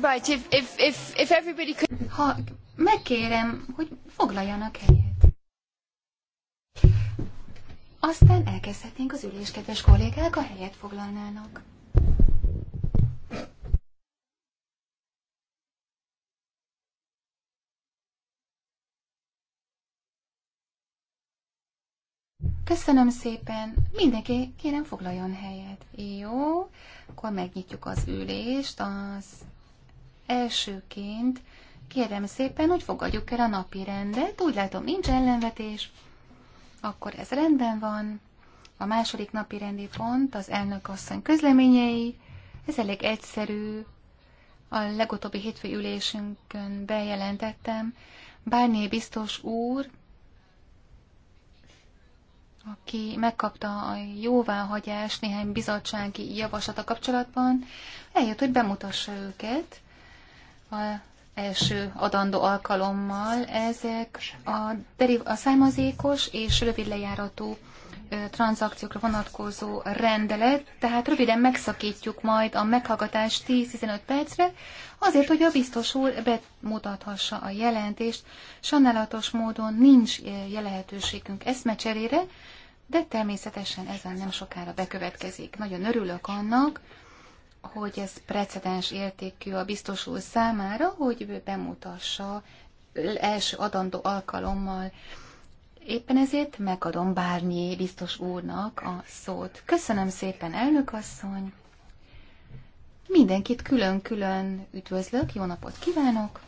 Right, if, if, if, if everybody could... Ha megkérem, hogy foglaljanak helyet. Aztán elkezdhetnénk az ülés, kedves kollégák, a helyet foglalnának. Köszönöm szépen. Mindenki, kérem, foglaljon helyet. Jó, akkor megnyitjuk az ülést. Az elsőként kérem szépen, hogy fogadjuk el a napi rendet. Úgy látom, nincs ellenvetés. Akkor ez rendben van. A második napi rendi pont az elnök asszony közleményei. Ez elég egyszerű. A legutóbbi hétfő ülésünkön bejelentettem, Bárné biztos úr aki megkapta a jóváhagyást néhány bizottsági javaslata kapcsolatban, eljött, hogy bemutassa őket a első adandó alkalommal. Ezek a, deriv- a származékos és rövid lejáratú tranzakciókra vonatkozó rendelet, tehát röviden megszakítjuk majd a meghallgatást 10-15 percre, azért, hogy a biztos úr bemutathassa a jelentést. Sajnálatos módon nincs lehetőségünk eszmecserére, de természetesen ezen nem sokára bekövetkezik. Nagyon örülök annak, hogy ez precedens értékű a biztos úr számára, hogy ő bemutassa első adandó alkalommal. Éppen ezért megadom Bárnyi biztos úrnak a szót. Köszönöm szépen, elnök asszony! Mindenkit külön-külön üdvözlök, jó napot kívánok!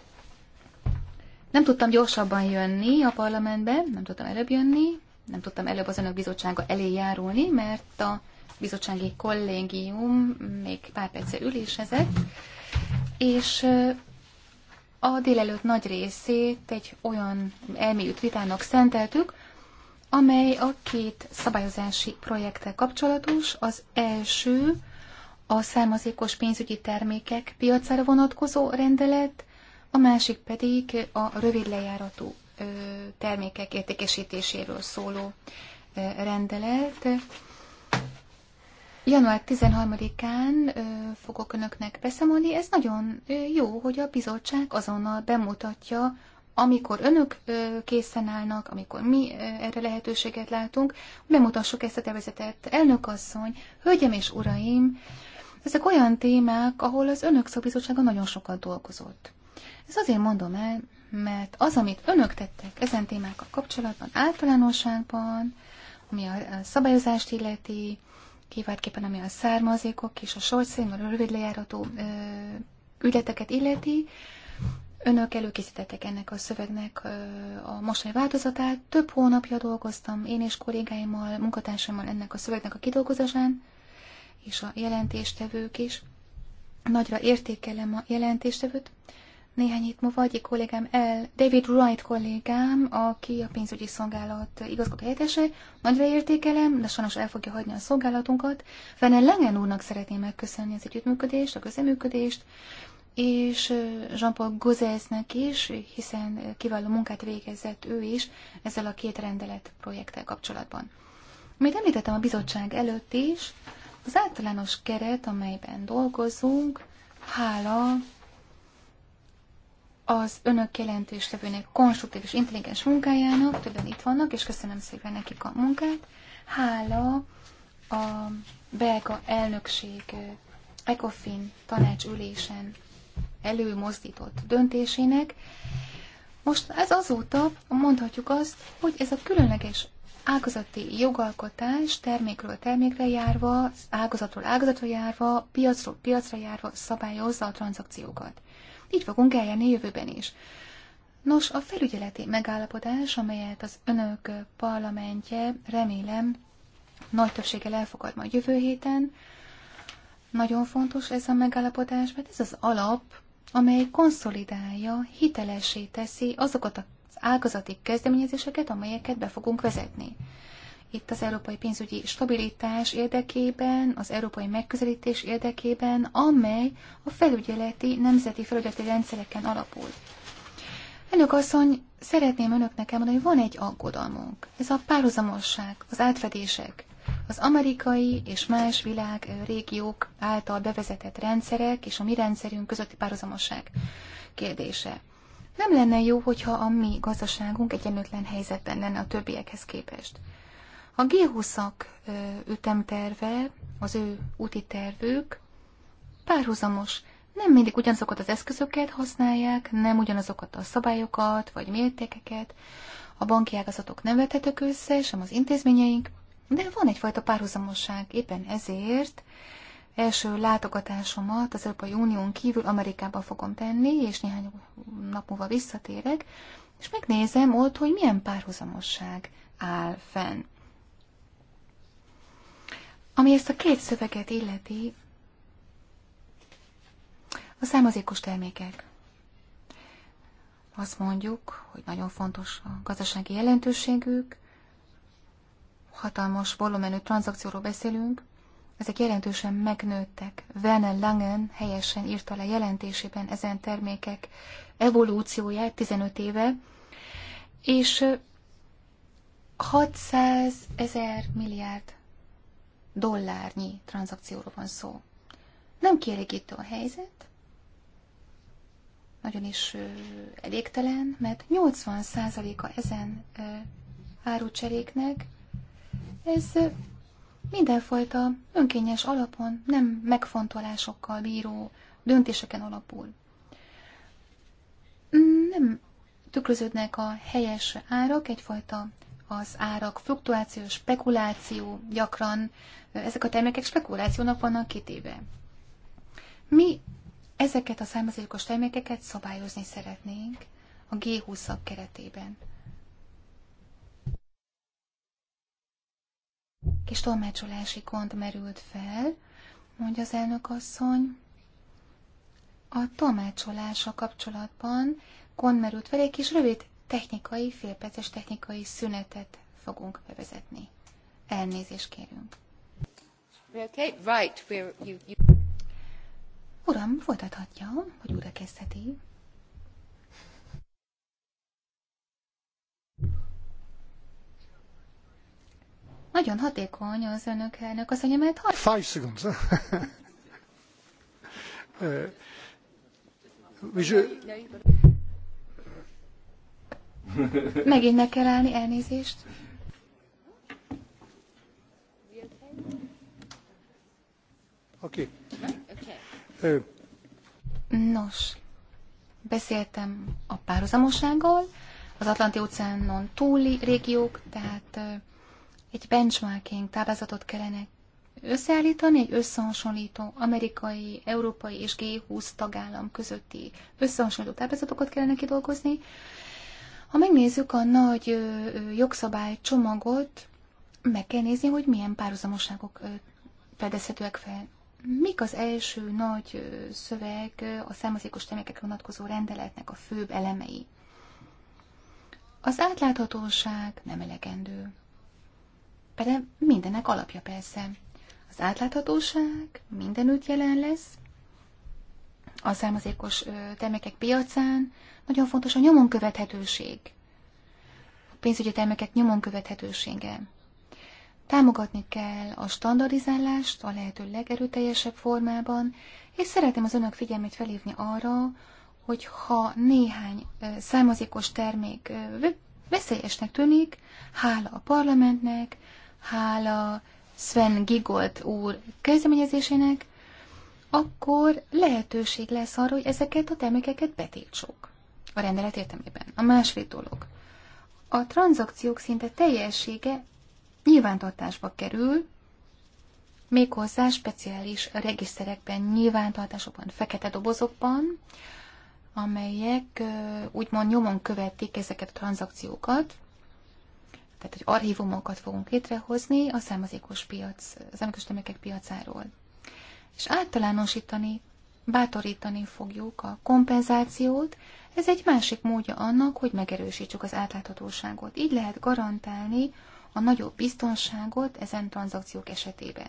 Nem tudtam gyorsabban jönni a parlamentbe, nem tudtam előbb jönni, nem tudtam előbb az önök bizottsága elé járulni, mert a bizottsági kollégium még pár perce ülésezett, és a délelőtt nagy részét egy olyan elmélyült vitának szenteltük, amely a két szabályozási projekttel kapcsolatos. Az első a származékos pénzügyi termékek piacára vonatkozó rendelet, a másik pedig a rövid lejáratú termékek értékesítéséről szóló rendelet. Január 13-án fogok önöknek beszámolni. Ez nagyon jó, hogy a bizottság azonnal bemutatja, amikor önök készen állnak, amikor mi erre lehetőséget látunk, bemutassuk ezt a tervezetet. Elnök asszony, hölgyem és uraim, ezek olyan témák, ahol az önök szakbizottsága nagyon sokat dolgozott. Ez azért mondom el, mert az, amit önök tettek ezen témákkal kapcsolatban általánosságban, ami a szabályozást illeti, kiváltképpen ami a származékok és a sorszín, a rövid lejáratú ö, ügyleteket illeti, önök előkészítettek ennek a szövegnek ö, a mostani változatát. Több hónapja dolgoztam én és kollégáimmal, munkatársaimmal ennek a szövegnek a kidolgozásán, és a jelentéstevők is. Nagyra értékelem a jelentéstevőt, néhány hét múlva egyik kollégám el, David Wright kollégám, aki a pénzügyi szolgálat igazgató helyettese, nagyra értékelem, de sajnos el fogja hagyni a szolgálatunkat. Fene Lengen úrnak szeretném megköszönni az együttműködést, a közeműködést, és Jean-Paul Gozesnek is, hiszen kiváló munkát végezett ő is ezzel a két rendelet projekttel kapcsolatban. Még említettem a bizottság előtt is, az általános keret, amelyben dolgozunk, hála az önök jelentéstevőnek konstruktív és intelligens munkájának, többen itt vannak, és köszönöm szépen nekik a munkát. Hála a belga elnökség ECOFIN tanácsülésen előmozdított döntésének. Most ez azóta mondhatjuk azt, hogy ez a különleges ágazati jogalkotás termékről termékre járva, ágazatról ágazatra járva, piacról piacra járva szabályozza a tranzakciókat. Így fogunk eljárni a jövőben is. Nos, a felügyeleti megállapodás, amelyet az önök parlamentje remélem nagy többséggel elfogad majd jövő héten, nagyon fontos ez a megállapodás, mert ez az alap, amely konszolidálja, hitelesé teszi azokat az ágazati kezdeményezéseket, amelyeket be fogunk vezetni. Itt az európai pénzügyi stabilitás érdekében, az európai megközelítés érdekében, amely a felügyeleti, nemzeti felügyeleti rendszereken alapul. Elnök asszony, szeretném önöknek elmondani, hogy van egy aggodalmunk. Ez a párhuzamosság, az átfedések, az amerikai és más világ régiók által bevezetett rendszerek és a mi rendszerünk közötti párhuzamosság kérdése. Nem lenne jó, hogyha a mi gazdaságunk egyenlőtlen helyzetben lenne a többiekhez képest. A g 20 ütemterve, az ő úti tervük párhuzamos. Nem mindig ugyanazokat az eszközöket használják, nem ugyanazokat a szabályokat vagy mértékeket. A banki ágazatok nem vethetők össze, sem az intézményeink, de van egyfajta párhuzamosság. Éppen ezért első látogatásomat az Európai Unión kívül Amerikában fogom tenni, és néhány nap múlva visszatérek, és megnézem ott, hogy milyen párhuzamosság áll fenn. Ami ezt a két szöveget illeti, a származékos termékek. Azt mondjuk, hogy nagyon fontos a gazdasági jelentőségük, hatalmas volumenű tranzakcióról beszélünk, ezek jelentősen megnőttek. Werner Langen helyesen írta le jelentésében ezen termékek evolúcióját 15 éve, és 600 ezer milliárd dollárnyi tranzakcióról van szó. Nem kielégítő a helyzet, nagyon is elégtelen, mert 80%-a ezen árucseréknek ez mindenfajta önkényes alapon, nem megfontolásokkal bíró döntéseken alapul. Nem tükröződnek a helyes árak, egyfajta az árak fluktuáció, spekuláció, gyakran ezek a termékek spekulációnak vannak kitéve. Mi ezeket a származékos termékeket szabályozni szeretnénk a g 20 keretében. Kis tolmácsolási kont merült fel, mondja az elnök asszony. A tolmácsolása kapcsolatban kon merült fel egy kis rövid technikai, félperces technikai szünetet fogunk bevezetni. Elnézést kérünk. Okay, right, we're, you, you... Uram, folytathatja, hogy újra kezdheti. Nagyon hatékony az önök elnök asszony, mert... Hat... Five seconds. uh, we should... Megint meg kell állni, elnézést. Oké. Okay. Nos, beszéltem a párhuzamoságról, az Atlanti óceánon túli régiók, tehát egy benchmarking táblázatot kellene összeállítani, egy összehasonlító amerikai, európai és G20 tagállam közötti összehasonlító táblázatokat kellene kidolgozni, ha megnézzük a nagy jogszabály csomagot, meg kell nézni, hogy milyen párhuzamoságok fedezhetőek fel. Mik az első nagy szöveg a származékos termékekre vonatkozó rendeletnek a főbb elemei? Az átláthatóság nem elegendő. Pedig mindennek alapja persze. Az átláthatóság mindenütt jelen lesz, a származékos termékek piacán, nagyon fontos a nyomon követhetőség. A pénzügyi termékek nyomon követhetősége. Támogatni kell a standardizálást a lehető legerőteljesebb formában, és szeretném az önök figyelmét felhívni arra, hogy ha néhány származékos termék veszélyesnek tűnik, hála a parlamentnek, hála Sven Gigolt úr kezdeményezésének, akkor lehetőség lesz arra, hogy ezeket a termékeket betiltsuk a rendelet értelmében. A másik dolog. A tranzakciók szinte teljessége nyilvántartásba kerül, méghozzá speciális regiszterekben, nyilvántartásokban, fekete dobozokban, amelyek úgymond nyomon követik ezeket a tranzakciókat, tehát hogy archívumokat fogunk létrehozni a származékos piac, az emlékos termékek piacáról. És általánosítani, bátorítani fogjuk a kompenzációt, ez egy másik módja annak, hogy megerősítsük az átláthatóságot. Így lehet garantálni a nagyobb biztonságot ezen tranzakciók esetében.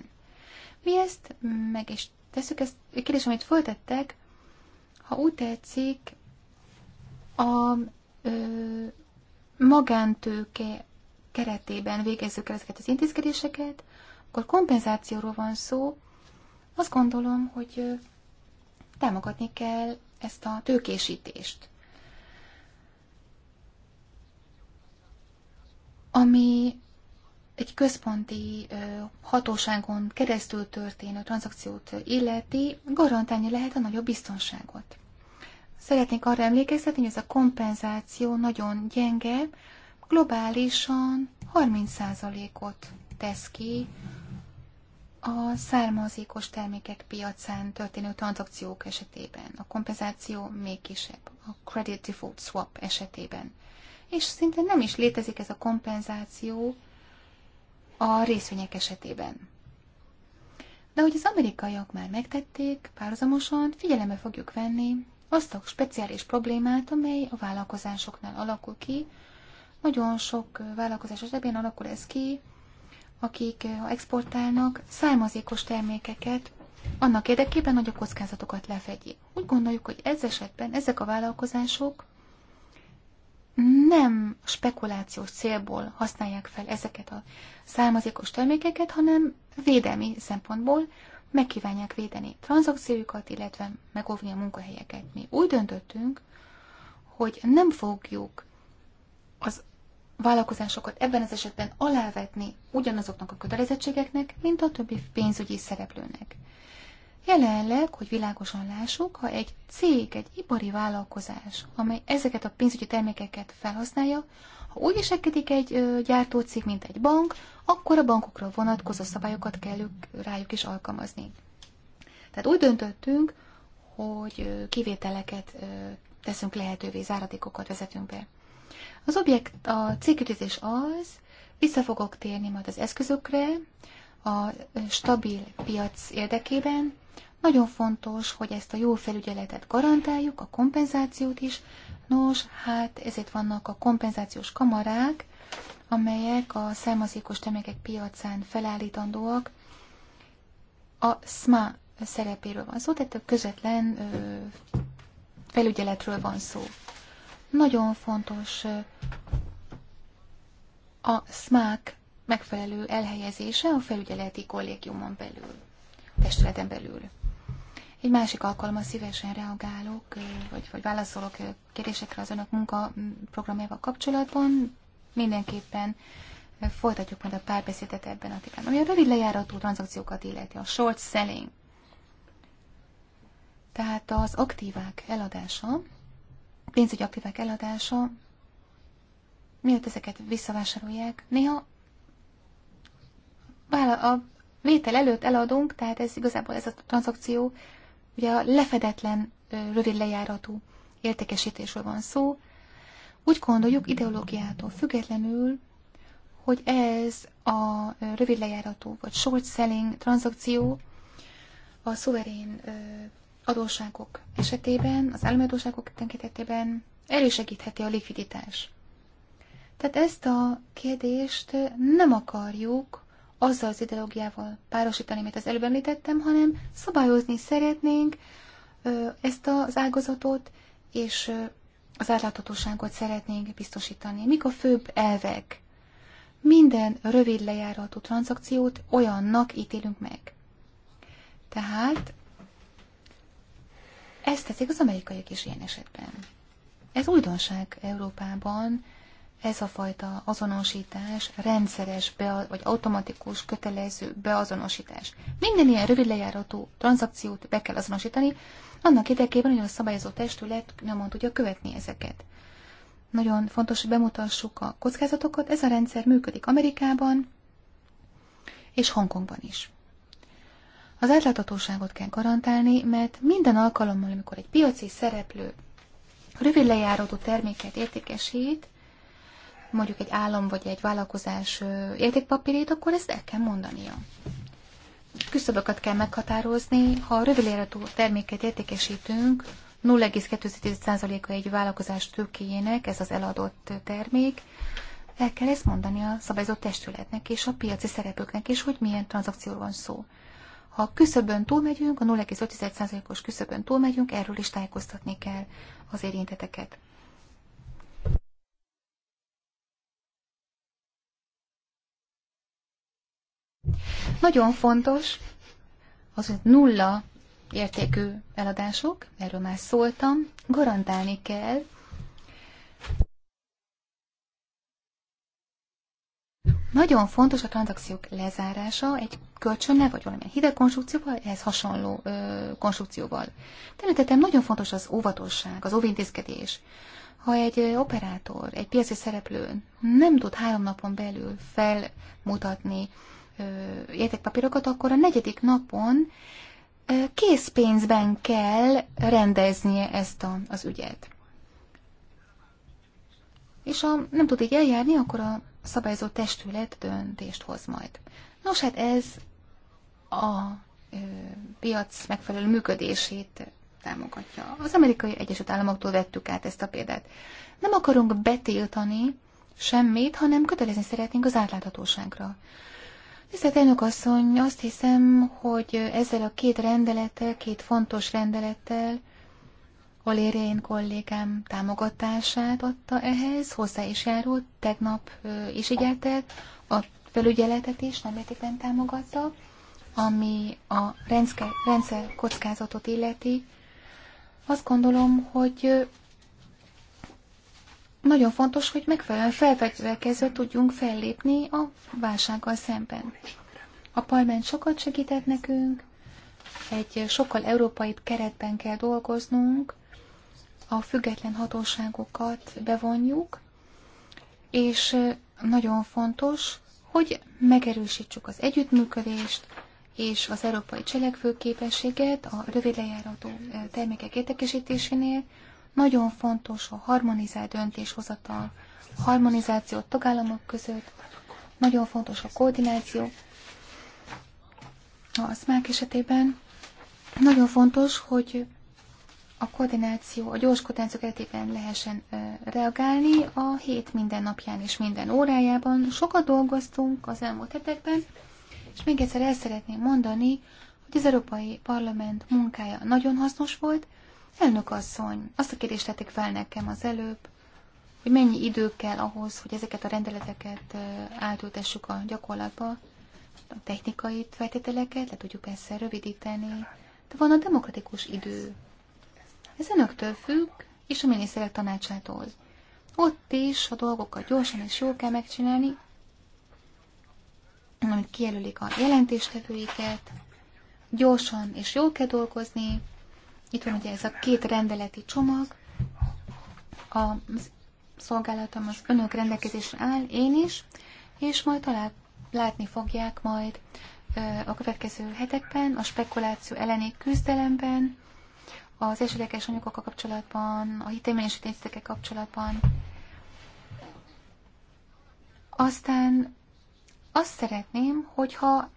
Mi ezt meg is tesszük, ezt a kérdés, amit föltettek, ha úgy tetszik, a ö, magántőke keretében végezzük el ezeket az intézkedéseket, akkor kompenzációról van szó, azt gondolom, hogy támogatni kell ezt a tőkésítést. ami egy központi hatóságon keresztül történő tranzakciót illeti, garantálni lehet a nagyobb biztonságot. Szeretnék arra emlékeztetni, hogy ez a kompenzáció nagyon gyenge, globálisan 30%-ot tesz ki a származékos termékek piacán történő tranzakciók esetében. A kompenzáció még kisebb, a credit default swap esetében és szinte nem is létezik ez a kompenzáció a részvények esetében. De ahogy az amerikaiak már megtették, párhuzamosan figyelembe fogjuk venni azt a speciális problémát, amely a vállalkozásoknál alakul ki. Nagyon sok vállalkozás esetében alakul ez ki, akik eh, exportálnak származékos termékeket, annak érdekében, hogy a kockázatokat lefedjék. Úgy gondoljuk, hogy ez esetben ezek a vállalkozások nem spekulációs célból használják fel ezeket a származékos termékeket, hanem védelmi szempontból megkívánják védeni tranzakciójukat, illetve megóvni a munkahelyeket. Mi úgy döntöttünk, hogy nem fogjuk az vállalkozásokat ebben az esetben alávetni ugyanazoknak a kötelezettségeknek, mint a többi pénzügyi szereplőnek. Jelenleg, hogy világosan lássuk, ha egy cég, egy ipari vállalkozás, amely ezeket a pénzügyi termékeket felhasználja, ha úgy viselkedik egy gyártócég, mint egy bank, akkor a bankokra vonatkozó szabályokat kell rájuk is alkalmazni. Tehát úgy döntöttünk, hogy kivételeket teszünk lehetővé, záradékokat vezetünk be. Az objekt, a cégütözés az, vissza fogok térni majd az eszközökre, a stabil piac érdekében. Nagyon fontos, hogy ezt a jó felügyeletet garantáljuk, a kompenzációt is. Nos, hát ezért vannak a kompenzációs kamarák, amelyek a származékos termékek piacán felállítandóak. A SMA szerepéről van szó, tehát a közvetlen felügyeletről van szó. Nagyon fontos a smák megfelelő elhelyezése a felügyeleti kollégiumon belül, testületen belül. Egy másik alkalommal szívesen reagálok, vagy, vagy válaszolok kérdésekre az önök munkaprogramjával kapcsolatban. Mindenképpen folytatjuk majd a párbeszédet ebben a témában. Ami a rövid lejáratú tranzakciókat illeti, a short selling, tehát az aktívák eladása, pénzügyi aktívák eladása, Miért ezeket visszavásárolják, néha a vétel előtt eladunk, tehát ez igazából ez a tranzakció, ugye a lefedetlen, rövid lejáratú értékesítésről van szó. Úgy gondoljuk ideológiától függetlenül, hogy ez a rövid lejáratú vagy short selling tranzakció a szuverén adósságok esetében, az állami adósságok tekintetében elősegítheti a likviditás. Tehát ezt a kérdést nem akarjuk azzal az ideológiával párosítani, amit az előbb említettem, hanem szabályozni szeretnénk ezt az ágazatot, és az átláthatóságot szeretnénk biztosítani. Mik a főbb elvek? Minden rövid lejáratú tranzakciót olyannak ítélünk meg. Tehát ezt teszik az amerikaiak is ilyen esetben. Ez újdonság Európában, ez a fajta azonosítás rendszeres be, vagy automatikus, kötelező beazonosítás. Minden ilyen rövid lejáratú tranzakciót be kell azonosítani, annak érdekében, hogy a szabályozó testület nyomon tudja követni ezeket. Nagyon fontos, hogy bemutassuk a kockázatokat. Ez a rendszer működik Amerikában és Hongkongban is. Az átláthatóságot kell garantálni, mert minden alkalommal, amikor egy piaci szereplő rövid lejáratú terméket értékesít, mondjuk egy állam vagy egy vállalkozás értékpapírét, akkor ezt el kell mondania. Küszöböket kell meghatározni, ha rövidéletú terméket értékesítünk, 0,2%-a egy vállalkozás tőkéjének, ez az eladott termék, el kell ezt mondani a szabályozott testületnek és a piaci szereplőknek is, hogy milyen tranzakcióról van szó. Ha a küszöbön túlmegyünk, a 0,5%-os küszöbön túlmegyünk, erről is tájékoztatni kell az érinteteket. Nagyon fontos az, hogy nulla értékű eladások, erről már szóltam, garantálni kell, Nagyon fontos a tranzakciók lezárása egy kölcsönnel, vagy valamilyen hideg konstrukcióval, ehhez hasonló ö, konstrukcióval. Természetesen nagyon fontos az óvatosság, az óvintézkedés. Ha egy operátor, egy piaci szereplő nem tud három napon belül felmutatni értékpapírokat, akkor a negyedik napon készpénzben kell rendeznie ezt a, az ügyet. És ha nem tud így eljárni, akkor a szabályozó testület döntést hoz majd. Nos, hát ez a ö, piac megfelelő működését támogatja. Az amerikai Egyesült Államoktól vettük át ezt a példát. Nem akarunk betiltani semmit, hanem kötelezni szeretnénk az átláthatóságra. Tisztelt elnök asszony, azt hiszem, hogy ezzel a két rendelettel, két fontos rendelettel Olérén kollégám támogatását adta ehhez, hozzá is járult, tegnap is igyeltett, a felügyeletet is nem értékben támogatta, ami a rendszer kockázatot illeti. Azt gondolom, hogy nagyon fontos, hogy megfelelően felfegyverkezve tudjunk fellépni a válsággal szemben. A parlament sokat segített nekünk, egy sokkal európai keretben kell dolgoznunk, a független hatóságokat bevonjuk, és nagyon fontos, hogy megerősítsük az együttműködést, és az európai cselekvőképességet a rövid lejárató termékek értekesítésénél, nagyon fontos a harmonizált döntéshozatal, a harmonizáció a tagállamok között, nagyon fontos a koordináció. A SMAC esetében nagyon fontos, hogy a koordináció, a gyors koordináció keretében lehessen reagálni a hét minden napján és minden órájában. Sokat dolgoztunk az elmúlt hetekben, és még egyszer el szeretném mondani, hogy az Európai Parlament munkája nagyon hasznos volt, Elnök asszony, azt a kérdést tették fel nekem az előbb, hogy mennyi idő kell ahhoz, hogy ezeket a rendeleteket átültessük a gyakorlatba, a technikai feltételeket le tudjuk persze rövidíteni, de van a demokratikus idő. Ez önöktől függ, és a miniszterek tanácsától. Ott is a dolgokat gyorsan és jól kell megcsinálni, amit kijelölik a jelentéstevőiket, gyorsan és jól kell dolgozni, itt van ugye ez a két rendeleti csomag, a szolgálatom az önök rendelkezésre áll, én is, és majd talán látni fogják majd a következő hetekben, a spekuláció elleni küzdelemben, az esetleges anyagokkal kapcsolatban, a hitelminősítéstekkel kapcsolatban. Aztán azt szeretném, hogyha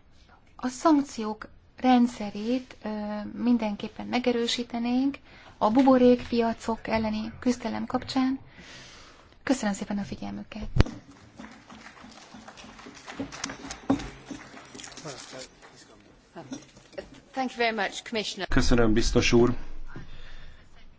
a szankciók rendszerét mindenképpen megerősítenénk a buborékpiacok elleni küzdelem kapcsán. Köszönöm szépen a figyelmüket! Köszönöm, biztos úr!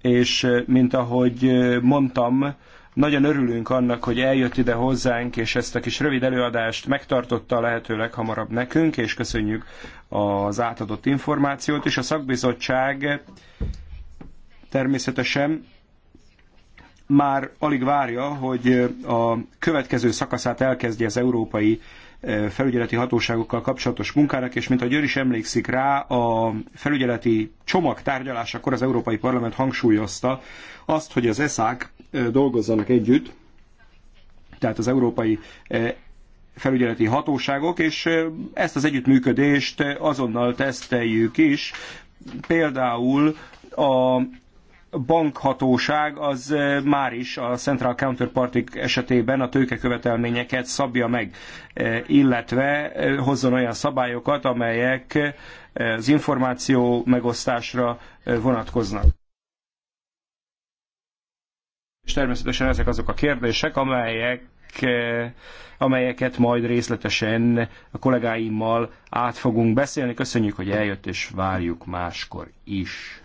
És mint ahogy mondtam, nagyon örülünk annak, hogy eljött ide hozzánk, és ezt a kis rövid előadást megtartotta a lehető leghamarabb nekünk, és köszönjük az átadott információt, és a szakbizottság természetesen már alig várja, hogy a következő szakaszát elkezdje az európai eh, felügyeleti hatóságokkal kapcsolatos munkának, és mint a Győr is emlékszik rá, a felügyeleti csomag tárgyalásakor az Európai Parlament hangsúlyozta azt, hogy az ESZÁK dolgozzanak együtt, tehát az európai felügyeleti hatóságok, és ezt az együttműködést azonnal teszteljük is. Például a bankhatóság az már is a Central Counterparty esetében a tőkekövetelményeket szabja meg, illetve hozzon olyan szabályokat, amelyek az információ megosztásra vonatkoznak és természetesen ezek azok a kérdések, amelyek eh, amelyeket majd részletesen a kollégáimmal át fogunk beszélni. Köszönjük, hogy eljött, és várjuk máskor is.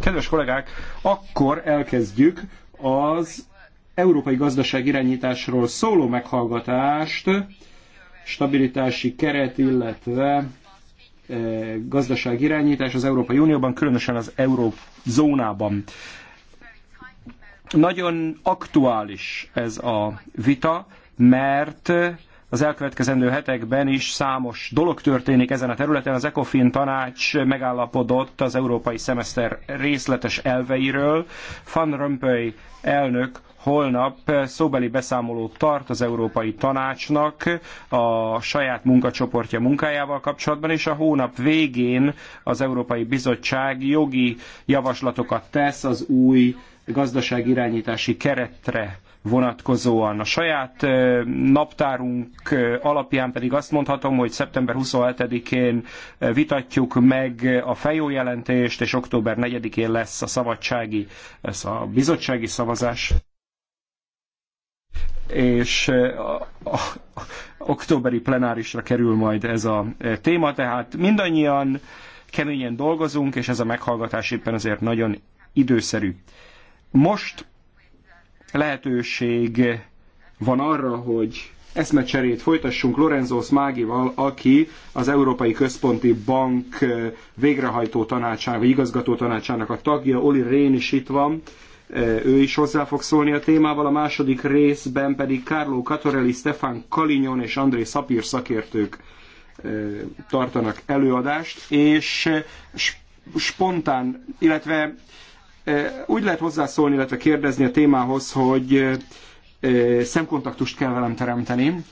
Kedves kollégák, akkor elkezdjük az európai gazdaság irányításról szóló meghallgatást, stabilitási keret, illetve eh, gazdaság irányítás az Európai Unióban, különösen az eurózónában. Nagyon aktuális ez a vita, mert az elkövetkezendő hetekben is számos dolog történik ezen a területen. Az ECOFIN tanács megállapodott az európai szemeszter részletes elveiről. Van Rompuy elnök holnap szóbeli beszámolót tart az Európai Tanácsnak a saját munkacsoportja munkájával kapcsolatban, és a hónap végén az Európai Bizottság jogi javaslatokat tesz az új gazdaságirányítási keretre vonatkozóan. A saját naptárunk alapján pedig azt mondhatom, hogy szeptember 27-én vitatjuk meg a fejó jelentést, és október 4-én lesz a szabadsági, ez a bizottsági szavazás és a, a, a, októberi plenárisra kerül majd ez a téma, tehát mindannyian keményen dolgozunk, és ez a meghallgatás éppen azért nagyon időszerű. Most lehetőség van arra, hogy eszmecserét folytassunk Lorenzo Smágival, aki az Európai Központi Bank végrehajtó tanácsának, vagy igazgató tanácsának a tagja, Oli Rén is itt van, ő is hozzá fog szólni a témával, a második részben pedig Carlo Catorelli, Stefan Kalinyon és André Szapír szakértők tartanak előadást, és spontán, illetve úgy lehet hozzászólni, illetve kérdezni a témához, hogy szemkontaktust kell velem teremteni.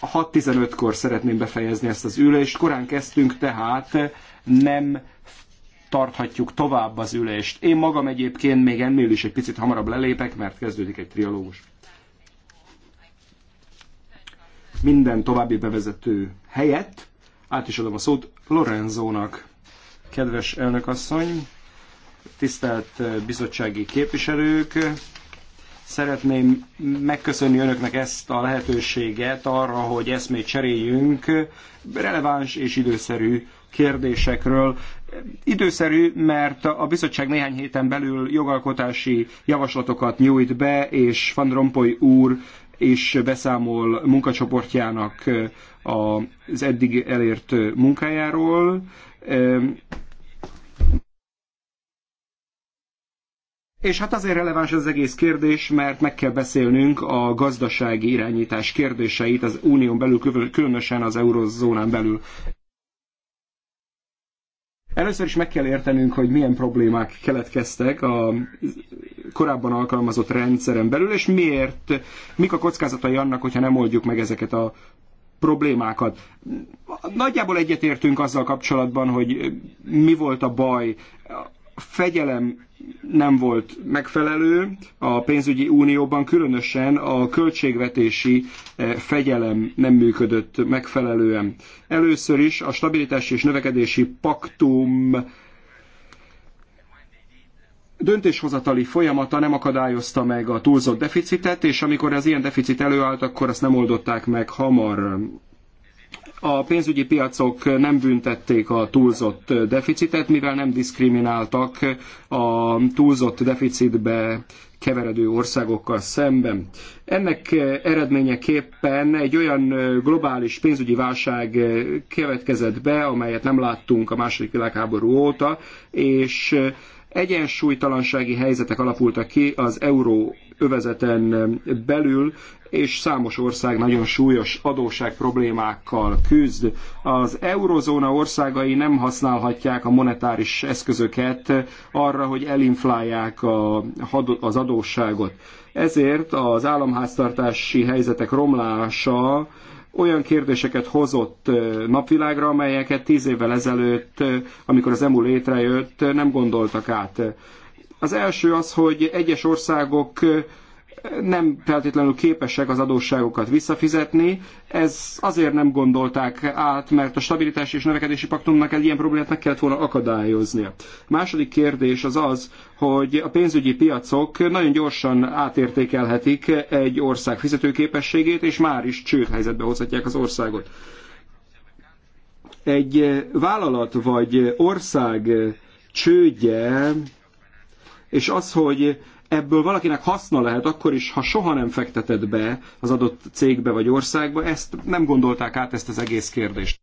6.15-kor szeretném befejezni ezt az ülést. Korán kezdtünk, tehát nem tarthatjuk tovább az ülést. Én magam egyébként még ennél is egy picit hamarabb lelépek, mert kezdődik egy trialógus. Minden további bevezető helyett át is adom a szót Lorenzónak. Kedves elnökasszony, tisztelt eh, bizottsági képviselők, szeretném megköszönni önöknek ezt a lehetőséget arra, hogy eszmét cseréljünk releváns és időszerű kérdésekről. Időszerű, mert a bizottság néhány héten belül jogalkotási javaslatokat nyújt be, és Van Rompuy úr és beszámol munkacsoportjának eh, az eddig elért eh, munkájáról. És hát azért releváns az egész kérdés, mert meg kell beszélnünk a gazdasági irányítás kérdéseit az unión belül, különösen az eurozónán belül. Először is meg kell értenünk, hogy milyen problémák keletkeztek a korábban alkalmazott rendszeren belül, és miért, mik a kockázatai annak, hogyha nem oldjuk meg ezeket a problémákat. Nagyjából egyetértünk azzal kapcsolatban, hogy mi volt a baj fegyelem nem volt megfelelő a pénzügyi unióban, különösen a költségvetési eh, fegyelem nem működött megfelelően. Először is a stabilitási és növekedési paktum döntéshozatali folyamata nem akadályozta meg a túlzott deficitet, és amikor az ilyen deficit előállt, akkor azt nem oldották meg hamar a pénzügyi piacok nem büntették a túlzott deficitet, mivel nem diszkrimináltak a túlzott deficitbe keveredő országokkal szemben. Ennek eredményeképpen egy olyan globális pénzügyi válság következett be, amelyet nem láttunk a második világháború óta, és egyensúlytalansági helyzetek alakultak ki az euró övezeten belül, és számos ország nagyon súlyos adóság problémákkal küzd. Az eurozóna országai nem használhatják a monetáris eszközöket arra, hogy elinflálják az adósságot. Ezért az államháztartási helyzetek romlása olyan kérdéseket hozott napvilágra, amelyeket tíz évvel ezelőtt, amikor az EMU létrejött, nem gondoltak át. Az első az, hogy egyes országok nem feltétlenül képesek az adósságokat visszafizetni. Ez azért nem gondolták át, mert a stabilitási és növekedési paktumnak egy ilyen problémát meg kellett volna akadályoznia. Második kérdés az az, hogy a pénzügyi piacok nagyon gyorsan átértékelhetik egy ország fizetőképességét, és már is csődhelyzetbe hozhatják az országot. Egy vállalat vagy ország csődje és az, hogy ebből valakinek haszna lehet, akkor is, ha soha nem fekteted be az adott cégbe vagy országba, ezt nem gondolták át, ezt az egész kérdést.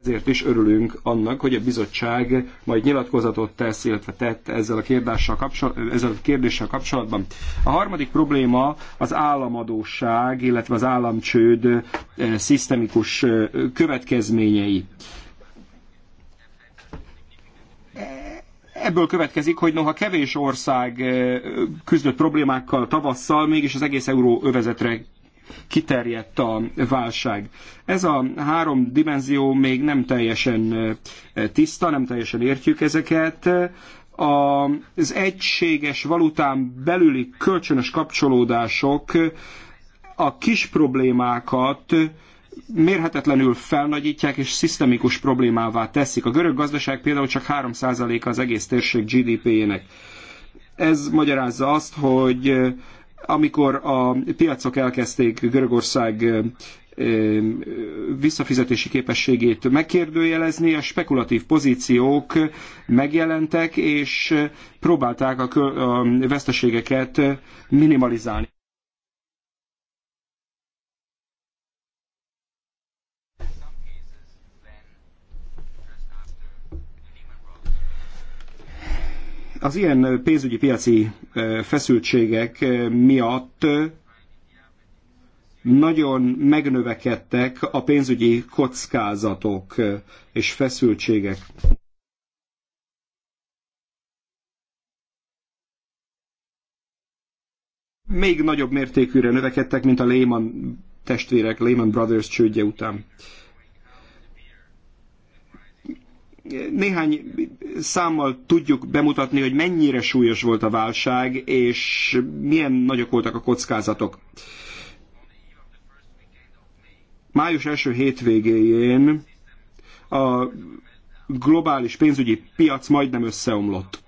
Ezért is örülünk annak, hogy a bizottság majd nyilatkozatot tesz, illetve tett ezzel a, kérdéssel kapcsolatban, ezzel a kérdéssel kapcsolatban. A harmadik probléma az államadóság, illetve az államcsőd eh, szisztemikus eh, következményei. Ebből következik, hogy noha kevés ország küzdött problémákkal tavasszal, mégis az egész euróövezetre kiterjedt a válság. Ez a három dimenzió még nem teljesen tiszta, nem teljesen értjük ezeket. Az egységes valután belüli kölcsönös kapcsolódások a kis problémákat mérhetetlenül felnagyítják és szisztemikus problémává teszik. A görög gazdaság például csak 3%-a az egész térség GDP-jének. Ez magyarázza azt, hogy amikor a piacok elkezdték Görögország visszafizetési képességét megkérdőjelezni, a spekulatív pozíciók megjelentek, és próbálták a veszteségeket minimalizálni. Az ilyen pénzügyi piaci feszültségek miatt nagyon megnövekedtek a pénzügyi kockázatok és feszültségek. Még nagyobb mértékűre növekedtek, mint a Lehman testvérek, Lehman Brothers csődje után néhány számmal tudjuk bemutatni, hogy mennyire súlyos volt a válság, és milyen nagyok voltak a kockázatok. Május első hétvégéjén a globális pénzügyi piac majdnem összeomlott.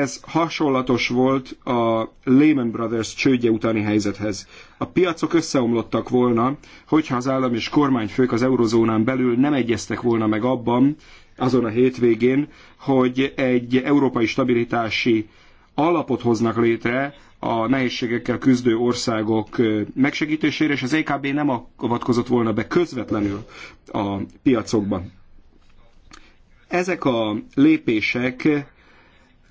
Ez hasonlatos volt a Lehman Brothers csődje utáni helyzethez. A piacok összeomlottak volna, hogyha az állam és kormányfők az eurozónán belül nem egyeztek volna meg abban, azon a hétvégén, hogy egy európai stabilitási alapot hoznak létre a nehézségekkel küzdő országok megsegítésére, és az EKB nem avatkozott volna be közvetlenül a piacokban. Ezek a lépések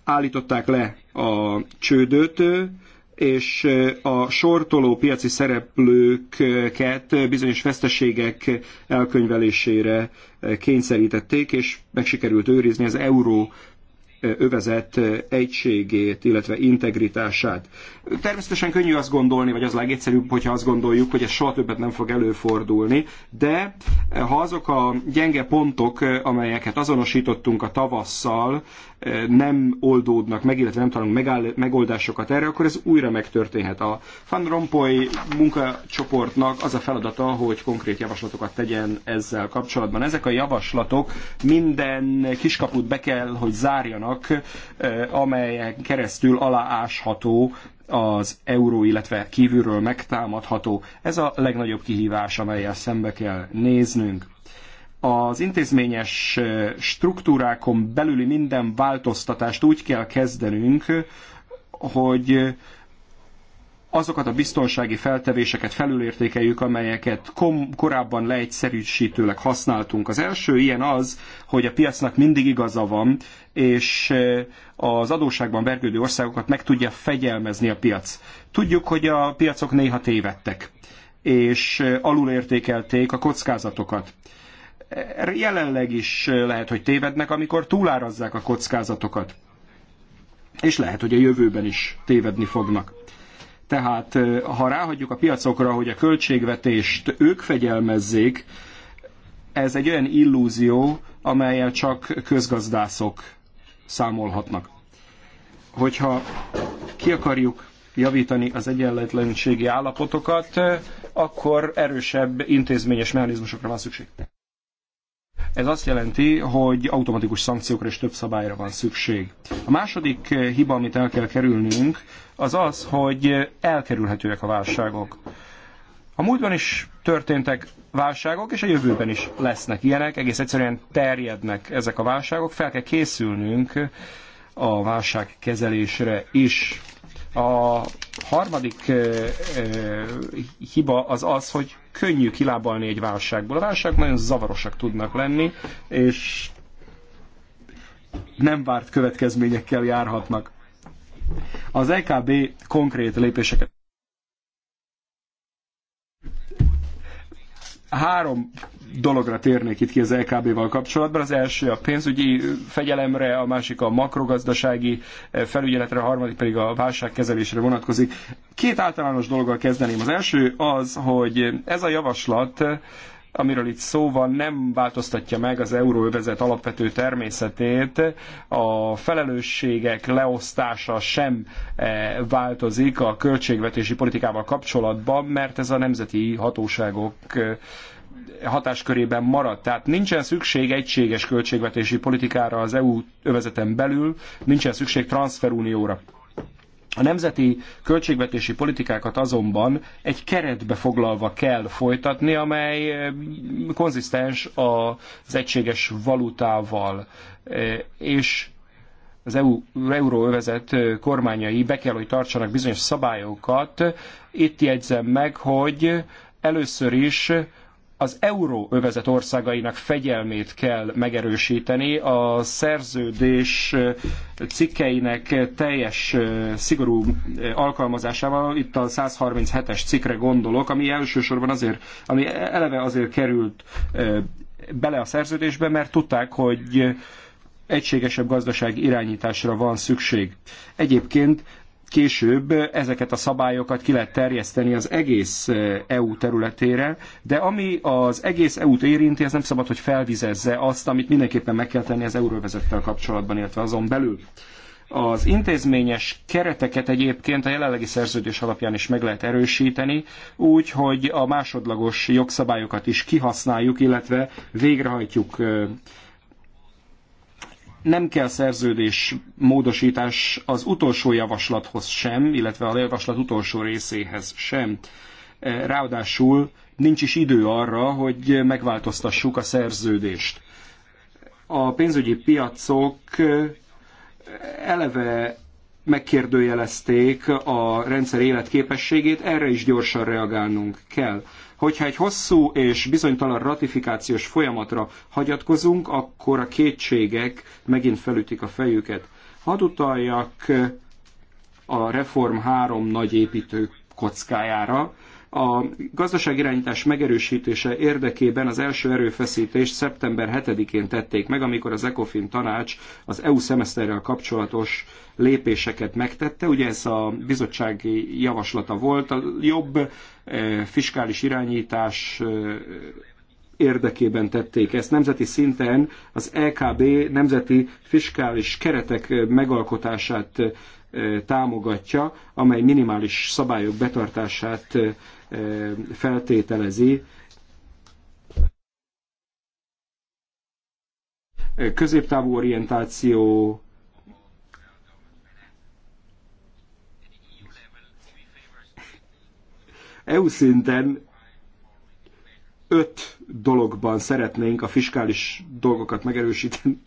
állították le a csődöt, és a sortoló piaci szereplőket bizonyos veszteségek elkönyvelésére kényszerítették, és meg sikerült őrizni az euró övezet egységét, illetve integritását. Természetesen könnyű azt gondolni, vagy az legegyszerűbb, hogyha azt gondoljuk, hogy ez soha többet nem fog előfordulni, de ha azok a gyenge pontok, amelyeket azonosítottunk a tavasszal, nem oldódnak meg, illetve nem találunk megoldásokat erre, akkor ez újra megtörténhet. A Van Rompuy munkacsoportnak az a feladata, hogy konkrét javaslatokat tegyen ezzel kapcsolatban. Ezek a javaslatok minden kiskaput be kell, hogy zárjanak, amelyen keresztül aláásható az euró, illetve kívülről megtámadható. Ez a legnagyobb kihívás, amelyel szembe kell néznünk az intézményes struktúrákon belüli minden változtatást úgy kell kezdenünk, hogy azokat a biztonsági feltevéseket felülértékeljük, amelyeket kom- korábban leegyszerűsítőleg használtunk. Az első ilyen az, hogy a piacnak mindig igaza van, és az adósságban vergődő országokat meg tudja fegyelmezni a piac. Tudjuk, hogy a piacok néha tévedtek és alulértékelték a kockázatokat jelenleg is lehet, hogy tévednek, amikor túlárazzák a kockázatokat. És lehet, hogy a jövőben is tévedni fognak. Tehát ha ráhagyjuk a piacokra, hogy a költségvetést ők fegyelmezzék, ez egy olyan illúzió, amelyel csak közgazdászok számolhatnak. Hogyha ki akarjuk javítani az egyenletlenségi állapotokat, akkor erősebb intézményes mechanizmusokra van szükség. Ez azt jelenti, hogy automatikus szankciókra és több szabályra van szükség. A második eh, hiba, amit el kell kerülnünk, az az, hogy elkerülhetőek a válságok. A múltban is történtek válságok, és a jövőben is lesznek ilyenek, egész egyszerűen terjednek ezek a válságok, fel kell készülnünk a válság kezelésre is. A harmadik hiba az az, hogy könnyű kilábalni egy válságból. A válságok nagyon zavarosak tudnak lenni, és nem várt következményekkel járhatnak. Az EKB konkrét lépéseket Három dologra térnék itt ki az LKB-val kapcsolatban. Az első a pénzügyi fegyelemre, a másik a makrogazdasági eh, felügyeletre, a harmadik pedig a válságkezelésre vonatkozik. Két általános dologgal kezdeném. Az első az, hogy ez a javaslat amiről itt szó van, nem változtatja meg az euróövezet alapvető természetét. A felelősségek leosztása sem eh, változik a költségvetési politikával kapcsolatban, mert ez a nemzeti hatóságok eh, hatáskörében marad. Tehát nincsen szükség egységes költségvetési politikára az EU övezeten belül, nincsen szükség transferunióra. A nemzeti költségvetési politikákat azonban egy keretbe foglalva kell folytatni, amely eh, konzisztens az egységes valutával, eh, és az EU, euróövezet eh, kormányai be kell, hogy tartsanak bizonyos szabályokat. Itt jegyzem meg, hogy először is az euróövezet országainak fegyelmét kell megerősíteni, a szerződés cikkeinek teljes szigorú alkalmazásával, itt a 137-es cikkre gondolok, ami elsősorban azért, ami eleve azért került bele a szerződésbe, mert tudták, hogy egységesebb gazdaság irányításra van szükség. Egyébként később ezeket a szabályokat ki lehet terjeszteni az egész eh, EU területére, de ami az egész EU-t érinti, ez nem szabad, hogy felvizezze azt, amit mindenképpen meg kell tenni az euróvezettel kapcsolatban, illetve azon belül. Az intézményes kereteket egyébként a jelenlegi szerződés alapján is meg lehet erősíteni, úgy, hogy a másodlagos jogszabályokat is kihasználjuk, illetve végrehajtjuk eh, nem kell szerződés módosítás az utolsó javaslathoz sem, illetve a javaslat utolsó részéhez sem. E, ráadásul nincs is idő arra, hogy megváltoztassuk a szerződést. A pénzügyi piacok e, eleve megkérdőjelezték a rendszer életképességét, erre is gyorsan reagálnunk kell. Hogyha egy hosszú és bizonytalan ratifikációs folyamatra hagyatkozunk, akkor a kétségek megint felütik a fejüket. Hadd utaljak a Reform három nagy építő kockájára, a gazdaságirányítás megerősítése érdekében az első erőfeszítést szeptember 7-én tették meg, amikor az ECOFIN tanács az EU szemeszterrel kapcsolatos lépéseket megtette. Ugye ez a bizottsági javaslata volt, a jobb eh, fiskális irányítás eh, érdekében tették ezt. Nemzeti szinten az EKB nemzeti fiskális keretek eh, megalkotását támogatja, amely minimális szabályok betartását feltételezi, középtávú orientáció, EU szinten öt dologban szeretnénk a fiskális dolgokat megerősíteni.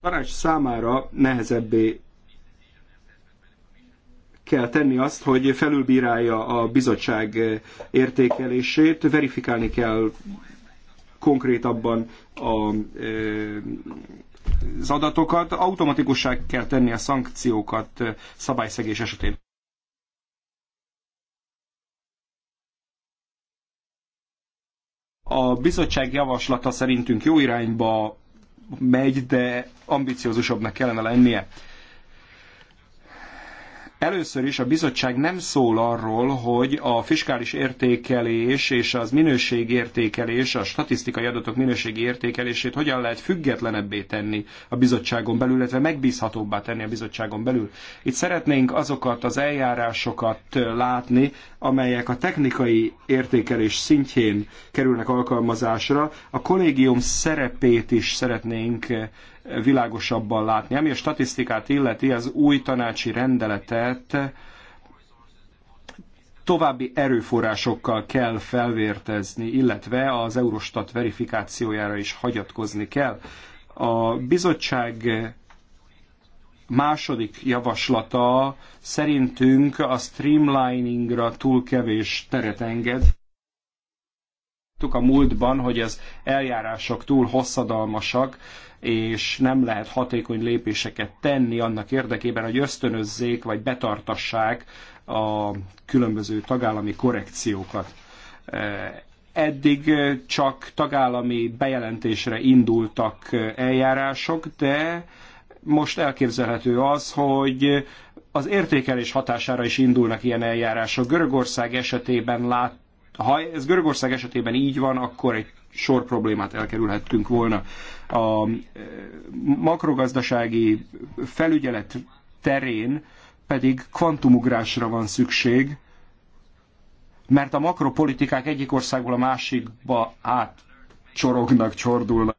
tanács számára nehezebbé kell tenni azt, hogy felülbírálja a bizottság értékelését, verifikálni kell konkrétabban a, eh, az adatokat, automatikussá kell tenni a szankciókat szabályszegés esetén. A bizottság javaslata szerintünk jó irányba megy, de ambiciózusabbnak kellene lennie. Először is a bizottság nem szól arról, hogy a fiskális értékelés és az értékelés, a statisztikai adatok minőségi értékelését hogyan lehet függetlenebbé tenni a bizottságon belül, illetve megbízhatóbbá tenni a bizottságon belül. Itt szeretnénk azokat az eljárásokat látni, amelyek a technikai értékelés szintjén kerülnek alkalmazásra. A kollégium szerepét is szeretnénk világosabban látni. Ami a statisztikát illeti, az új tanácsi rendeletet további erőforrásokkal kell felvértezni, illetve az Eurostat verifikációjára is hagyatkozni kell. A bizottság második javaslata szerintünk a streamliningra túl kevés teret enged a múltban, hogy az eljárások túl hosszadalmasak, és nem lehet hatékony lépéseket tenni annak érdekében, hogy ösztönözzék vagy betartassák a különböző tagállami korrekciókat. Eh, eddig eh, csak tagállami bejelentésre indultak eh, eljárások, de most elképzelhető az, hogy az értékelés hatására is indulnak ilyen eljárások. Görögország esetében lát, ha ez Görögország esetében így van, akkor egy sor problémát elkerülhettünk volna. A e, makrogazdasági felügyelet terén pedig kvantumugrásra van szükség, mert a makropolitikák egyik országból a másikba átcsorognak, csordulnak.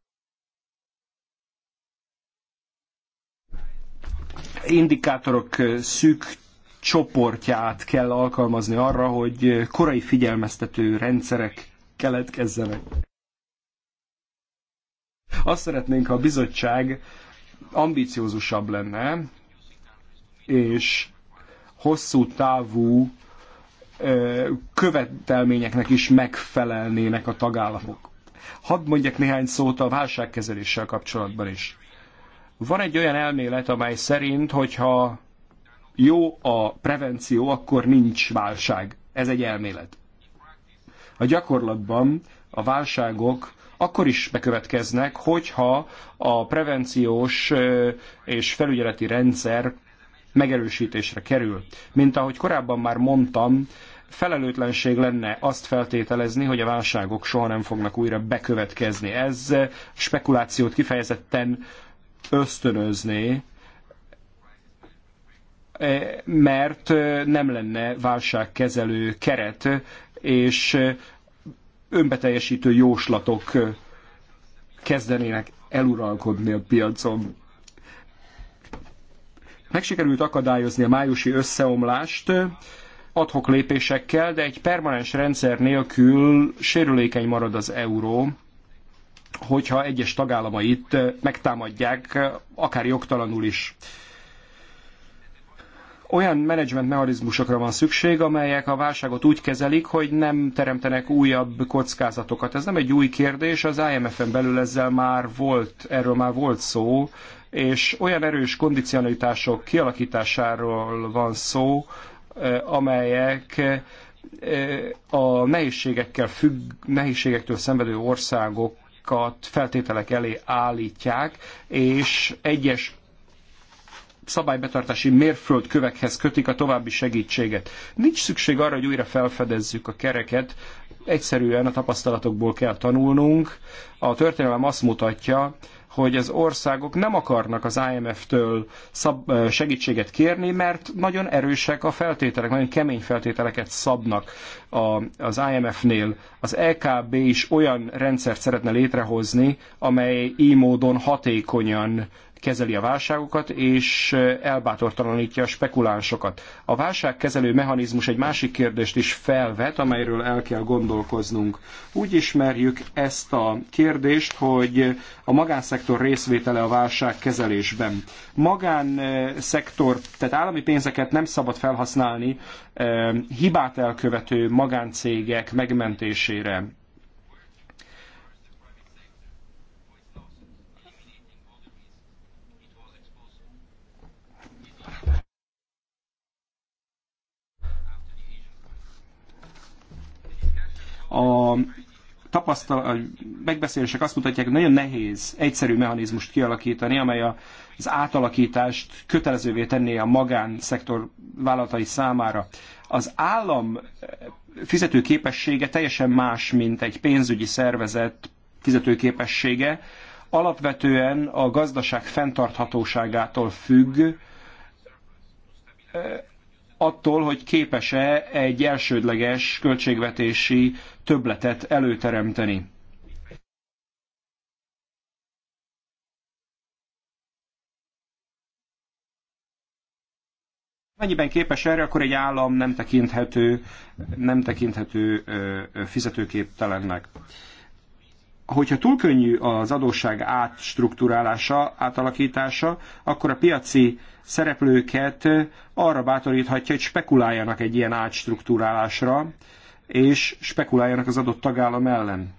Indikátorok szűk csoportját kell alkalmazni arra, hogy korai figyelmeztető rendszerek keletkezzenek. Azt szeretnénk, ha a bizottság ambiciózusabb lenne, és hosszú távú követelményeknek is megfelelnének a tagállamok. Hadd mondjak néhány szót a válságkezeléssel kapcsolatban is. Van egy olyan elmélet, amely szerint, hogyha jó a prevenció, akkor nincs válság. Ez egy elmélet. A gyakorlatban a válságok akkor is bekövetkeznek, hogyha a prevenciós és felügyeleti rendszer megerősítésre kerül. Mint ahogy korábban már mondtam, felelőtlenség lenne azt feltételezni, hogy a válságok soha nem fognak újra bekövetkezni. Ez spekulációt kifejezetten ösztönözné, Eh, mert eh, nem lenne válságkezelő keret, és eh, önbeteljesítő jóslatok kezdenének eluralkodni a piacon. Megsikerült akadályozni a májusi összeomlást adhok lépésekkel, de egy permanens rendszer nélkül sérülékeny marad az euró, hogyha egyes tagállamait megtámadják, akár jogtalanul is olyan menedzsment mechanizmusokra van szükség, amelyek a válságot úgy kezelik, hogy nem teremtenek újabb kockázatokat. Ez nem egy új kérdés, az IMF-en belül ezzel már volt, erről már volt szó, és olyan erős kondicionalitások kialakításáról van szó, amelyek a nehézségekkel függ, nehézségektől szenvedő országokat feltételek elé állítják, és egyes szabálybetartási mérföldkövekhez kötik a további segítséget. Nincs szükség arra, hogy újra felfedezzük a kereket, egyszerűen a tapasztalatokból kell tanulnunk. A történelem azt mutatja, hogy az országok nem akarnak az IMF-től szab, segítséget kérni, mert nagyon erősek a feltételek, nagyon kemény feltételeket szabnak a, az IMF-nél. Az LKB e is olyan rendszert szeretne létrehozni, amely így módon hatékonyan kezeli a válságokat, és elbátortalanítja a spekulánsokat. A válságkezelő mechanizmus egy másik kérdést is felvet, amelyről el kell gondolkoznunk. Úgy ismerjük ezt a kérdést, hogy a magánszektor részvétele a válságkezelésben. Magánszektor, tehát állami pénzeket nem szabad felhasználni hibát elkövető magáncégek megmentésére a tapasztal, megbeszélések azt mutatják, hogy nagyon nehéz egyszerű mechanizmust kialakítani, amely a, az átalakítást kötelezővé tenné a magánszektor vállalatai számára. Az állam eh, fizetőképessége teljesen más, mint egy pénzügyi szervezet fizetőképessége. Alapvetően a gazdaság fenntarthatóságától függ, eh, attól, hogy képes-e egy elsődleges költségvetési többletet előteremteni. Mennyiben képes erre, akkor egy állam nem tekinthető, nem tekinthető fizetőképtelennek hogyha túl könnyű az adósság átstruktúrálása, átalakítása, akkor a piaci szereplőket arra bátoríthatja, hogy spekuláljanak egy ilyen átstruktúrálásra, és spekuláljanak az adott tagállam ellen.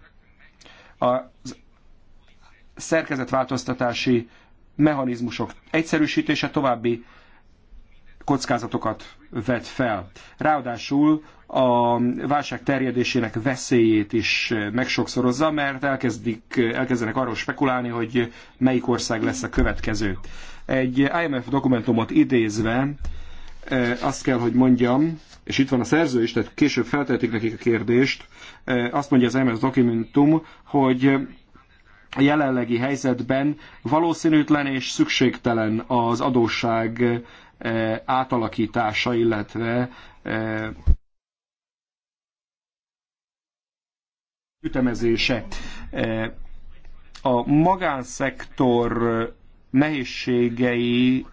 A szerkezetváltoztatási mechanizmusok egyszerűsítése további kockázatokat vet fel. Ráadásul a válság terjedésének veszélyét is megsokszorozza, mert elkezdik, elkezdenek arról spekulálni, hogy melyik ország lesz a következő. Egy IMF dokumentumot idézve e, azt kell, hogy mondjam, és itt van a szerző is, tehát később feltehetik nekik a kérdést, e, azt mondja az IMF dokumentum, hogy a jelenlegi helyzetben valószínűtlen és szükségtelen az adósság e, átalakítása, illetve ütemezése. E, a magánszektor nehézségei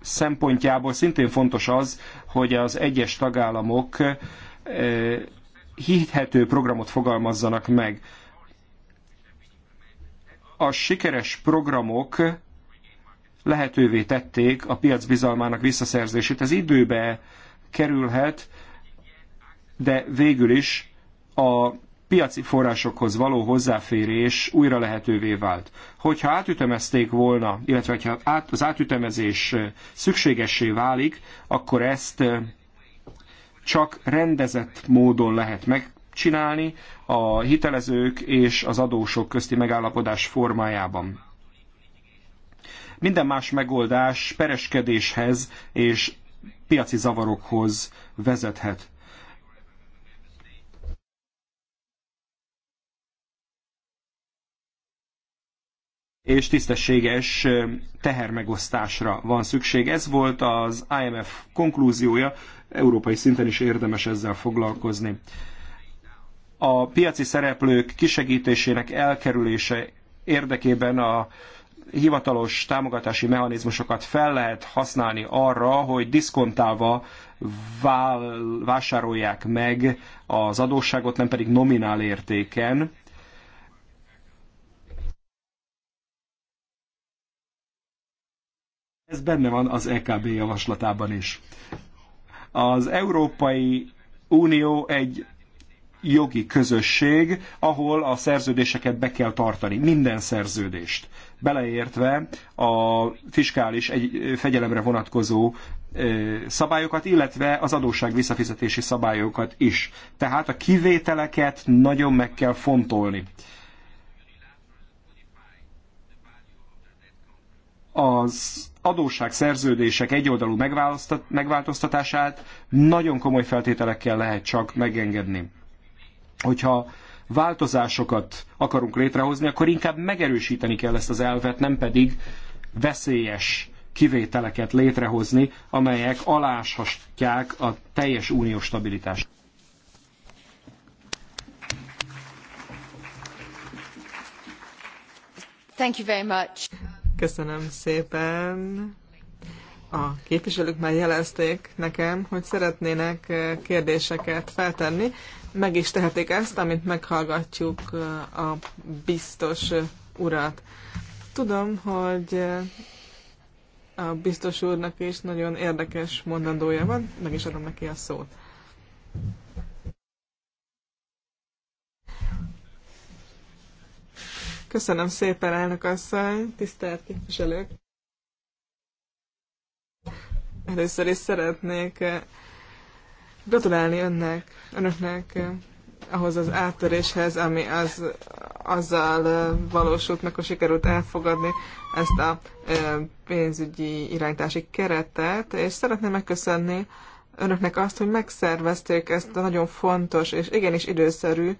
szempontjából szintén fontos az, hogy az egyes tagállamok e, hihető programot fogalmazzanak meg. A sikeres programok lehetővé tették a piac bizalmának visszaszerzését. Ez időbe kerülhet, de végül is a piaci forrásokhoz való hozzáférés újra lehetővé vált. Hogyha átütemezték volna, illetve hogyha az átütemezés szükségessé válik, akkor ezt csak rendezett módon lehet megcsinálni a hitelezők és az adósok közti megállapodás formájában. Minden más megoldás pereskedéshez és piaci zavarokhoz vezethet. és tisztességes tehermegosztásra van szükség. Ez volt az IMF konklúziója, európai szinten is érdemes ezzel foglalkozni. A piaci szereplők kisegítésének elkerülése érdekében a hivatalos támogatási mechanizmusokat fel lehet használni arra, hogy diszkontálva vásárolják meg az adósságot, nem pedig nominál értéken Ez benne van az EKB javaslatában is. Az Európai Unió egy jogi közösség, ahol a szerződéseket be kell tartani, minden szerződést, beleértve a fiskális egy, fegyelemre vonatkozó szabályokat, illetve az adósság visszafizetési szabályokat is. Tehát a kivételeket nagyon meg kell fontolni. Az adósságszerződések egyoldalú megváltoztatását nagyon komoly feltételekkel lehet csak megengedni. Hogyha változásokat akarunk létrehozni, akkor inkább megerősíteni kell ezt az elvet, nem pedig veszélyes kivételeket létrehozni, amelyek aláshatják a teljes uniós stabilitást. Thank you very much. Köszönöm szépen. A képviselők már jelezték nekem, hogy szeretnének eh, kérdéseket feltenni. Meg is tehetik ezt, amint meghallgatjuk eh, a biztos eh, urat. Tudom, hogy a biztos úrnak is nagyon érdekes mondandója van, meg is adom neki a szót. Köszönöm szépen, elnök asszony, tisztelt képviselők! Először is szeretnék eh, gratulálni önnek, önöknek eh, ahhoz az áttöréshez, ami az, azzal eh, valósult meg, hogy sikerült elfogadni ezt a pénzügyi irányítási keretet, és szeretném megköszönni önöknek azt, hogy megszervezték ezt a nagyon fontos és igenis időszerű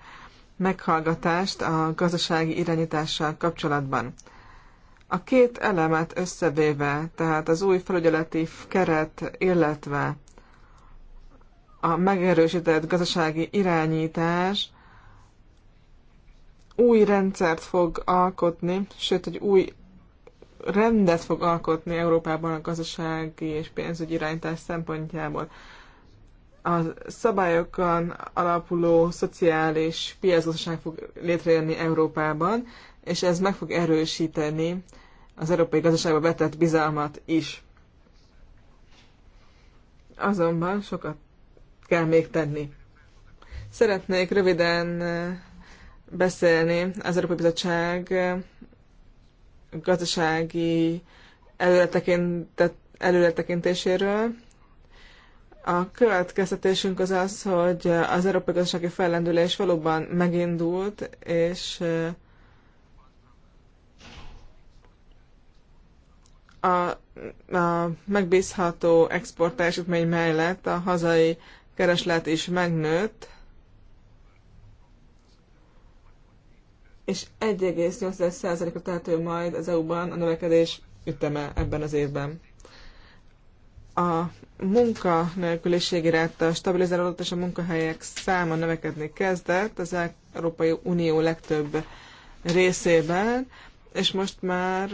meghallgatást a gazdasági irányítással kapcsolatban. A két elemet összevéve, tehát az új felügyeleti keret, illetve a megerősített gazdasági irányítás új rendszert fog alkotni, sőt, egy új rendet fog alkotni Európában a gazdasági és pénzügyi irányítás szempontjából a szabályokon alapuló szociális piacgazdaság fog létrejönni Európában, és ez meg fog erősíteni az európai gazdaságba vetett bizalmat is. Azonban sokat kell még tenni. Szeretnék röviden beszélni az Európai Bizottság gazdasági előretekintéséről, a következtetésünk az az, hogy az európai gazdasági fellendülés valóban megindult, és a, a megbízható export teljesítmény mellett a hazai kereslet is megnőtt, és 1,8%-ra tehető majd az EU-ban a növekedés üteme ebben az évben a munka nélküliség iráta stabilizálódott, és a munkahelyek száma növekedni kezdett az Európai Unió legtöbb részében, és most már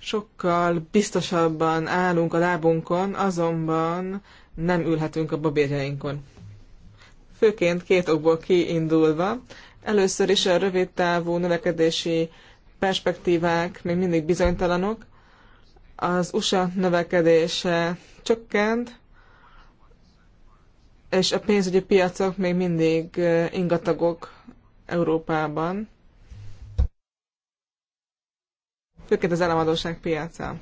sokkal biztosabban állunk a lábunkon, azonban nem ülhetünk a babérjainkon. Főként két okból kiindulva. Először is a rövidtávú növekedési perspektívák még mindig bizonytalanok, az USA növekedése csökkent, és a pénzügyi piacok még mindig ingatagok Európában, főként az államadóság piacán.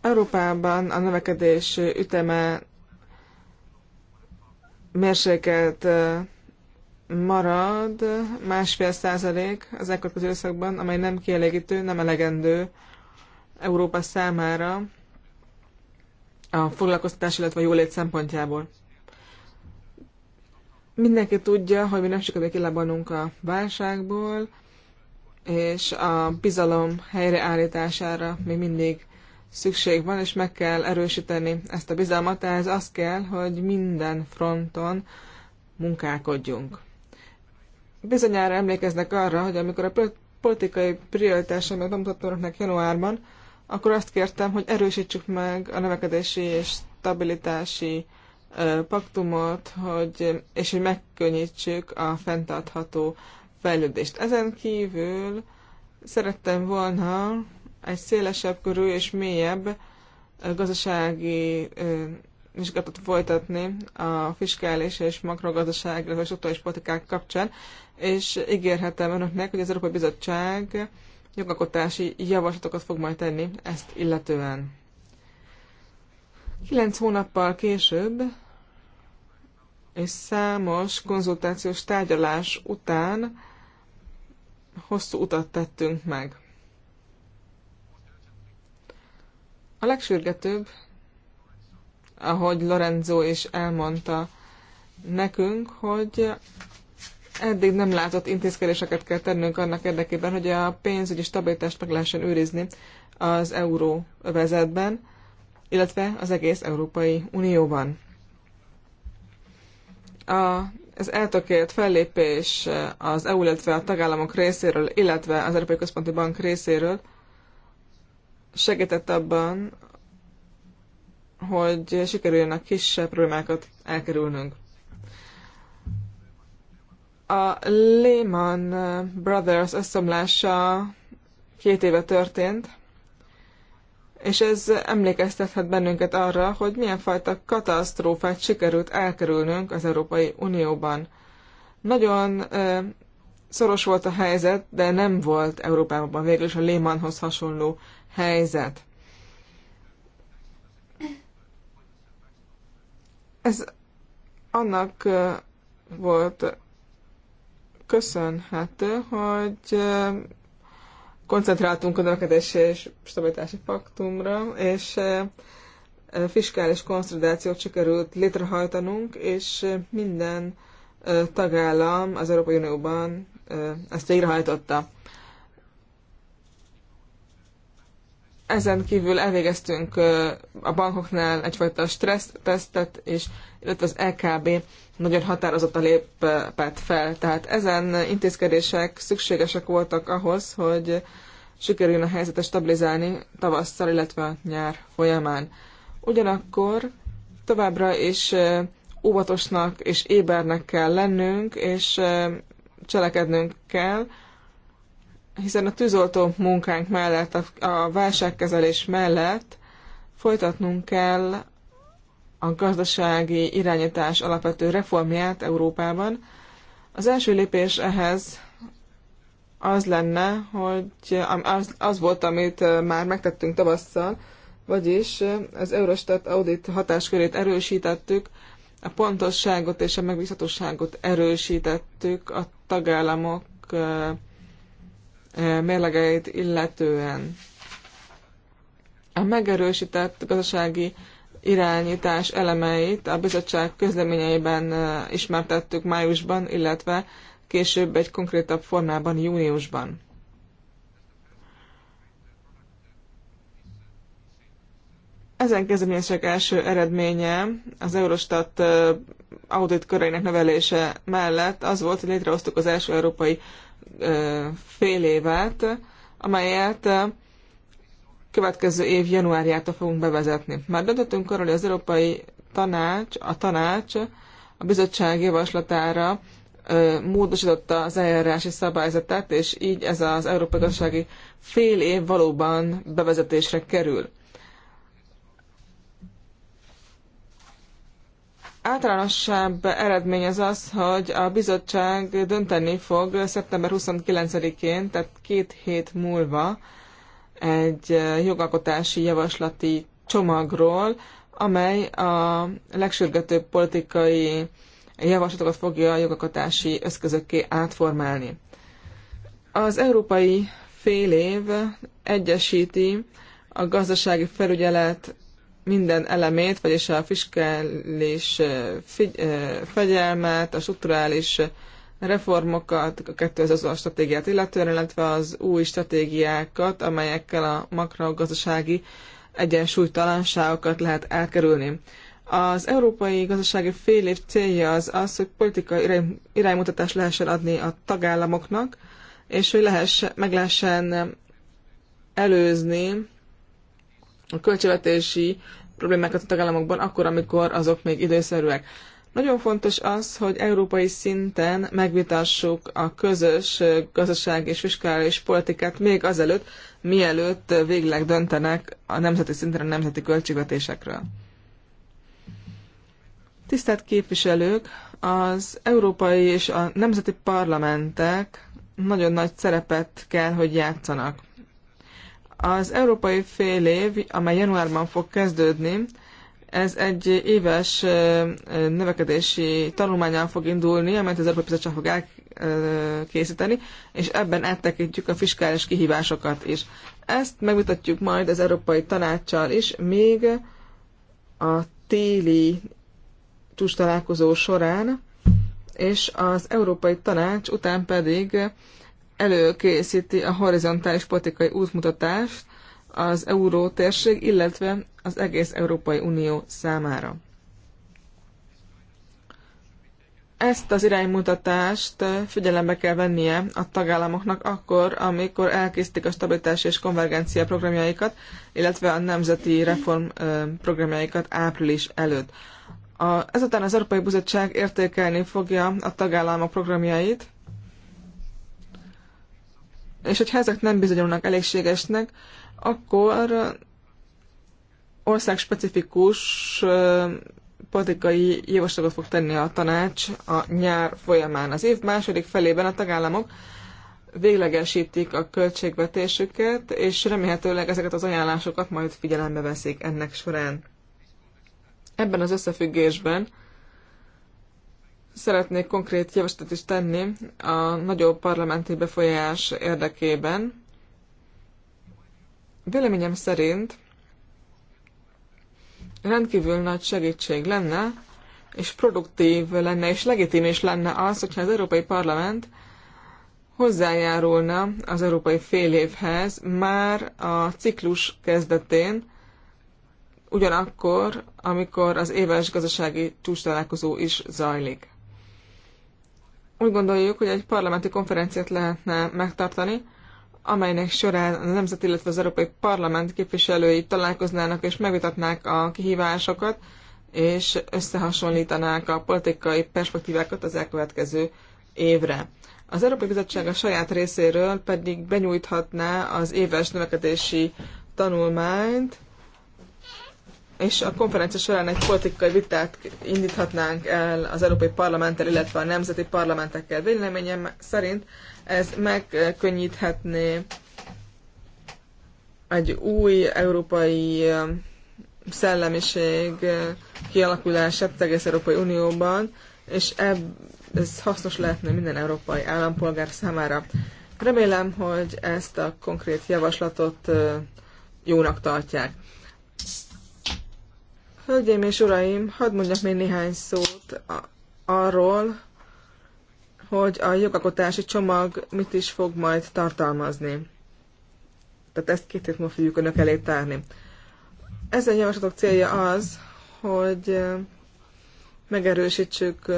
Európában a növekedés üteme mérsékelt marad másfél százalék az elkövetkező időszakban, amely nem kielégítő, nem elegendő Európa számára a foglalkoztatás, illetve a jólét szempontjából. Mindenki tudja, hogy mi nem sikerül kilábanunk a válságból, és a bizalom helyreállítására még mindig szükség van, és meg kell erősíteni ezt a bizalmat, ez az kell, hogy minden fronton munkálkodjunk. Bizonyára emlékeznek arra, hogy amikor a politikai prioritásaimat bemutattam önöknek januárban, akkor azt kértem, hogy erősítsük meg a növekedési és stabilitási paktumot, hogy, és hogy megkönnyítsük a fenntartható fejlődést. Ezen kívül szerettem volna egy szélesebb körű és mélyebb gazdasági vizsgálatot folytatni a fiskális és makrogazdasági illetve struktúrális politikák kapcsán, és ígérhetem önöknek, hogy az Európai Bizottság jogalkotási javaslatokat fog majd tenni ezt illetően. Kilenc hónappal később és számos konzultációs tárgyalás után hosszú utat tettünk meg. A legsürgetőbb, ahogy Lorenzo is elmondta nekünk, hogy eddig nem látott intézkedéseket kell tennünk annak érdekében, hogy a pénzügyi stabilitást meg lehessen őrizni az euróvezetben, illetve az egész Európai Unióban. A, az eltökélt fellépés az EU, illetve a tagállamok részéről, illetve az Európai Központi Bank részéről segített abban, hogy sikerüljön a kisebb problémákat elkerülnünk. A Lehman Brothers összomlása két éve történt, és ez emlékeztethet bennünket arra, hogy milyen fajta katasztrófát sikerült elkerülnünk az Európai Unióban. Nagyon szoros volt a helyzet, de nem volt Európában végül is a Lehmanhoz hasonló helyzet. Ez annak volt köszönhető, hogy koncentráltunk a növekedési és stabilitási paktumra, és fiskális konszolidációt sikerült létrehajtanunk, és minden tagállam az Európai Unióban ezt végrehajtotta. Ezen kívül elvégeztünk a bankoknál egyfajta stressztesztet, és illetve az LKB e nagyon a lépett fel. Tehát ezen intézkedések szükségesek voltak ahhoz, hogy sikerüljön a helyzetet stabilizálni tavasszal, illetve nyár folyamán. Ugyanakkor továbbra is óvatosnak és ébernek kell lennünk, és cselekednünk kell, hiszen a tűzoltó munkánk mellett, a, válságkezelés mellett folytatnunk kell a gazdasági irányítás alapvető reformját Európában. Az első lépés ehhez az lenne, hogy az, az volt, amit már megtettünk tavasszal, vagyis az Eurostat audit hatáskörét erősítettük, a pontosságot és a megbízhatóságot erősítettük a tagállamok mérlegeit illetően. A megerősített gazdasági irányítás elemeit a bizottság közleményeiben ismertettük májusban, illetve később egy konkrétabb formában júniusban. Ezen kezdeményezések első eredménye az Eurostat audit köreinek növelése mellett az volt, hogy létrehoztuk az első európai fél évet, amelyet következő év januárjától fogunk bevezetni. Már döntöttünk arról, hogy az Európai Tanács, a tanács a bizottság javaslatára módosította az eljárási szabályzatát, és így ez az európai gazdasági fél év valóban bevezetésre kerül. Általánosabb eredmény az az, hogy a bizottság dönteni fog szeptember 29-én, tehát két hét múlva egy jogalkotási javaslati csomagról, amely a legsürgetőbb politikai javaslatokat fogja a jogalkotási eszközökké átformálni. Az európai fél év egyesíti a gazdasági felügyelet minden elemét, vagyis a fiskális figy- fegyelmet, a strukturális reformokat, a 2000 as stratégiát illetően, illetve az új stratégiákat, amelyekkel a makrogazdasági egyensúlytalanságokat lehet elkerülni. Az európai gazdasági fél év célja az az, hogy politikai irány, iránymutatást lehessen adni a tagállamoknak, és hogy lehessen, meg lehessen előzni a költségvetési problémákat a tagállamokban, akkor, amikor azok még időszerűek. Nagyon fontos az, hogy európai szinten megvitassuk a közös gazdaság és fiskális politikát még azelőtt, mielőtt végleg döntenek a nemzeti szinten a nemzeti költségvetésekről. Tisztelt képviselők, az európai és a nemzeti parlamentek nagyon nagy szerepet kell, hogy játszanak. Az európai fél év, amely januárban fog kezdődni, ez egy éves növekedési tanulmányán fog indulni, amelyet az Európai Bizottság fog elkészíteni, és ebben áttekintjük a fiskális kihívásokat is. Ezt megmutatjuk majd az Európai Tanácssal is, még a téli csúcs találkozó során, és az Európai Tanács után pedig előkészíti a horizontális politikai útmutatást az euró térség, illetve az egész Európai Unió számára. Ezt az iránymutatást figyelembe kell vennie a tagállamoknak akkor, amikor elkészítik a stabilitás és konvergencia programjaikat, illetve a nemzeti reform programjaikat április előtt. A, ezután az Európai Bizottság értékelni fogja a tagállamok programjait, és hogyha ezek nem bizonyulnak elégségesnek, akkor országspecifikus politikai javaslatot fog tenni a tanács a nyár folyamán. Az év második felében a tagállamok véglegesítik a költségvetésüket, és remélhetőleg ezeket az ajánlásokat majd figyelembe veszik ennek során. Ebben az összefüggésben Szeretnék konkrét javaslatot is tenni a nagyobb parlamenti befolyás érdekében. Véleményem szerint rendkívül nagy segítség lenne, és produktív lenne, és legitim is lenne az, hogyha az Európai Parlament hozzájárulna az európai félévhez már a ciklus kezdetén, ugyanakkor, amikor az éves gazdasági csúcstalálkozó is zajlik. Úgy gondoljuk, hogy egy parlamenti konferenciát lehetne megtartani, amelynek során a nemzet, illetve az Európai Parlament képviselői találkoznának és megvitatnák a kihívásokat, és összehasonlítanák a politikai perspektívákat az elkövetkező évre. Az Európai Bizottság a saját részéről pedig benyújthatná az éves növekedési tanulmányt, és a konferencia során egy politikai vitát indíthatnánk el az Európai Parlamenttel, illetve a nemzeti parlamentekkel. Véleményem szerint ez megkönnyíthetné egy új európai um, szellemiség uh, kialakulását az egész Európai Unióban, és ebb, ez hasznos lehetne minden európai állampolgár számára. Remélem, hogy ezt a konkrét javaslatot uh, jónak tartják. Hölgyeim és uraim, hadd mondjak még néhány szót arról, hogy a jogalkotási csomag mit is fog majd tartalmazni. Tehát ezt két hét múlva fogjuk önök elé tárni. Ezen javaslatok célja az, hogy megerősítsük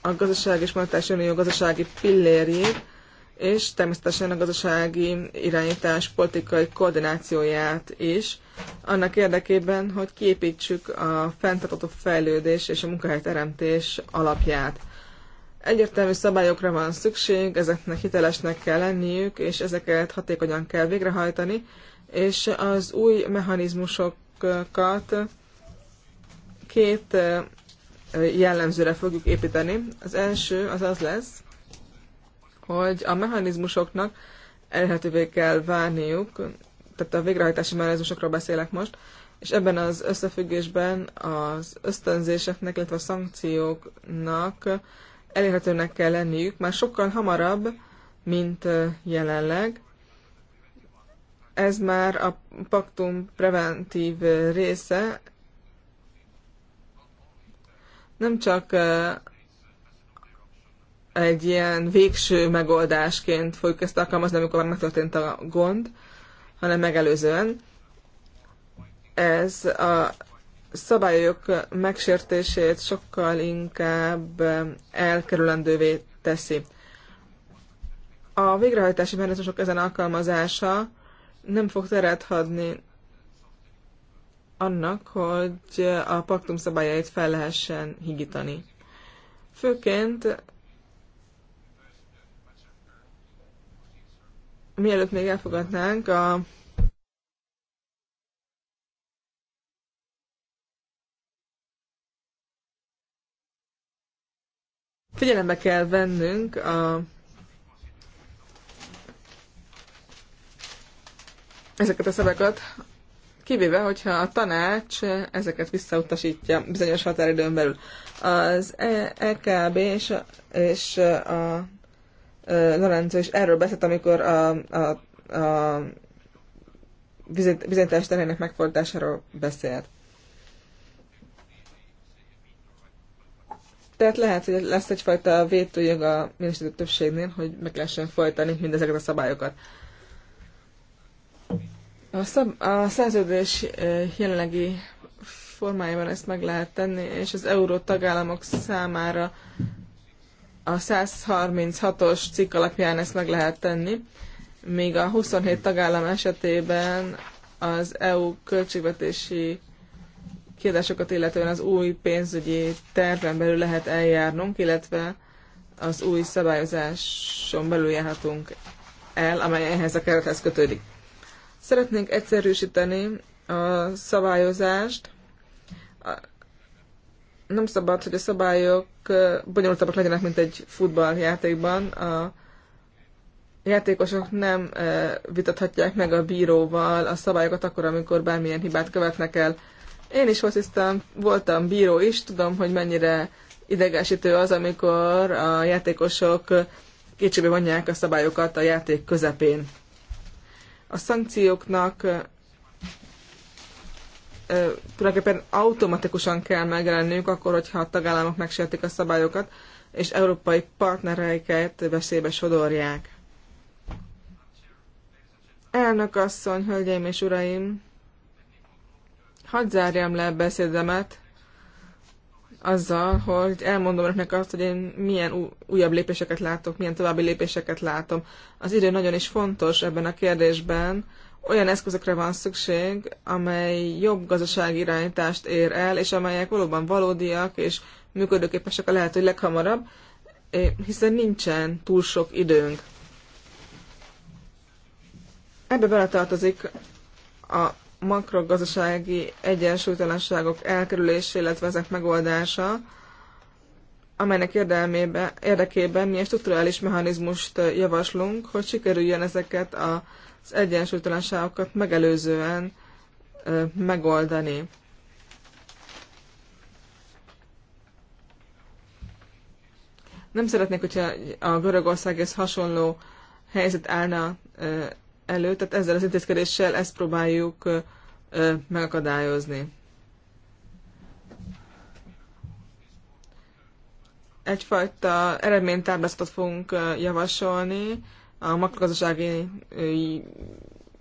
a gazdaság és monetáris unió gazdasági pillérjét, és természetesen a gazdasági irányítás politikai koordinációját is, annak érdekében, hogy kiépítsük a fenntartható fejlődés és a munkahelyteremtés alapját. Egyértelmű szabályokra van szükség, ezeknek hitelesnek kell lenniük, és ezeket hatékonyan kell végrehajtani, és az új mechanizmusokat két jellemzőre fogjuk építeni. Az első az az lesz, hogy a mechanizmusoknak elérhetővé kell válniuk, tehát a végrehajtási mechanizmusokról beszélek most, és ebben az összefüggésben az ösztönzéseknek, illetve a szankcióknak elérhetőnek kell lenniük, már sokkal hamarabb, mint jelenleg. Ez már a paktum preventív része. Nem csak egy ilyen végső megoldásként fogjuk ezt alkalmazni, amikor már megtörtént a gond, hanem megelőzően. Ez a szabályok megsértését sokkal inkább elkerülendővé teszi. A végrehajtási mechanizmusok ezen alkalmazása nem fog teret hadni annak, hogy a paktum szabályait fel lehessen higítani. Főként mielőtt még elfogadnánk a figyelembe kell vennünk a ezeket a szavakat, kivéve, hogyha a tanács ezeket visszautasítja bizonyos határidőn belül. Az EKB e és, és a Lorenzo is erről beszélt, amikor a, a, a bizonytalanság terének megfordításáról beszélt. Tehát lehet, hogy lesz egyfajta vétőjog a minősítő többségnél, hogy meg lehessen folytani mindezeket a szabályokat. A, szab- a szerződés jelenlegi formájában ezt meg lehet tenni, és az euró tagállamok számára a 136-os cikk alapján ezt meg lehet tenni, míg a 27 tagállam esetében az EU költségvetési kérdésokat illetően az új pénzügyi terven belül lehet eljárnunk, illetve az új szabályozáson belül járhatunk el, amely ehhez a kerethez kötődik. Szeretnénk egyszerűsíteni a szabályozást, nem szabad, hogy a szabályok bonyolultabbak legyenek, mint egy futballjátékban. A játékosok nem vitathatják meg a bíróval a szabályokat akkor, amikor bármilyen hibát követnek el. Én is hoztam, voltam bíró is, tudom, hogy mennyire idegesítő az, amikor a játékosok kétségbe vonják a szabályokat a játék közepén. A szankcióknak tulajdonképpen automatikusan kell megjelennünk, akkor, hogyha a tagállamok megsértik a szabályokat, és európai partnereiket veszélybe sodorják. Elnök asszony, hölgyeim és uraim, hadd zárjam le beszédemet azzal, hogy elmondom önöknek azt, hogy én milyen újabb lépéseket látok, milyen további lépéseket látom. Az idő nagyon is fontos ebben a kérdésben, olyan eszközökre van szükség, amely jobb gazdasági irányítást ér el, és amelyek valóban valódiak és működőképesek a lehető leghamarabb, hiszen nincsen túl sok időnk. Ebbe beletartozik a makrogazdasági egyensúlytalanságok elkerülése, illetve ezek megoldása, amelynek érdekében mi egy strukturális mechanizmust javaslunk, hogy sikerüljön ezeket a az egyensúlytalanságokat megelőzően megoldani. Nem szeretnék, hogyha a Görögországhoz hasonló helyzet állna elő, tehát ezzel az intézkedéssel ezt próbáljuk megakadályozni. Egyfajta eredménytáblázatot fogunk javasolni, a makrogazdasági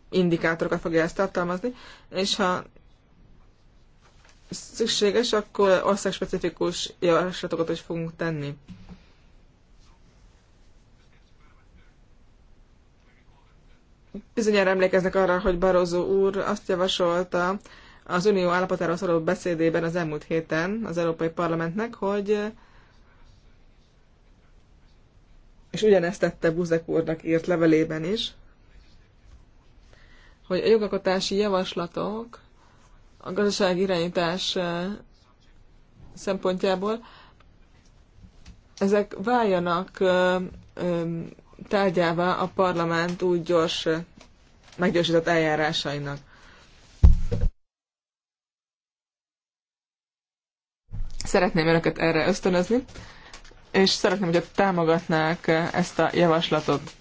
indikátorokat fogja ezt tartalmazni, és ha szükséges, akkor országspecifikus javaslatokat is fogunk tenni. Bizonyára emlékeznek arra, hogy Barozó úr azt javasolta az Unió állapotáról szóló beszédében az elmúlt héten az Európai Parlamentnek, hogy és ugyanezt tette Buzek úrnak írt levelében is, hogy a jogalkotási javaslatok a gazdaság irányítás szempontjából ezek váljanak tárgyává a parlament úgy gyors, meggyorsított eljárásainak. Szeretném önöket erre ösztönözni, és szeretném, hogy támogatnák ezt a javaslatot.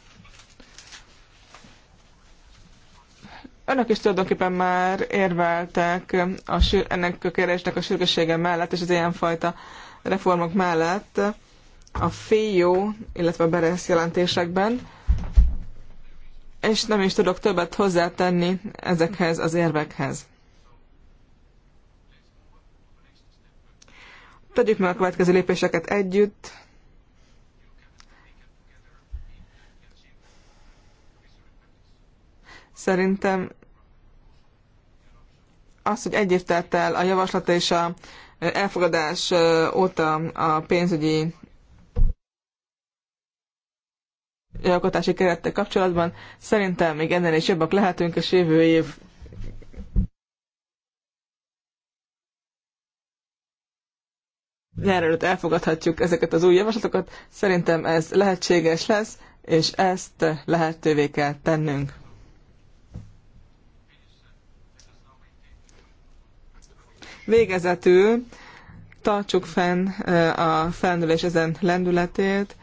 Önök is tulajdonképpen már érveltek a, ennek a kérdésnek a sürgősége mellett és az ilyenfajta reformok mellett a FIO, illetve a Beresz jelentésekben, és nem is tudok többet hozzátenni ezekhez az érvekhez. Tegyük meg a következő lépéseket együtt. Szerintem az, hogy egy év telt el a javaslat és a elfogadás óta a pénzügyi alkotási kerettel kapcsolatban, szerintem még ennél is jobbak lehetünk, és jövő év nyár előtt elfogadhatjuk ezeket az új javaslatokat. Szerintem ez lehetséges lesz, és ezt lehetővé kell tennünk. Végezetül tartsuk fenn a felnövés ezen lendületét,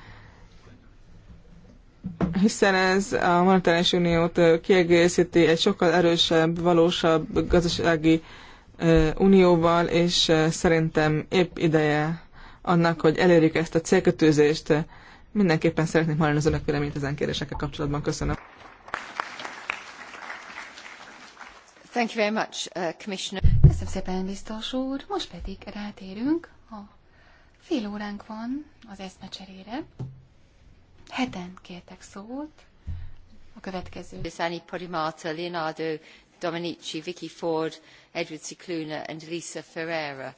hiszen ez a monetáris uniót kiegészíti egy sokkal erősebb, valósabb gazdasági Unióval, és szerintem épp ideje annak, hogy elérjük ezt a célkötőzést. Mindenképpen szeretnék hallani az önök véleményét ezen kérdésekkel kapcsolatban. Köszönöm. Thank you very much, uh, Commissioner. Köszönöm szépen, biztos úr. Most pedig rátérünk a Fél óránk van az eszmecserére. Heten kértek szót. A következő. Szányi Parimata, Leonardo Dominici, Vicky Ford, Edward Cicluna and Lisa Ferreira.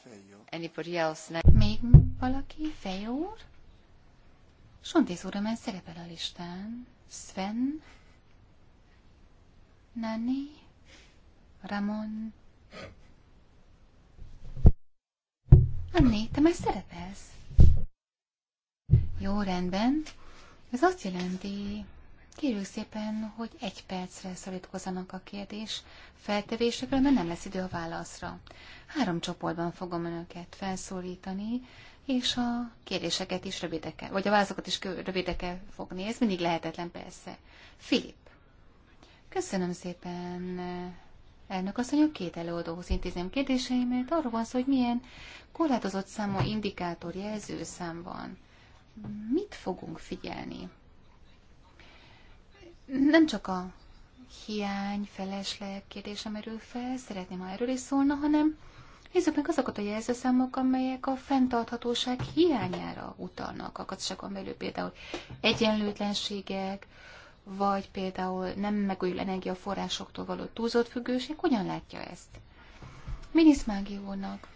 Anybody else? Now? Még valaki? Fejó úr? Sontész úr, szerepel a listán. Sven? Nani? Ramon? Anni, te már szerepelsz. Jó, rendben. Ez azt jelenti, Kérjük szépen, hogy egy percre szorítkozzanak a kérdés feltevésekről, mert nem lesz idő a válaszra. Három csoportban fogom önöket felszólítani, és a kérdéseket is rövideke, vagy a válaszokat is rövideke fogni. Ez mindig lehetetlen persze. Filip, köszönöm szépen. Elnök asszony, a két előadóhoz intézem kérdéseimet. Arról van szó, hogy milyen korlátozott számú indikátor jelzőszám van. Mit fogunk figyelni? Nem csak a hiány, felesleg kérdése merül fel, szeretném, ha erről is szólna, hanem nézzük meg azokat a jelzőszámok, amelyek a fenntarthatóság hiányára utalnak a gazdaságon belül, például egyenlőtlenségek, vagy például nem megújul energiaforrásoktól való túlzott függőség, hogyan látja ezt? Minisz Mágiónak.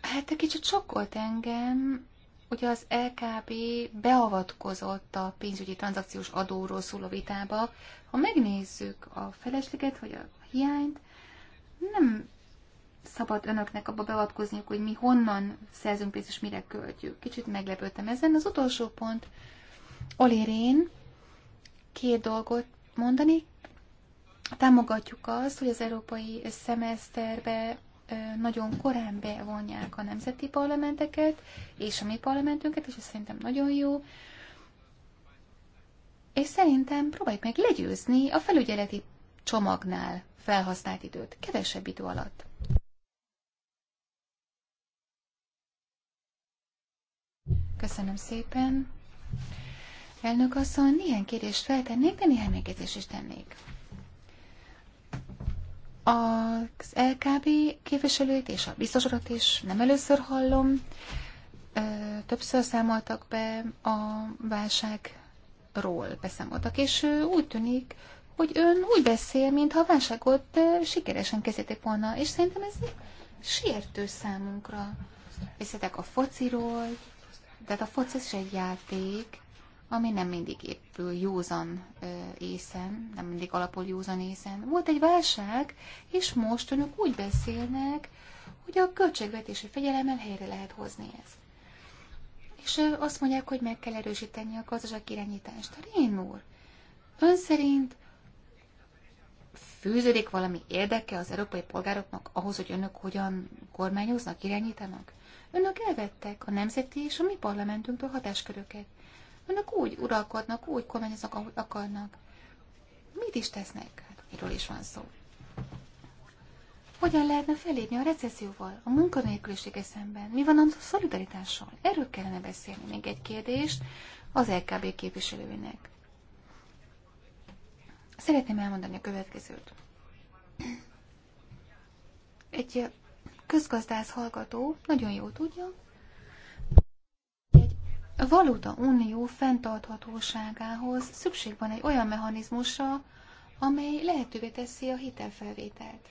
Hát egy kicsit sokkolt engem Ugye az LKB beavatkozott a pénzügyi tranzakciós adóról szóló vitába. Ha megnézzük a felesleget vagy a hiányt, nem szabad önöknek abba beavatkozniuk, hogy mi honnan szerzünk pénzt és mire költjük. Kicsit meglepődtem ezen. Az utolsó pont, Olirén két dolgot mondani. Támogatjuk azt, hogy az európai szemeszterbe nagyon korán bevonják a nemzeti parlamenteket, és a mi parlamentünket, és ez szerintem nagyon jó. És szerintem próbáljuk meg legyőzni a felügyeleti csomagnál felhasznált időt, kevesebb idő alatt. Köszönöm szépen. Elnök asszony, néhány kérdést feltennék, de néhány megjegyzést is tennék. Az LKB képviselőt és a biztosokat is nem először hallom. Többször számoltak be a válságról, beszámoltak, és úgy tűnik, hogy ön úgy beszél, mintha a válságot sikeresen kezdték volna, és szerintem ez sértő számunkra. Beszéltek a fociról, tehát a foci is egy játék, ami nem mindig épül józan észen, nem mindig alapul józan észen. Volt egy válság, és most önök úgy beszélnek, hogy a költségvetési fegyelemmel helyre lehet hozni ezt. És azt mondják, hogy meg kell erősíteni a gazdaság irányítást. Rén hát úr, ön szerint fűződik valami érdeke az európai polgároknak ahhoz, hogy önök hogyan kormányoznak, irányítanak? Önök elvettek a nemzeti és a mi parlamentünktől hatásköröket. Önök úgy uralkodnak, úgy kormányoznak, ahogy akarnak. Mit is tesznek? Hát miről is van szó. Hogyan lehetne felépni a recesszióval, a munkanélküliség szemben? Mi van a szolidaritással? Erről kellene beszélni. Még egy kérdést az LKB képviselőinek. Szeretném elmondani a következőt. Egy közgazdász hallgató nagyon jól tudja, a valuta unió fenntarthatóságához szükség van egy olyan mechanizmusra, amely lehetővé teszi a hitelfelvételt.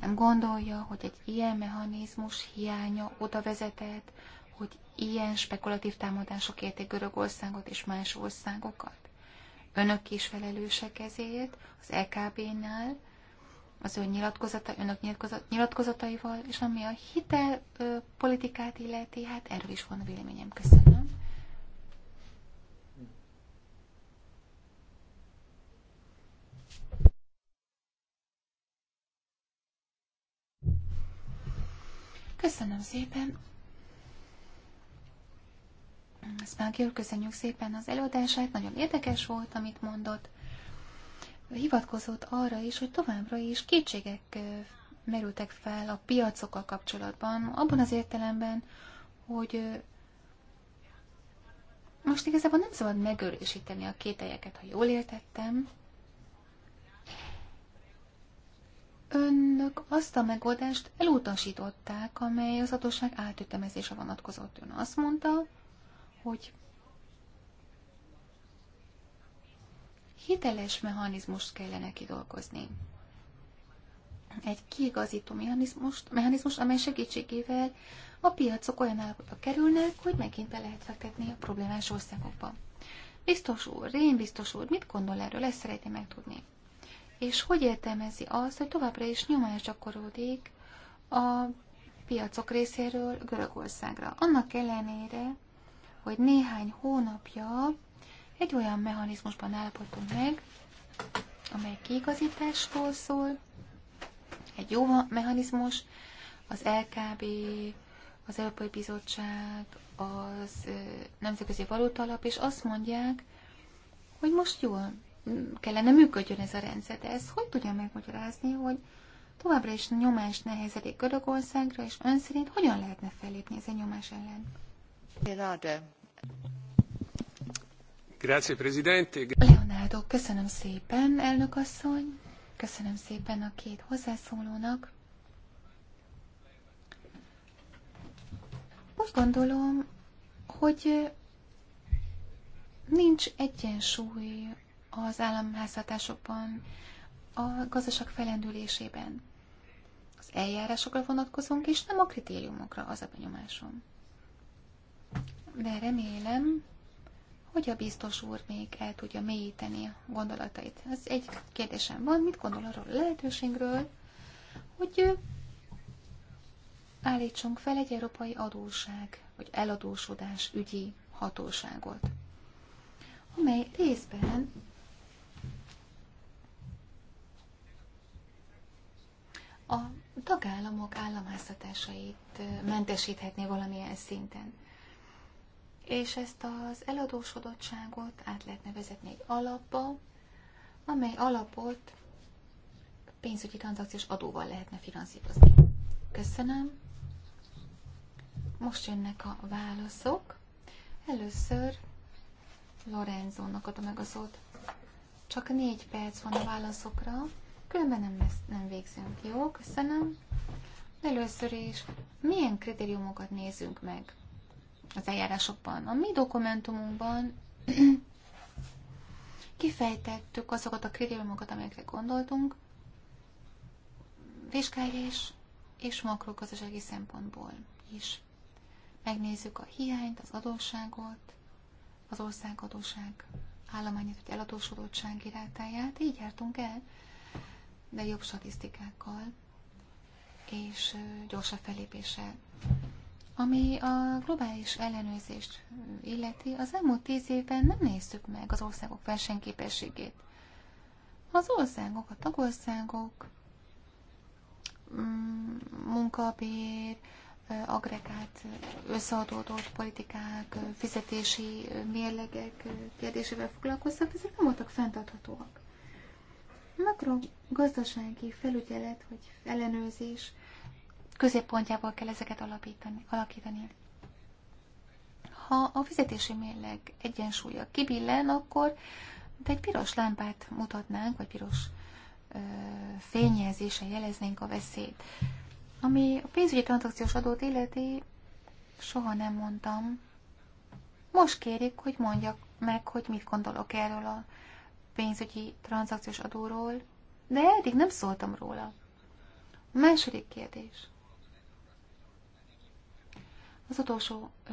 Nem gondolja, hogy egy ilyen mechanizmus hiánya oda vezetett, hogy ilyen spekulatív támadások érték Görögországot és más országokat. Önök is felelősek ezért, az EKB-nál, az ön nyilatkozata, önök nyilatkozataival, és ami a hitel ö, politikát illeti, hát erről is van véleményem. Köszönöm. Köszönöm szépen. Ezt már köszönjük szépen az előadását, nagyon érdekes volt, amit mondott hivatkozott arra is, hogy továbbra is kétségek merültek fel a piacokkal kapcsolatban, abban az értelemben, hogy most igazából nem szabad megörösíteni a kételyeket, ha jól értettem. Önök azt a megoldást elutasították, amely az adósság átütemezése vonatkozott. Ön azt mondta, hogy hiteles mechanizmust kellene kidolgozni. Egy kiigazító mechanizmust, mechanizmust amely segítségével a piacok olyan állapotba kerülnek, hogy megint be lehet fektetni a problémás országokba. Biztos úr, Rén biztos úr, mit gondol erről, ezt szeretném megtudni. És hogy értelmezi azt, hogy továbbra is nyomás gyakorolódik a piacok részéről Görögországra. Annak ellenére, hogy néhány hónapja egy olyan mechanizmusban állapodtunk meg, amely kiigazításról szól, egy jó mechanizmus, az LKB, az Európai Bizottság, az Nemzetközi Valótalap, és azt mondják, hogy most jól kellene működjön ez a rendszer, de ezt hogy tudja megmagyarázni, hogy továbbra is nyomás nehezedik Görögországra, és ön szerint hogyan lehetne fellépni ezen nyomás ellen? Grazie, Presidente. Leonardo, köszönöm szépen, elnök asszony. Köszönöm szépen a két hozzászólónak. Úgy gondolom, hogy nincs egyensúly az államháztartásokban, a gazdaság felendülésében. Az eljárásokra vonatkozunk, és nem a kritériumokra, az a benyomásom. De remélem, hogy a biztos úr még el tudja mélyíteni a gondolatait. Ez egy kérdésem van, mit gondol arról a lehetőségről, hogy állítsunk fel egy európai adóság, vagy eladósodás ügyi hatóságot, amely részben a tagállamok államháztatásait mentesíthetné valamilyen szinten és ezt az eladósodottságot át lehet nevezetni egy alapba, amely alapot pénzügyi tranzakciós adóval lehetne finanszírozni. Köszönöm. Most jönnek a válaszok. Először Lorenzónak adom meg a szót. Csak négy perc van a válaszokra, különben nem, lesz, nem végzünk. Jó, köszönöm. Először is, milyen kritériumokat nézünk meg? az eljárásokban. A mi dokumentumunkban kifejtettük azokat a kritériumokat, amelyekre gondoltunk, vizsgálás és makrogazdasági szempontból is. Megnézzük a hiányt, az adósságot, az országadóság állományát, vagy eladósodottság irátáját. Így jártunk el, de jobb statisztikákkal és gyorsabb felépéssel. Ami a globális ellenőrzést illeti, az elmúlt tíz évben nem néztük meg az országok versenyképességét. Az országok, a tagországok, mm, munkabér, agregát, összeadódott politikák, fizetési mérlegek kérdésével foglalkoztak, ezek nem voltak fenntarthatóak. gazdasági felügyelet vagy ellenőrzés – középpontjából kell ezeket alapítani, alakítani. Ha a fizetési mérleg egyensúlya kibillen, akkor de egy piros lámpát mutatnánk, vagy piros ö, fényjelzése jeleznénk a veszélyt. Ami a pénzügyi transzakciós adót illeti, soha nem mondtam. Most kérik, hogy mondjak meg, hogy mit gondolok erről a pénzügyi transzakciós adóról, de eddig nem szóltam róla. A második kérdés az utolsó ö,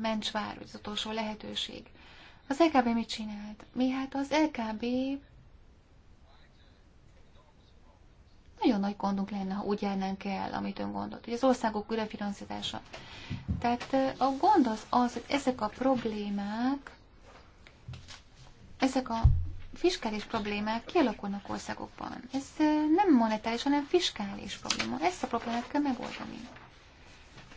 mencsvár, az utolsó lehetőség. Az LKB mit csinált? Mi hát az LKB nagyon nagy gondunk lenne, ha úgy járnánk el, amit ön gondolt, hogy az országok újrafinanszírozása. Tehát a gond az az, hogy ezek a problémák, ezek a fiskális problémák kialakulnak országokban. Ez nem monetáris, hanem fiskális probléma. Ezt a problémát kell megoldani.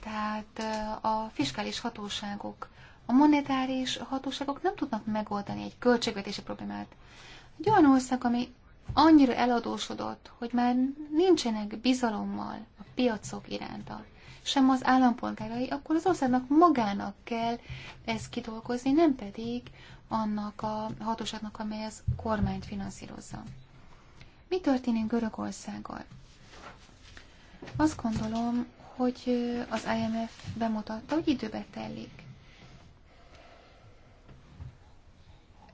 Tehát a fiskális hatóságok, a monetáris hatóságok nem tudnak megoldani egy költségvetési problémát. Egy olyan ország, ami annyira eladósodott, hogy már nincsenek bizalommal a piacok iránta, sem az állampolgárai, akkor az országnak magának kell ezt kidolgozni, nem pedig annak a hatóságnak, amely az kormányt finanszírozza. Mi történik Görögországgal? Azt gondolom, hogy az IMF bemutatta, hogy időbe telik.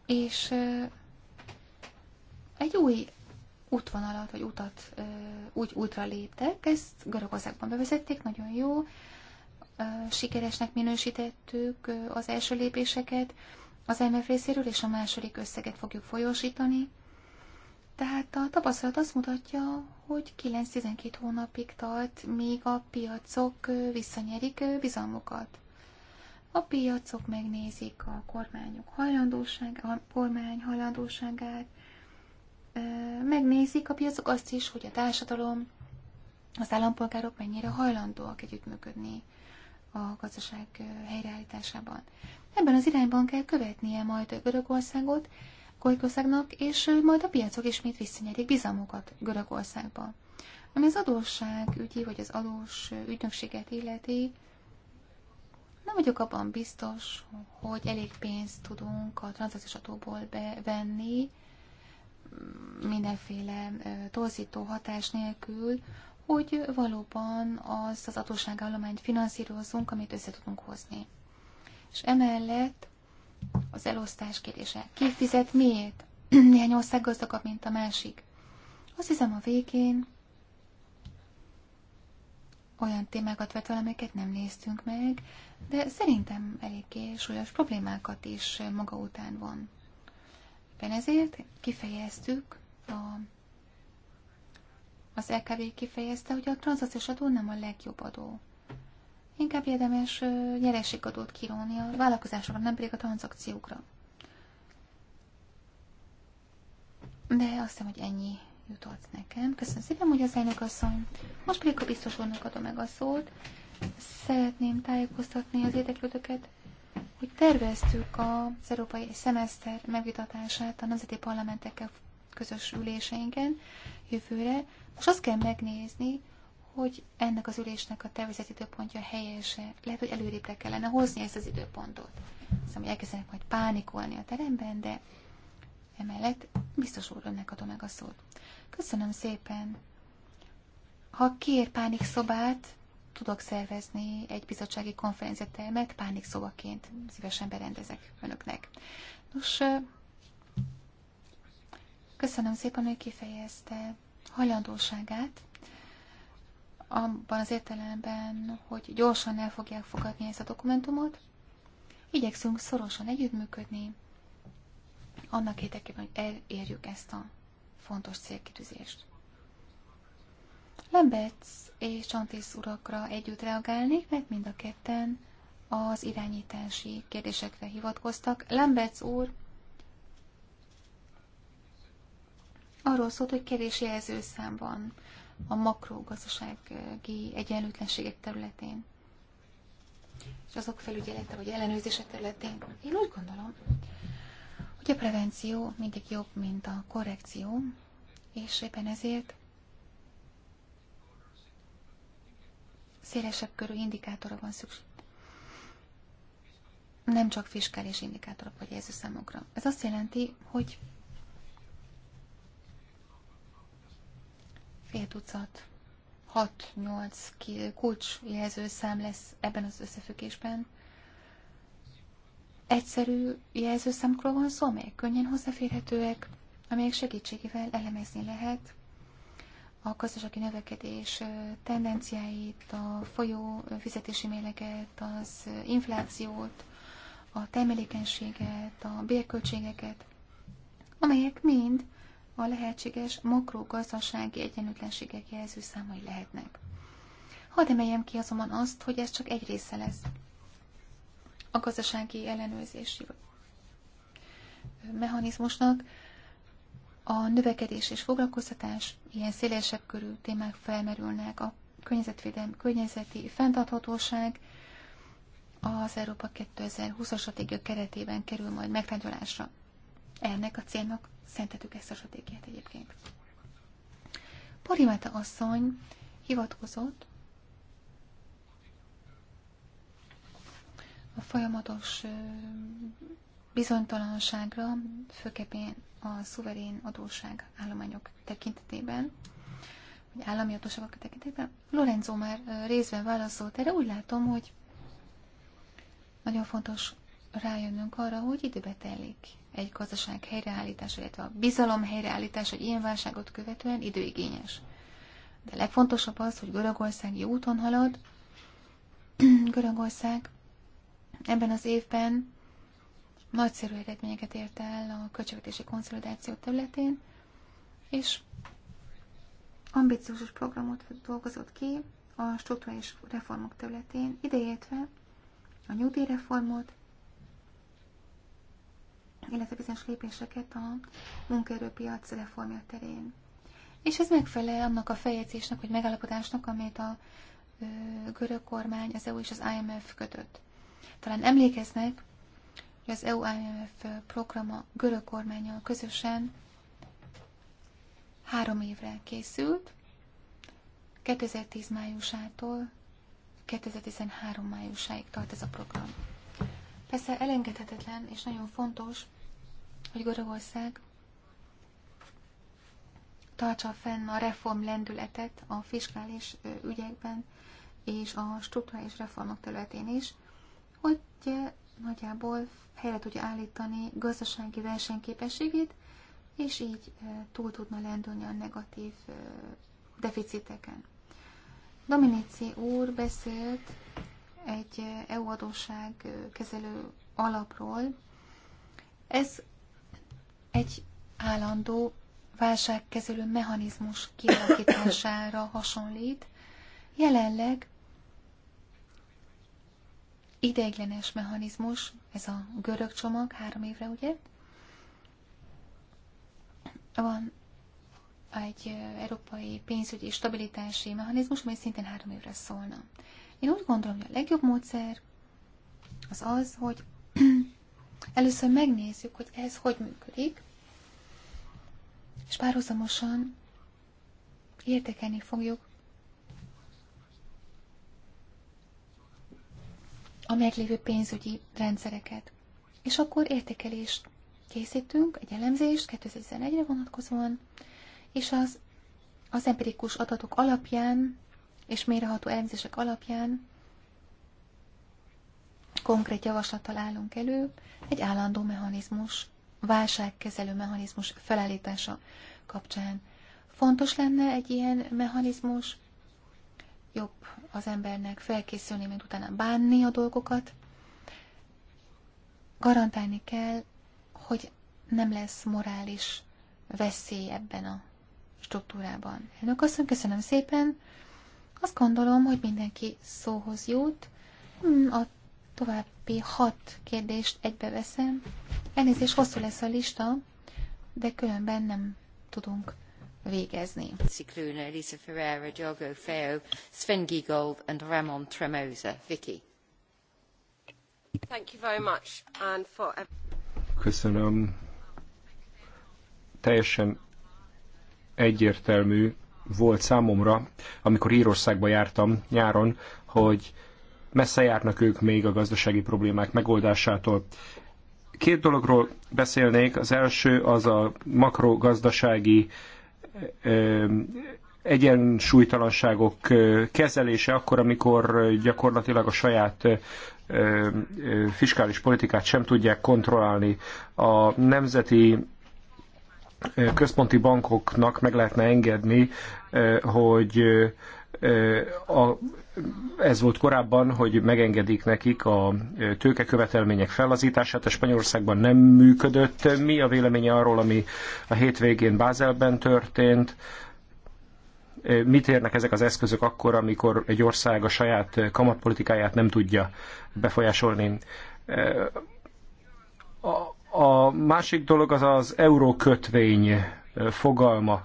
És egy új útvonalat, vagy utat úgy útra léptek, ezt Görögországban bevezették, nagyon jó, sikeresnek minősítettük az első lépéseket az IMF részéről, és a második összeget fogjuk folyósítani. Tehát a tapasztalat azt mutatja, hogy 9-12 hónapig tart, míg a piacok visszanyerik bizalmukat. A piacok megnézik a kormányok hajlandóság, a kormány hajlandóságát, megnézik a piacok azt is, hogy a társadalom, az állampolgárok mennyire hajlandóak együttműködni a gazdaság helyreállításában. Ebben az irányban kell követnie majd Görögországot, Görögországnak, és majd a piacok ismét visszanyerik bizalmukat Görögországba. Ami az adósság ügyi, vagy az adós ügynökséget illeti, nem vagyok abban biztos, hogy elég pénzt tudunk a tranzakciós adóból bevenni, mindenféle torzító hatás nélkül, hogy valóban az az adósságállományt finanszírozzunk, amit össze tudunk hozni. És emellett az elosztás kérdése. Ki fizet miért? Néhány ország gazdagabb, mint a másik. Azt hiszem a végén olyan témákat vett fel, amiket nem néztünk meg, de szerintem eléggé súlyos problémákat is maga után van. Ben ezért kifejeztük, a, az LKV kifejezte, hogy a tranzakciós adó nem a legjobb adó. Inkább érdemes nyereségadót kirónni a vállalkozásokra, nem pedig a tranzakciókra. De azt hiszem, hogy ennyi jutott nekem. Köszönöm szépen, hogy az elnök asszony. Most pedig a biztos úrnak adom meg a szót. Szeretném tájékoztatni az érdeklődőket, hogy terveztük az európai szemeszter megvitatását a nemzeti parlamentekkel közös üléseinken jövőre. Most azt kell megnézni, hogy ennek az ülésnek a tervezett időpontja helyese. Lehet, hogy előrébre kellene hozni ezt az időpontot. Hiszem, hogy elkezdenek majd pánikolni a teremben, de emellett biztos úr önnek adom meg a szót. Köszönöm szépen. Ha kér szobát, tudok szervezni egy bizottsági konferenciatermet szobaként Szívesen berendezek önöknek. Nos, köszönöm szépen, hogy kifejezte hajlandóságát abban az értelemben, hogy gyorsan el fogják fogadni ezt a dokumentumot. Igyekszünk szorosan együttműködni, annak érdekében, hogy elérjük ezt a fontos célkitűzést. Lembetsz és Csantész urakra együtt reagálnék, mert mind a ketten az irányítási kérdésekre hivatkoztak. Lembetsz úr arról szólt, hogy kevés jelzőszám van a makrogazdasági egyenlőtlenségek területén, és azok felügyelete vagy ellenőrzése területén. Én úgy gondolom, hogy a prevenció mindig jobb, mint a korrekció, és éppen ezért szélesebb körű indikátorra van szükség. Nem csak fiskális indikátorok vagy számokra. Ez azt jelenti, hogy fél tucat, 6-8 szám lesz ebben az összefüggésben. Egyszerű jelzőszámokról van szó, amelyek könnyen hozzáférhetőek, amelyek segítségével elemezni lehet a gazdasági növekedés tendenciáit, a folyó fizetési mérleget, az inflációt, a termelékenységet, a bérköltségeket, amelyek mind a lehetséges makrogazdasági egyenlőtlenségek jelző számai lehetnek. Hadd emeljem ki azonban azt, hogy ez csak egy része lesz a gazdasági ellenőrzési mechanizmusnak. A növekedés és foglalkoztatás ilyen szélesebb körű témák felmerülnek, a környezetvédelmi, környezeti fenntarthatóság, az Európa 2020-as stratégia keretében kerül majd megtárgyalásra. Ennek a célnak szentetük ezt a stratégiát egyébként. Parimáta asszony hivatkozott a folyamatos bizonytalanságra, főképpen a szuverén adósság állományok tekintetében, vagy állami adóságok tekintetében. Lorenzo már részben válaszolt erre, úgy látom, hogy nagyon fontos rájönnünk arra, hogy időbe telik egy gazdaság helyreállítása, illetve a bizalom helyreállítása egy ilyen válságot követően időigényes. De legfontosabb az, hogy Görögország jó úton halad. Görögország ebben az évben nagyszerű eredményeket ért el a költségvetési konszolidáció területén, és ambiciózus programot dolgozott ki a struktúrális reformok területén, ideértve a nyugdíjreformot, illetve bizonyos lépéseket a munkaerőpiac reformja terén. És ez megfelel annak a feljegyzésnek, hogy megállapodásnak, amelyet a ö, görög kormány, az EU és az IMF kötött. Talán emlékeznek, hogy az EU-IMF programa görög kormányjal közösen három évre készült, 2010 májusától 2013 májusáig tart ez a program. Persze elengedhetetlen és nagyon fontos, hogy Görögország tartsa fenn a reform lendületet a fiskális ügyekben és a struktúrális reformok területén is, hogy nagyjából helyre tudja állítani gazdasági versenyképességét, és így túl tudna lendülni a negatív deficiteken. Dominici úr beszélt egy EU adósság kezelő alapról. Ez egy állandó válságkezelő mechanizmus kialakítására hasonlít. Jelenleg ideiglenes mechanizmus, ez a görög csomag, három évre, ugye? Van egy európai pénzügyi stabilitási mechanizmus, ami szintén három évre szólna. Én úgy gondolom, hogy a legjobb módszer az az, hogy először megnézzük, hogy ez hogy működik, és párhuzamosan értékelni fogjuk a meglévő pénzügyi rendszereket. És akkor értékelést készítünk, egy elemzést 2011-re vonatkozóan, és az, az empirikus adatok alapján és méreható elemzések alapján konkrét javaslattal állunk elő, egy állandó mechanizmus válságkezelő mechanizmus felállítása kapcsán. Fontos lenne egy ilyen mechanizmus, jobb az embernek felkészülni, mint utána bánni a dolgokat. Garantálni kell, hogy nem lesz morális veszély ebben a struktúrában. Elnök asszony, köszönöm szépen. Azt gondolom, hogy mindenki szóhoz jut. Hm, a további hat kérdést egybe veszem. Elnézést, hosszú lesz a lista, de különben nem tudunk végezni. Cicluna, Elisa Ferreira, Diogo Feo, Sven Giegold and Ramon Tremosa. Vicky. Thank you very much and for... Köszönöm. Teljesen egyértelmű volt számomra, amikor Írországba jártam nyáron, hogy messze járnak ők még a gazdasági problémák megoldásától. Két dologról beszélnék. Az első az a makrogazdasági egyensúlytalanságok kezelése akkor, amikor gyakorlatilag a saját fiskális politikát sem tudják kontrollálni. A nemzeti központi bankoknak meg lehetne engedni, hogy a ez volt korábban, hogy megengedik nekik a tőkekövetelmények fellazítását, a Spanyolországban nem működött. Mi a véleménye arról, ami a hétvégén Bázelben történt? Mit érnek ezek az eszközök akkor, amikor egy ország a saját kamatpolitikáját nem tudja befolyásolni? A másik dolog az az eurókötvény fogalma.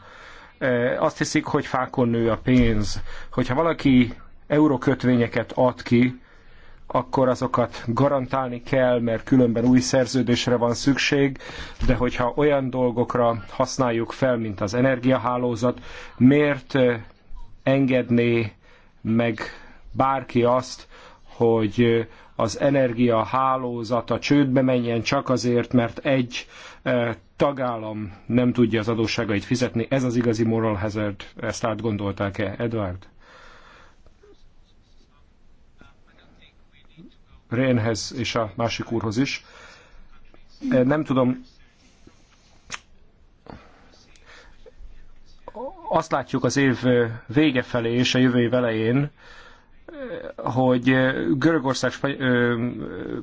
Azt hiszik, hogy fákon nő a pénz. Hogyha valaki eurokötvényeket ad ki, akkor azokat garantálni kell, mert különben új szerződésre van szükség, de hogyha olyan dolgokra használjuk fel, mint az energiahálózat, miért engedné meg bárki azt, hogy az energiahálózata csődbe menjen csak azért, mert egy tagállam nem tudja az adósságait fizetni. Ez az igazi moral hazard, ezt átgondolták-e, Edward? Rénhez és a másik úrhoz is. Nem tudom, azt látjuk az év vége felé és a jövő év elején, hogy Görögország,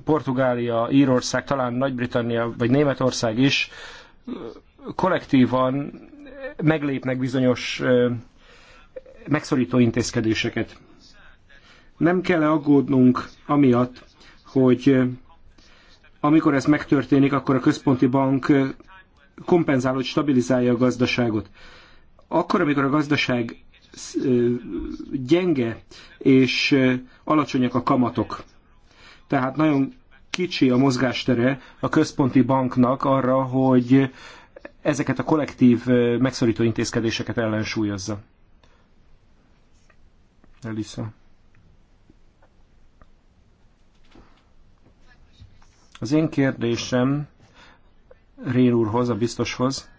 Portugália, Írország, talán Nagy-Britannia vagy Németország is kollektívan meglépnek bizonyos megszorító intézkedéseket. Nem kell aggódnunk amiatt, hogy eh, amikor ez megtörténik, akkor a központi bank eh, kompenzál, hogy stabilizálja a gazdaságot. Akkor, amikor a gazdaság eh, gyenge és alacsonyak a kamatok, tehát nagyon kicsi a mozgástere a központi banknak arra, hogy ezeket a kollektív megszorító intézkedéseket ellensúlyozza. Elisa. Az én kérdésem Rén úrhoz, a biztoshoz,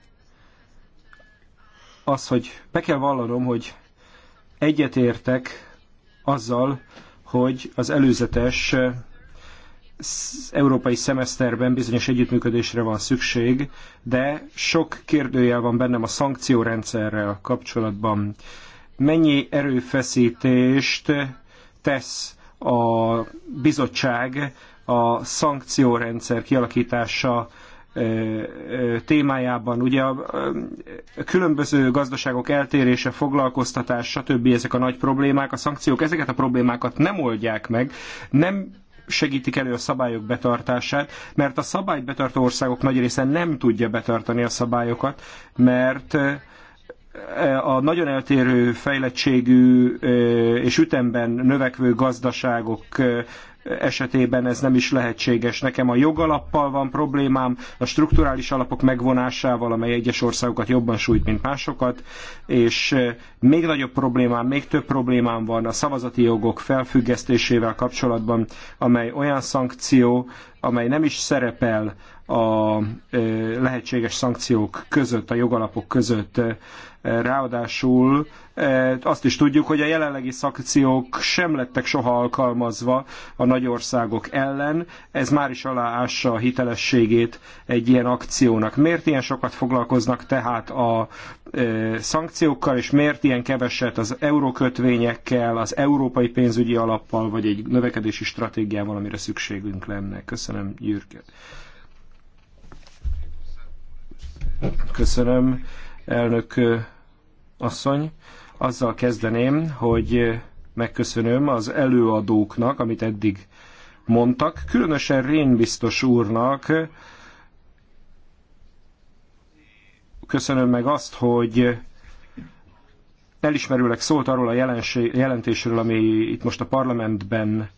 az, hogy be kell vallanom, hogy egyetértek azzal, hogy az előzetes eh, európai szemeszterben bizonyos együttműködésre van szükség, de sok kérdőjel van bennem a szankciórendszerrel kapcsolatban. Mennyi erőfeszítést tesz a bizottság a szankciórendszer kialakítása témájában. Ugye a különböző gazdaságok eltérése, foglalkoztatás, stb. ezek a nagy problémák, a szankciók ezeket a problémákat nem oldják meg, nem segítik elő a szabályok betartását, mert a szabályt betartó országok nagy része nem tudja betartani a szabályokat, mert a nagyon eltérő fejlettségű és ütemben növekvő gazdaságok esetében ez nem is lehetséges. Nekem a jogalappal van problémám, a strukturális alapok megvonásával, amely egyes országokat jobban sújt, mint másokat, és eh, még nagyobb problémám, még több problémám van a szavazati jogok felfüggesztésével kapcsolatban, amely olyan szankció, amely nem is szerepel a e, lehetséges szankciók között, a jogalapok között. E, ráadásul e, azt is tudjuk, hogy a jelenlegi szankciók sem lettek soha alkalmazva a nagy országok ellen. Ez már is aláássa a hitelességét egy ilyen akciónak. Miért ilyen sokat foglalkoznak tehát a szankciókkal, és miért ilyen keveset az eurókötvényekkel, az európai pénzügyi alappal, vagy egy növekedési stratégiával, amire szükségünk lenne? Köszönöm, Jürgen. Köszönöm, elnök asszony. Azzal kezdeném, hogy megköszönöm az előadóknak, amit eddig mondtak, különösen Rén biztos úrnak, köszönöm meg azt, hogy elismerőleg szólt arról a jelentésről, ami itt most a parlamentben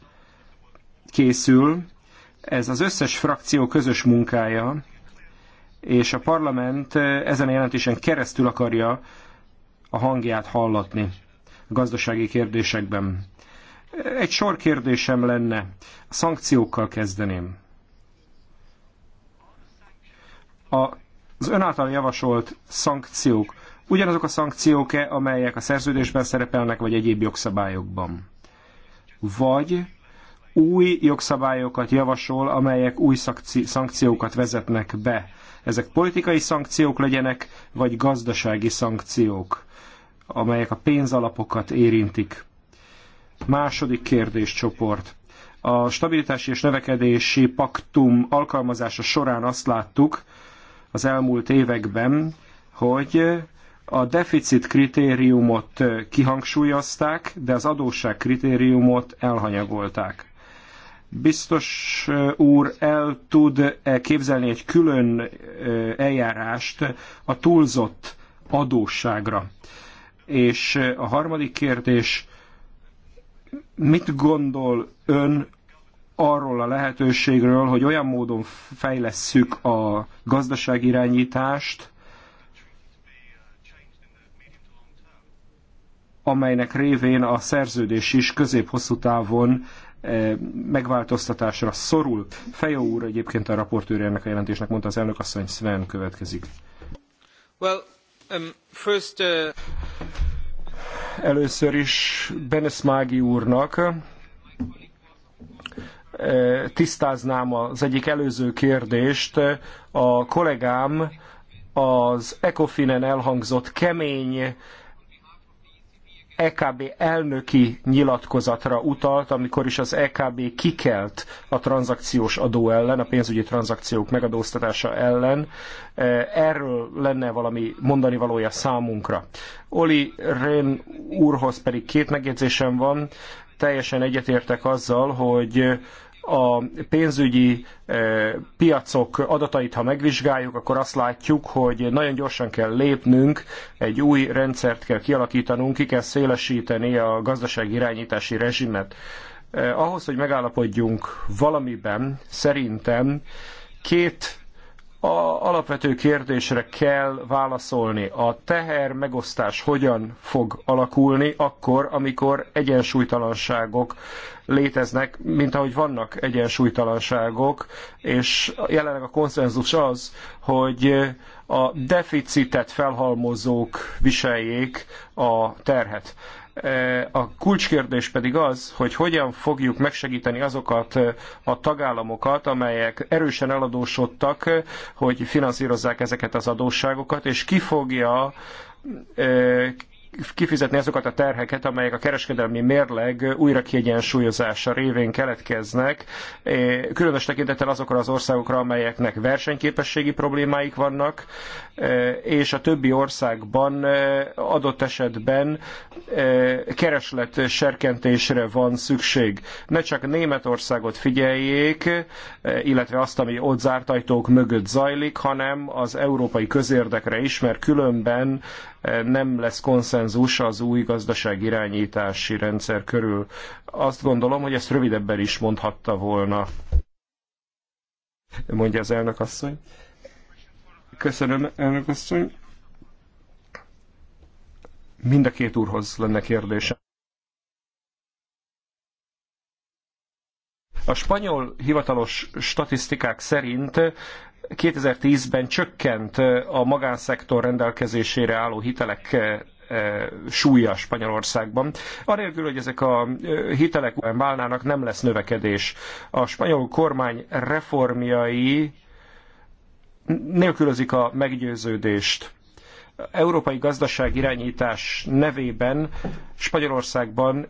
készül. Ez az összes frakció közös munkája, és a parlament ezen a jelentésen keresztül akarja a hangját hallatni a gazdasági kérdésekben. Egy sor kérdésem lenne, a szankciókkal kezdeném. A, az ön által javasolt szankciók ugyanazok a szankciók-e, amelyek a szerződésben szerepelnek, vagy egyéb jogszabályokban? Vagy új jogszabályokat javasol, amelyek új szankciókat vezetnek be ezek politikai szankciók legyenek, vagy gazdasági szankciók, amelyek a pénzalapokat érintik. Második kérdéscsoport. A stabilitási és növekedési paktum alkalmazása során azt láttuk az elmúlt években, hogy a deficit kritériumot kihangsúlyozták, de az adósság kritériumot elhanyagolták. Biztos úr el tud-e képzelni egy külön eljárást a túlzott adósságra? És a harmadik kérdés, mit gondol ön arról a lehetőségről, hogy olyan módon fejlesszük a gazdaságirányítást, amelynek révén a szerződés is közép-hosszú távon E, megváltoztatásra szorul. Fejó úr egyébként a raportőr ennek a jelentésnek mondta az elnök asszony, Sven következik. Well, um, first, uh... Először is Mági úrnak e, tisztáznám az egyik előző kérdést. A kollégám az Ecofinen elhangzott kemény EKB elnöki nyilatkozatra utalt, amikor is az EKB kikelt a tranzakciós adó ellen, a pénzügyi tranzakciók megadóztatása ellen. E, erről lenne valami mondani valója számunkra. Oli Rén úrhoz pedig két megjegyzésem van. Teljesen egyetértek azzal, hogy a pénzügyi e, piacok adatait, ha megvizsgáljuk, akkor azt látjuk, hogy nagyon gyorsan kell lépnünk, egy új rendszert kell kialakítanunk, ki kell szélesíteni a gazdasági irányítási rezsimet. E, ahhoz, hogy megállapodjunk valamiben, szerintem két a alapvető kérdésre kell válaszolni. A teher megosztás hogyan fog alakulni akkor, amikor egyensúlytalanságok léteznek, mint ahogy vannak egyensúlytalanságok, és jelenleg a konszenzus az, hogy a deficitet felhalmozók viseljék a terhet. A kulcskérdés pedig az, hogy hogyan fogjuk megsegíteni azokat a tagállamokat, amelyek erősen eladósodtak, hogy finanszírozzák ezeket az adósságokat, és ki fogja kifizetni azokat a terheket, amelyek a kereskedelmi mérleg újra kiegyensúlyozása révén keletkeznek, eh, különös tekintettel azokra az országokra, amelyeknek versenyképességi problémáik vannak, eh, és a többi országban eh, adott esetben kereslet serkentésre van szükség. Ne csak Németországot figyeljék, illetve azt, ami ott zárt ajtók mögött zajlik, hanem az európai közérdekre is, mert különben nem lesz konszenzus az új gazdaságirányítási rendszer körül. Azt gondolom, hogy ezt rövidebben is mondhatta volna, mondja az elnök asszony. Köszönöm, elnök asszony. Mind a két úrhoz lenne kérdése. A spanyol hivatalos statisztikák szerint 2010-ben csökkent a magánszektor rendelkezésére álló hitelek súlya Spanyolországban. Anélkül, hogy ezek a hitelek válnának, nem lesz növekedés. A spanyol kormány reformjai nélkülözik a meggyőződést. Európai gazdaság irányítás nevében Spanyolországban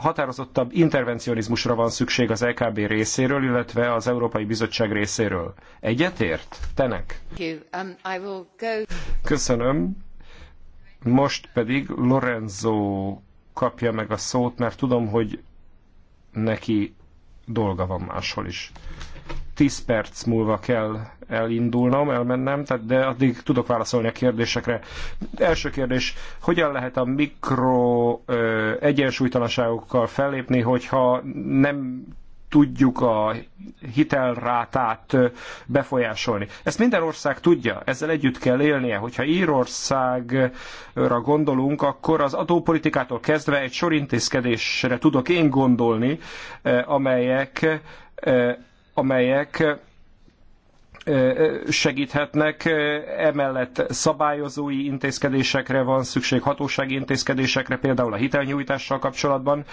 határozottabb intervencionizmusra van szükség az EKB részéről, illetve az Európai Bizottság részéről. Egyetért? Tenek? Um, Köszönöm. Most pedig Lorenzo kapja meg a szót, mert tudom, hogy neki dolga van máshol is. 10 perc múlva kell elindulnom, elmennem, tehát de addig tudok válaszolni a kérdésekre. Első kérdés, hogyan lehet a mikro ö, egyensúlytalanságokkal fellépni, hogyha nem tudjuk a hitelrátát befolyásolni. Ezt minden ország tudja, ezzel együtt kell élnie. Hogyha Írországra gondolunk, akkor az adópolitikától kezdve egy sor intézkedésre tudok én gondolni, amelyek amelyek segíthetnek, emellett szabályozói intézkedésekre van szükség, hatósági intézkedésekre, például a hitelnyújtással kapcsolatban.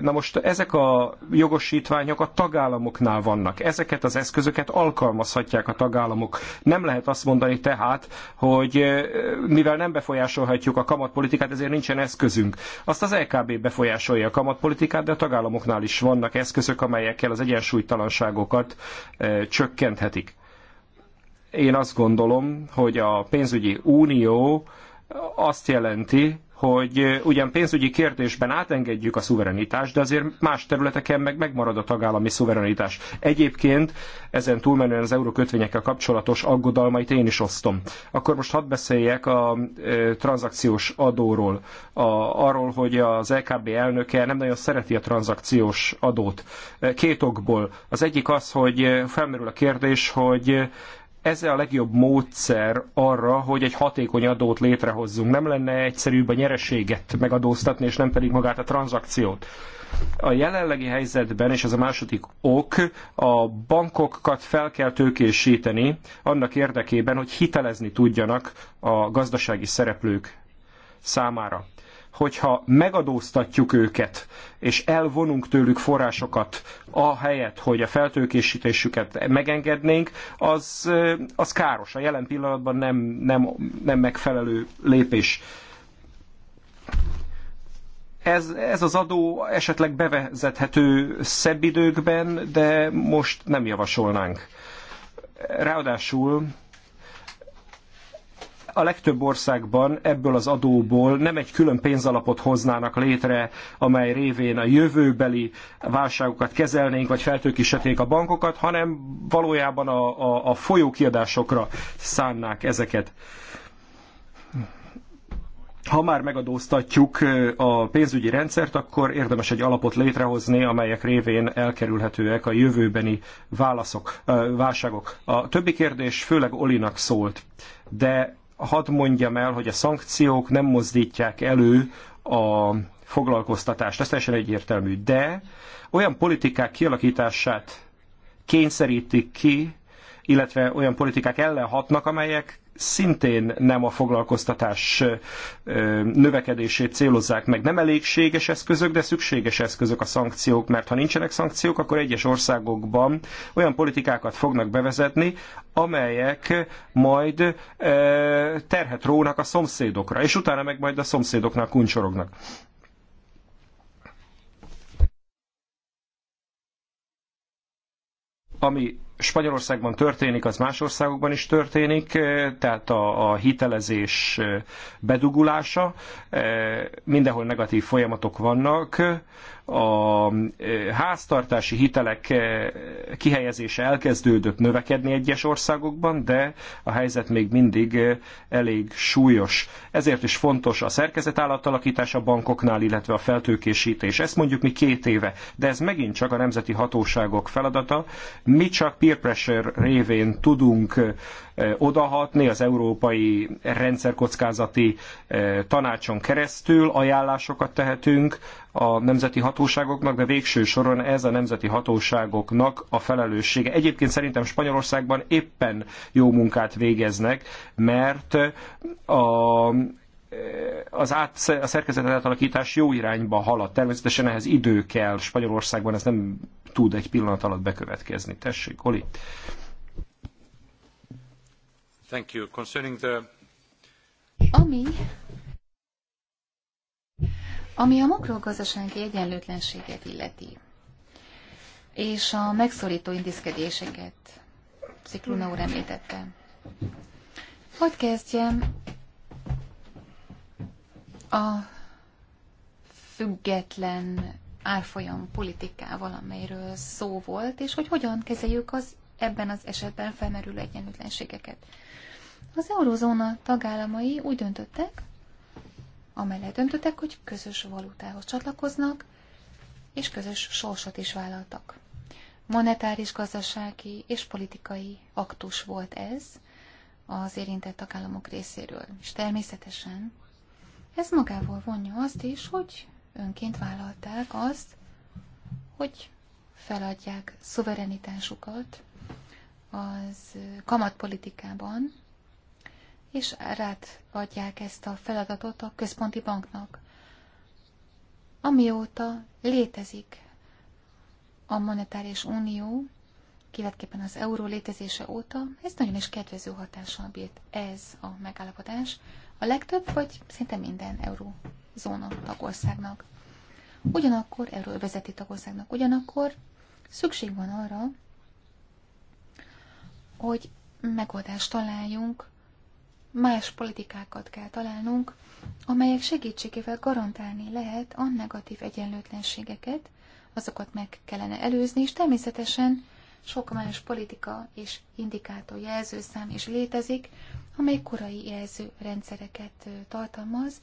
Na most ezek a jogosítványok a tagállamoknál vannak. Ezeket az eszközöket alkalmazhatják a tagállamok. Nem lehet azt mondani tehát, hogy mivel nem befolyásolhatjuk a kamatpolitikát, ezért nincsen eszközünk. Azt az LKB befolyásolja a kamatpolitikát, de a tagállamoknál is vannak eszközök, amelyekkel az egyensúlytalanságokat csökkenthetik én azt gondolom, hogy a pénzügyi unió azt jelenti, hogy ugyan pénzügyi kérdésben átengedjük a szuverenitást, de azért más területeken meg megmarad a tagállami szuverenitás. Egyébként ezen túlmenően az eurókötvényekkel kapcsolatos aggodalmait én is osztom. Akkor most hadd beszéljek a e, tranzakciós adóról, a, arról, hogy az LKB e elnöke nem nagyon szereti a tranzakciós adót. Két okból. Az egyik az, hogy felmerül a kérdés, hogy ez a legjobb módszer arra, hogy egy hatékony adót létrehozzunk. Nem lenne egyszerűbb a nyereséget megadóztatni, és nem pedig magát a tranzakciót. A jelenlegi helyzetben, és ez a második ok, a bankokat fel kell tőkésíteni annak érdekében, hogy hitelezni tudjanak a gazdasági szereplők számára hogyha megadóztatjuk őket, és elvonunk tőlük forrásokat a helyet, hogy a feltőkésítésüket megengednénk, az, az káros. A jelen pillanatban nem, nem, nem megfelelő lépés ez, ez az adó esetleg bevezethető szebb időkben, de most nem javasolnánk. Ráadásul a legtöbb országban ebből az adóból nem egy külön pénzalapot hoznának létre, amely révén a jövőbeli válságokat kezelnénk, vagy feltőkíshetnénk a bankokat, hanem valójában a, a, a folyókiadásokra szánnák ezeket ha már megadóztatjuk a pénzügyi rendszert, akkor érdemes egy alapot létrehozni, amelyek révén elkerülhetőek a jövőbeni válaszok, válságok. A többi kérdés főleg Olinak szólt, de hadd mondjam el, hogy a szankciók nem mozdítják elő a foglalkoztatást, ez teljesen egyértelmű, de olyan politikák kialakítását kényszerítik ki, illetve olyan politikák ellen hatnak, amelyek szintén nem a foglalkoztatás növekedését célozzák meg. Nem elégséges eszközök, de szükséges eszközök a szankciók, mert ha nincsenek szankciók, akkor egyes országokban olyan politikákat fognak bevezetni, amelyek majd terhet rónak a szomszédokra, és utána meg majd a szomszédoknál kuncsorognak. Ami Spanyolországban történik, az más országokban is történik, eh, tehát a, a hitelezés eh, bedugulása, eh, mindenhol negatív folyamatok vannak, a háztartási hitelek kihelyezése elkezdődött növekedni egyes országokban, de a helyzet még mindig elég súlyos. Ezért is fontos a szerkezet a bankoknál, illetve a feltőkésítés. Ezt mondjuk mi két éve, de ez megint csak a nemzeti hatóságok feladata. Mi csak peer pressure révén tudunk eh, odahatni az Európai Rendszerkockázati eh, Tanácson keresztül, ajánlásokat tehetünk a nemzeti hatóságoknak, de végső soron ez a nemzeti hatóságoknak a felelőssége. Egyébként szerintem Spanyolországban éppen jó munkát végeznek, mert a az át, a szerkezet átalakítás jó irányba halad. Természetesen ehhez idő kell. Spanyolországban ez nem tud egy pillanat alatt bekövetkezni. Tessék, Oli. Thank you. Concerning the... Ami ami a makrogazdasági egyenlőtlenséget illeti, és a megszorító intézkedéseket, Cikluna úr említette. Hogy kezdjem a független árfolyam politikával, amelyről szó volt, és hogy hogyan kezeljük az ebben az esetben felmerülő egyenlőtlenségeket. Az eurozóna tagállamai úgy döntöttek, amellett döntöttek, hogy közös valutához csatlakoznak, és közös sorsot is vállaltak. Monetáris, gazdasági és politikai aktus volt ez az érintett tagállamok részéről. És természetesen ez magával vonja azt is, hogy önként vállalták azt, hogy feladják szuverenitásukat az kamatpolitikában, és rátadják ezt a feladatot a központi banknak. Amióta létezik a monetáris unió, kivetképpen az euró létezése óta, ez nagyon is kedvező hatással bírt ez a megállapodás a legtöbb, vagy szinte minden eurózóna tagországnak. Ugyanakkor, euróvezeti tagországnak, ugyanakkor szükség van arra, hogy megoldást találjunk, más politikákat kell találnunk, amelyek segítségével garantálni lehet a negatív egyenlőtlenségeket, azokat meg kellene előzni, és természetesen sok más politika és indikátor jelzőszám is létezik, amely korai jelzőrendszereket tartalmaz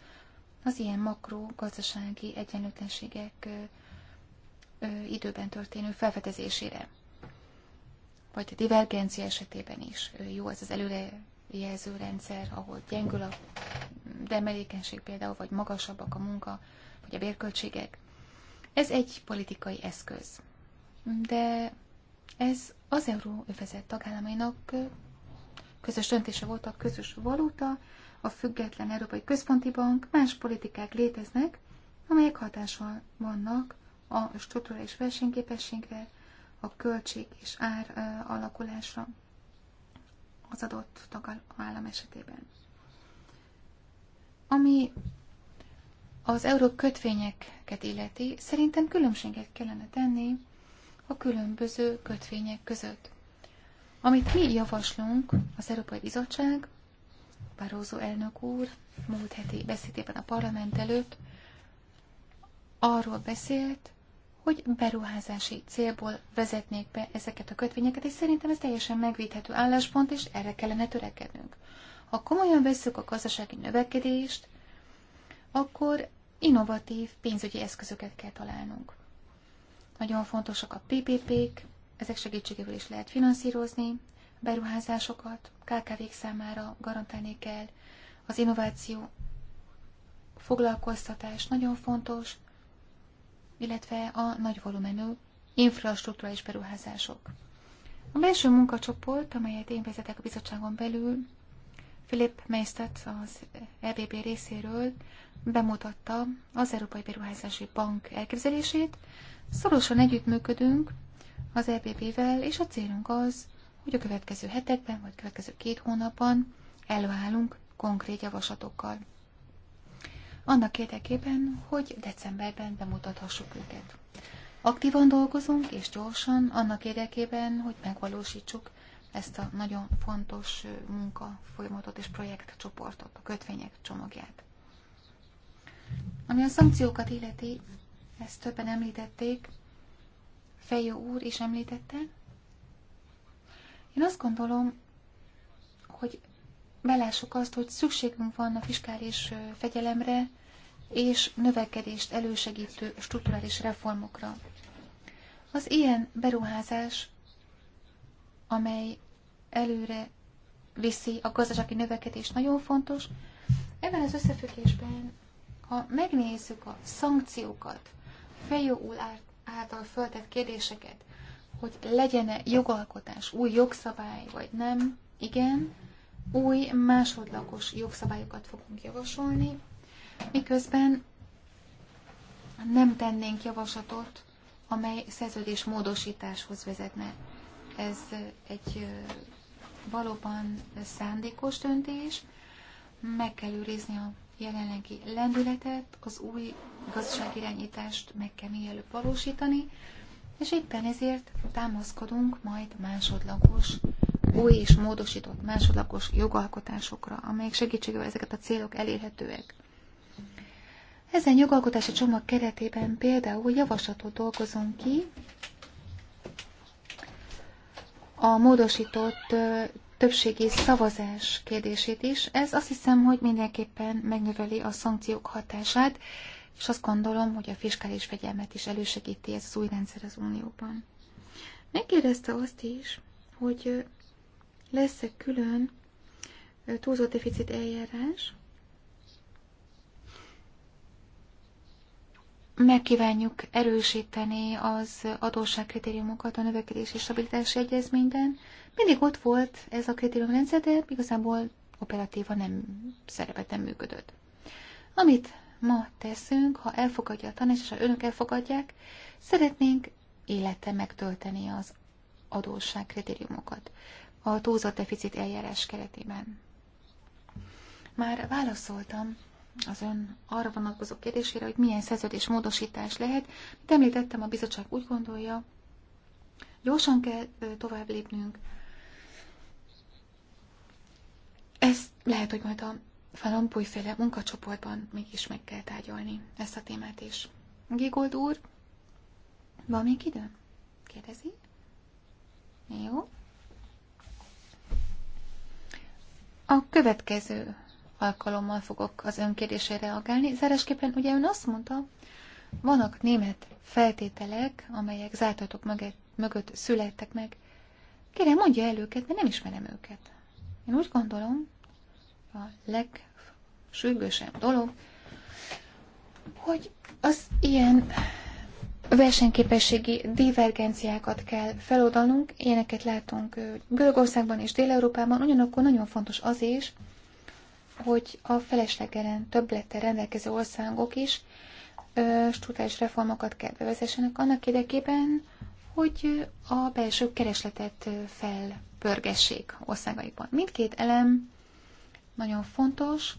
az ilyen makró gazdasági egyenlőtlenségek időben történő felfedezésére. Vagy a divergencia esetében is jó ez az előre rendszer, ahol gyengül a demelékenység például, vagy magasabbak a munka, vagy a bérköltségek. Ez egy politikai eszköz. De ez az euróövezet tagállamainak közös döntése volt a közös valuta, a független Európai Központi Bank, más politikák léteznek, amelyek hatással vannak a struktúrális versenyképességre, a költség és ár alakulásra az adott tagállam esetében. Ami az euró kötvényeket illeti, szerintem különbséget kellene tenni a különböző kötvények között. Amit mi javaslunk, az Európai Bizottság, Barózó elnök úr múlt heti beszédében a parlament előtt arról beszélt, hogy beruházási célból vezetnék be ezeket a kötvényeket, és szerintem ez teljesen megvédhető álláspont, és erre kellene törekednünk. Ha komolyan vesszük a gazdasági növekedést, akkor innovatív pénzügyi eszközöket kell találnunk. Nagyon fontosak a PPP-k, ezek segítségével is lehet finanszírozni beruházásokat, KKV-k számára garantálni kell. Az innováció, foglalkoztatás nagyon fontos, illetve a nagy volumenű infrastruktúrális beruházások. A belső munkacsoport, amelyet én vezetek a bizottságon belül, Philip Meistet az EBB részéről bemutatta az Európai Beruházási Bank elképzelését. Szorosan együttműködünk az EBB-vel, és a célunk az, hogy a következő hetekben, vagy következő két hónapban előállunk konkrét javaslatokkal. Annak érdekében, hogy decemberben bemutathassuk őket. Aktívan dolgozunk és gyorsan annak érdekében, hogy megvalósítsuk ezt a nagyon fontos munka folyamatot és projektcsoportot, a kötvények csomagját. Ami a szankciókat illeti, ezt többen említették, Fejó úr is említette. Én azt gondolom, hogy belássuk azt, hogy szükségünk van a fiskális fegyelemre és növekedést elősegítő strukturális reformokra. Az ilyen beruházás, amely előre viszi, a gazdasági növekedés nagyon fontos. Ebben az összefüggésben, ha megnézzük a szankciókat, Fejó által föltett kérdéseket, hogy legyen-e jogalkotás, új jogszabály, vagy nem, igen, új másodlagos jogszabályokat fogunk javasolni, miközben nem tennénk javaslatot, amely szerződés módosításhoz vezetne. Ez egy valóban szándékos döntés, meg kell őrizni a jelenlegi lendületet, az új gazdaságirányítást meg kell mielőbb valósítani, és éppen ezért támaszkodunk majd másodlagos, új és módosított másodlagos jogalkotásokra, amelyek segítségével ezeket a célok elérhetőek. Ezen jogalkotási csomag keretében például javaslatot dolgozunk ki a módosított többségi szavazás kérdését is. Ez azt hiszem, hogy mindenképpen megnöveli a szankciók hatását, és azt gondolom, hogy a fiskális fegyelmet is elősegíti ez az új rendszer az Unióban. Megkérdezte azt is, hogy lesz-e külön túlzott deficit eljárás, megkívánjuk erősíteni az adósságkritériumokat a növekedés és stabilitási egyezményben. Mindig ott volt ez a kritériumrendszer, de igazából operatíva nem szerepet nem működött. Amit ma teszünk, ha elfogadja a tanács, és ha önök elfogadják, szeretnénk élete megtölteni az adósságkritériumokat a túlzott deficit eljárás keretében. Már válaszoltam az ön arra vonatkozó kérdésére, hogy milyen szerződés módosítás lehet. Mint említettem, a bizottság úgy gondolja, gyorsan kell tovább lépnünk. Ez lehet, hogy majd a felampújféle munkacsoportban mégis meg kell tárgyalni ezt a témát is. Gigold úr, van még idő? Kérdezi? Jó. A következő alkalommal fogok az ön kérdésére reagálni. Zárásképpen ugye ön azt mondta, vannak német feltételek, amelyek zártatok mögött, mögött születtek meg. Kérem, mondja el őket, mert nem ismerem őket. Én úgy gondolom, a legsürgősebb dolog, hogy az ilyen versenyképességi divergenciákat kell feloldanunk. ilyeneket látunk Görögországban és Dél-Európában, ugyanakkor nagyon fontos az is, hogy a feleslegen többlettel rendelkező országok is struktúrális reformokat kell bevezessenek annak érdekében, hogy a belső keresletet felpörgessék országaiban. Mindkét elem nagyon fontos,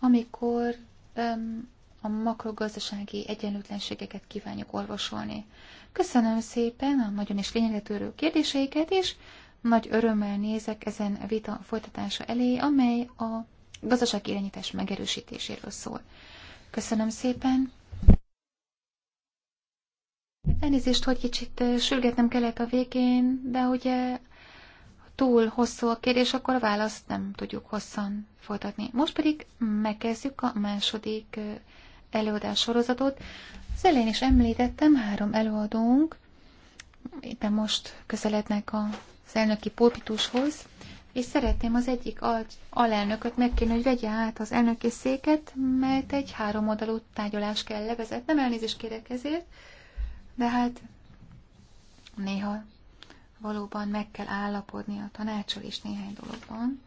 amikor a makrogazdasági egyenlőtlenségeket kívánjuk orvosolni. Köszönöm szépen a nagyon is lényegetőrő kérdéseiket, és nagy örömmel nézek ezen vita folytatása elé, amely a gazdasági irányítás megerősítéséről szól. Köszönöm szépen! Elnézést, hogy kicsit eh, sürgetnem kellett a végén, de ugye túl hosszú a kérdés, akkor a választ nem tudjuk hosszan folytatni. Most pedig megkezdjük a második eh, előadás sorozatot. Az elején is említettem, három előadónk éppen most közelednek az elnöki pulpitushoz és szeretném az egyik al- alelnököt megkérni, hogy vegye át az elnöki széket, mert egy három oldalú tárgyalás kell Nem elnézést kérek ezért, de hát néha valóban meg kell állapodni a tanácsol is néhány dologban.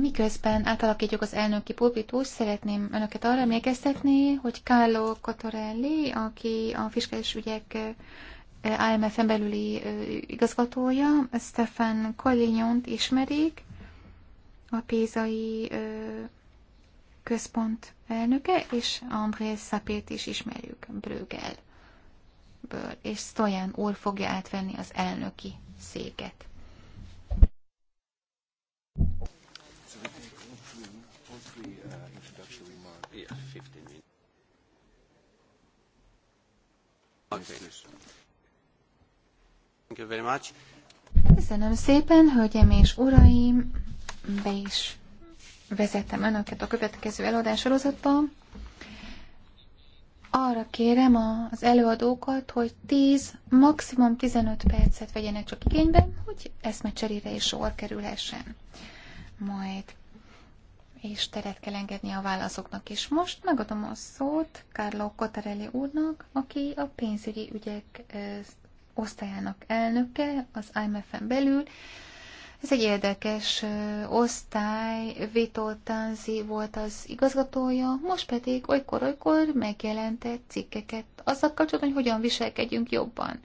Miközben átalakítjuk az elnöki pulpitust, szeretném önöket arra emlékeztetni, hogy Carlo Cotorelli, aki a fiskális ügyek eh, IMF-en belüli eh, igazgatója, Stefan Collignont ismerik, a Pézai eh, központ elnöke, és André Szapét is ismerjük Brüggelből, és Stojan úr fogja átvenni az elnöki széket. 15 minutes. Thank you very much. Köszönöm szépen, hölgyeim és uraim, be is vezettem önöket a következő előadás Arra kérem az előadókat, hogy 10, maximum 15 percet vegyenek csak igénybe, hogy eszmecserére is sor kerülhessen. Majd és teret kell engedni a válaszoknak is. Most megadom a szót Carlo Cotarelli úrnak, aki a pénzügyi ügyek osztályának elnöke az IMF-en belül. Ez egy érdekes osztály, Vito Tanzi volt az igazgatója, most pedig olykor-olykor megjelentett cikkeket azzal kapcsolatban, hogy hogyan viselkedjünk jobban.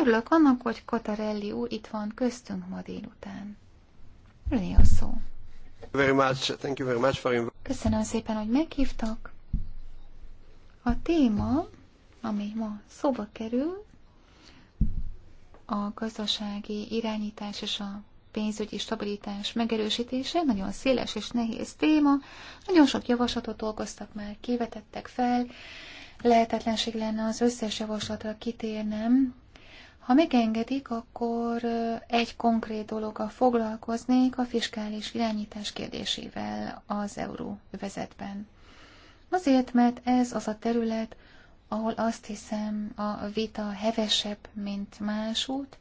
Örülök annak, hogy Katarelli úr itt van köztünk ma délután. Lé a szó. Köszönöm szépen, hogy meghívtak. A téma, ami ma szóba kerül, a gazdasági irányítás és a pénzügyi stabilitás megerősítése, nagyon széles és nehéz téma, nagyon sok javaslatot dolgoztak már, kivetettek fel, lehetetlenség lenne az összes javaslatra kitérnem, ha megengedik, akkor egy konkrét dologgal foglalkoznék a fiskális irányítás kérdésével az euróvezetben. Azért, mert ez az a terület, ahol azt hiszem a vita hevesebb, mint másút,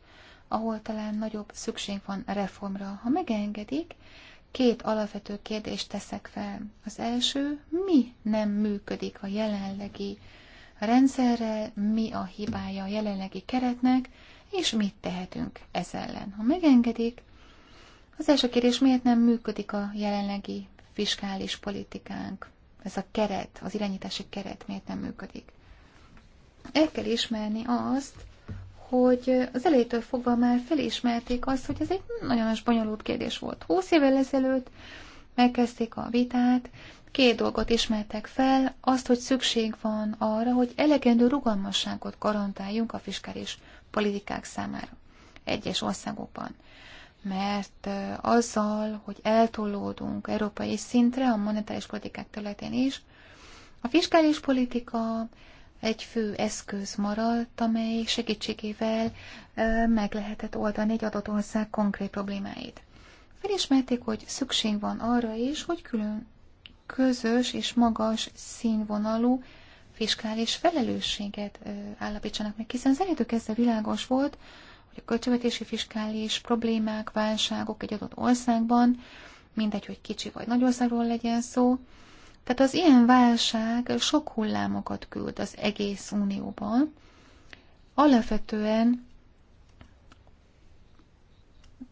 ahol talán nagyobb szükség van reformra. Ha megengedik, két alapvető kérdést teszek fel. Az első, mi nem működik a jelenlegi a rendszerre mi a hibája a jelenlegi keretnek, és mit tehetünk ez ellen. Ha megengedik, az első kérdés, miért nem működik a jelenlegi fiskális politikánk? Ez a keret, az irányítási keret miért nem működik? El kell ismerni azt, hogy az elejétől fogva már felismerték azt, hogy ez egy nagyon bonyolult kérdés volt. Húsz évvel ezelőtt megkezdték a vitát, Két dolgot ismertek fel, azt, hogy szükség van arra, hogy elegendő rugalmasságot garantáljunk a fiskális politikák számára egyes országokban. Mert azzal, hogy eltolódunk európai szintre, a monetáris politikák területén is, a fiskális politika egy fő eszköz maradt, amely segítségével meg lehetett oldani egy adott ország konkrét problémáit. Felismerték, hogy szükség van arra is, hogy külön közös és magas színvonalú fiskális felelősséget állapítsanak meg, hiszen az elétől kezdve világos volt, hogy a költségvetési fiskális problémák, válságok egy adott országban, mindegy, hogy kicsi vagy nagy országról legyen szó, tehát az ilyen válság sok hullámokat küld az egész unióban. Alapvetően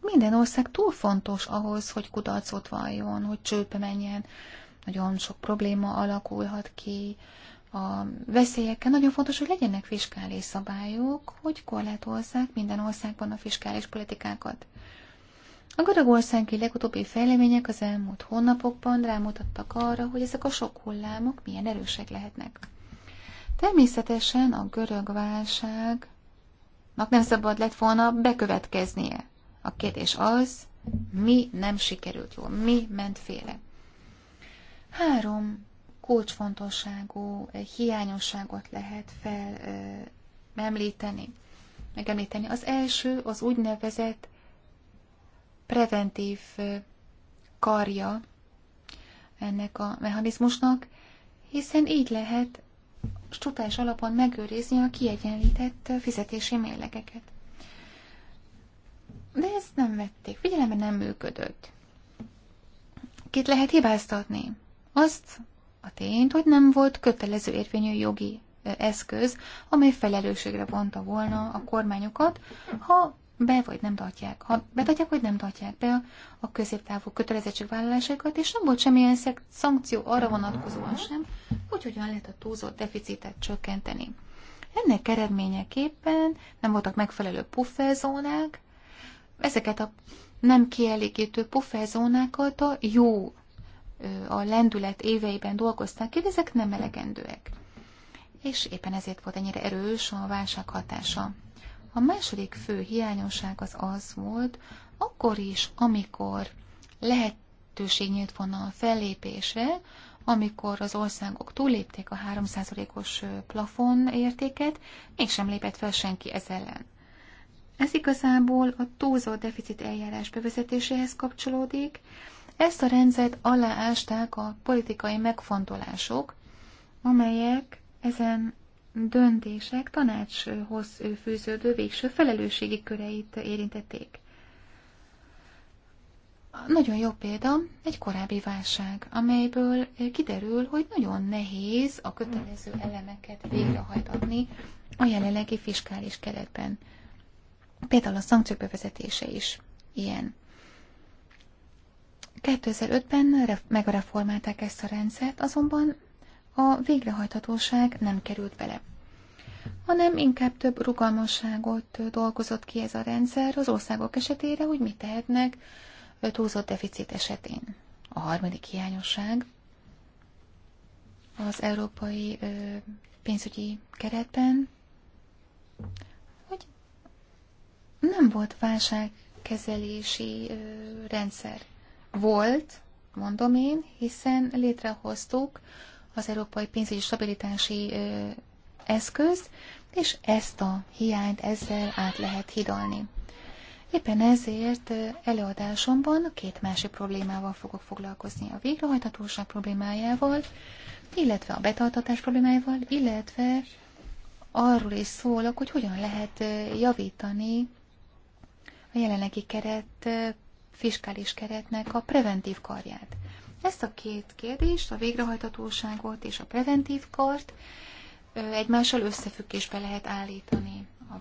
minden ország túl fontos ahhoz, hogy kudarcot valljon, hogy csőbe menjen nagyon sok probléma alakulhat ki, a veszélyekkel nagyon fontos, hogy legyenek fiskális szabályok, hogy korlátozzák minden országban a fiskális politikákat. A görögországi legutóbbi fejlemények az elmúlt hónapokban rámutattak arra, hogy ezek a sok hullámok milyen erősek lehetnek. Természetesen a görög válságnak nem szabad lett volna bekövetkeznie. A kérdés az, mi nem sikerült jól, mi ment félre. Három kulcsfontosságú eh, hiányosságot lehet fel eh, említeni, megemlíteni. Az első az úgynevezett preventív eh, karja ennek a mechanizmusnak, hiszen így lehet struktúrás alapon megőrizni a kiegyenlített fizetési mélegeket. De ezt nem vették, figyelembe nem működött. Kit lehet hibáztatni? azt a tényt, hogy nem volt kötelező érvényű jogi eszköz, amely felelősségre vonta volna a kormányokat, ha be vagy nem tartják, ha betartják vagy nem tartják be a középtávú kötelezettségvállalásaikat, és nem volt semmilyen szankció arra vonatkozóan sem, hogy hogyan lehet a túlzott deficitet csökkenteni. Ennek eredményeképpen nem voltak megfelelő pufferzónák, ezeket a nem kielégítő pufferzónákat a jó a lendület éveiben dolgozták ki, ezek nem elegendőek. És éppen ezért volt ennyire erős a válság hatása. A második fő hiányosság az az volt, akkor is, amikor lehetőség nyílt volna a fellépésre, amikor az országok túllépték a 3%-os plafon értéket, mégsem lépett fel senki ez ellen. Ez igazából a túlzott deficit eljárás bevezetéséhez kapcsolódik, ezt a rendszert aláásták a politikai megfontolások, amelyek ezen döntések tanácshoz fűződő végső felelősségi köreit érintették. Nagyon jó példa egy korábbi válság, amelyből kiderül, hogy nagyon nehéz a kötelező elemeket végrehajtatni a jelenlegi fiskális keretben. Például a szankciók bevezetése is ilyen. 2005-ben megreformálták ezt a rendszert, azonban a végrehajthatóság nem került bele, hanem inkább több rugalmasságot dolgozott ki ez a rendszer az országok esetére, hogy mit tehetnek túlzott deficit esetén. A harmadik hiányosság az európai pénzügyi keretben, hogy nem volt válságkezelési rendszer volt, mondom én, hiszen létrehoztuk az Európai Pénzügyi Stabilitási eszközt, és ezt a hiányt ezzel át lehet hidalni. Éppen ezért előadásomban két másik problémával fogok foglalkozni. A végrehajthatóság problémájával, illetve a betartatás problémájával, illetve arról is szólok, hogy hogyan lehet javítani a jelenlegi keret fiskális keretnek a preventív karját. Ezt a két kérdést, a végrehajtatóságot és a preventív kart egymással összefüggésbe lehet állítani. A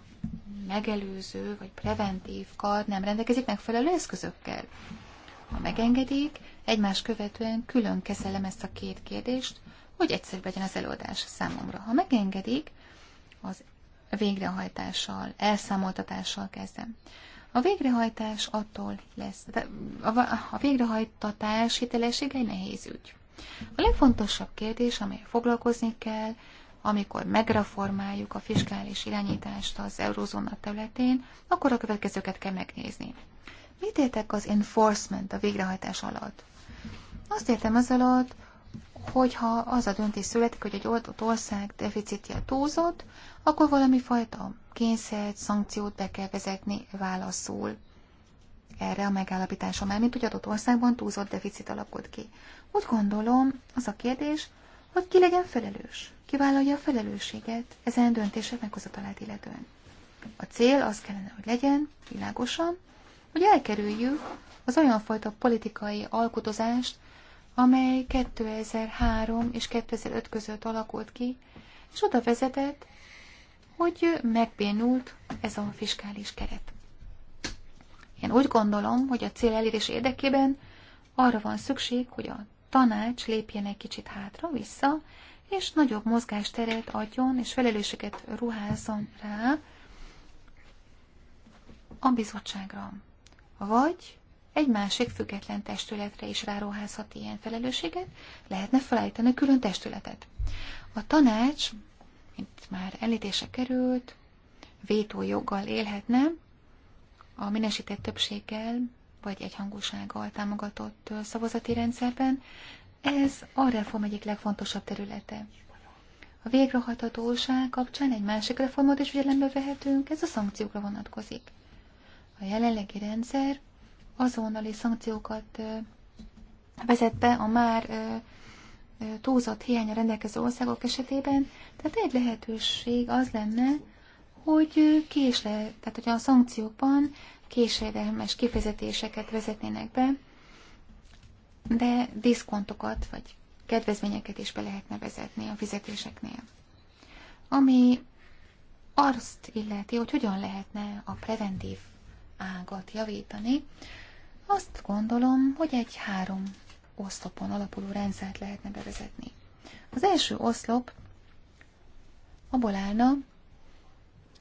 megelőző vagy preventív kard nem rendelkezik megfelelő eszközökkel. Ha megengedik, egymás követően külön kezelem ezt a két kérdést, hogy egyszerű legyen az előadás számomra. Ha megengedik, az végrehajtással, elszámoltatással kezdem. A végrehajtás attól lesz, a végrehajtatás hitelessége egy nehéz ügy. A legfontosabb kérdés, amely foglalkozni kell, amikor megreformáljuk a fiskális irányítást az eurozóna területén, akkor a következőket kell megnézni. Mit értek az enforcement, a végrehajtás alatt? Azt értem az alatt, hogyha az a döntés születik, hogy egy adott ország deficitje túlzott, akkor valami fajta kényszert, szankciót be kell vezetni válaszul erre a megállapításom mert mint hogy adott országban túlzott deficit alakult ki. Úgy gondolom, az a kérdés, hogy ki legyen felelős, ki vállalja a felelősséget ezen döntések meghozatalát illetően. A cél az kellene, hogy legyen, világosan, hogy elkerüljük az olyan fajta politikai alkotozást, amely 2003 és 2005 között alakult ki, és oda vezetett, hogy megbénult ez a fiskális keret. Én úgy gondolom, hogy a cél elérés érdekében arra van szükség, hogy a tanács lépjen egy kicsit hátra-vissza, és nagyobb mozgásteret adjon, és felelősséget ruházzon rá a bizottságra. Vagy egy másik független testületre is ráruházhat ilyen felelősséget, lehetne felállítani külön testületet. A tanács, mint már elítése került, vétójoggal élhetne, a minősített többséggel vagy egyhangúsággal támogatott szavazati rendszerben, ez a reform egyik legfontosabb területe. A végrehajtatóság kapcsán egy másik reformot is figyelembe vehetünk, ez a szankciókra vonatkozik. A jelenlegi rendszer azonnali szankciókat vezet be a már túlzott hiánya rendelkező országok esetében. Tehát egy lehetőség az lenne, hogy késle, tehát hogy a szankciókban késedelmes kifizetéseket vezetnének be, de diszkontokat vagy kedvezményeket is be lehetne vezetni a fizetéseknél. Ami azt illeti, hogy hogyan lehetne a preventív ágat javítani, azt gondolom, hogy egy három oszlopon alapuló rendszert lehetne bevezetni. Az első oszlop abból állna,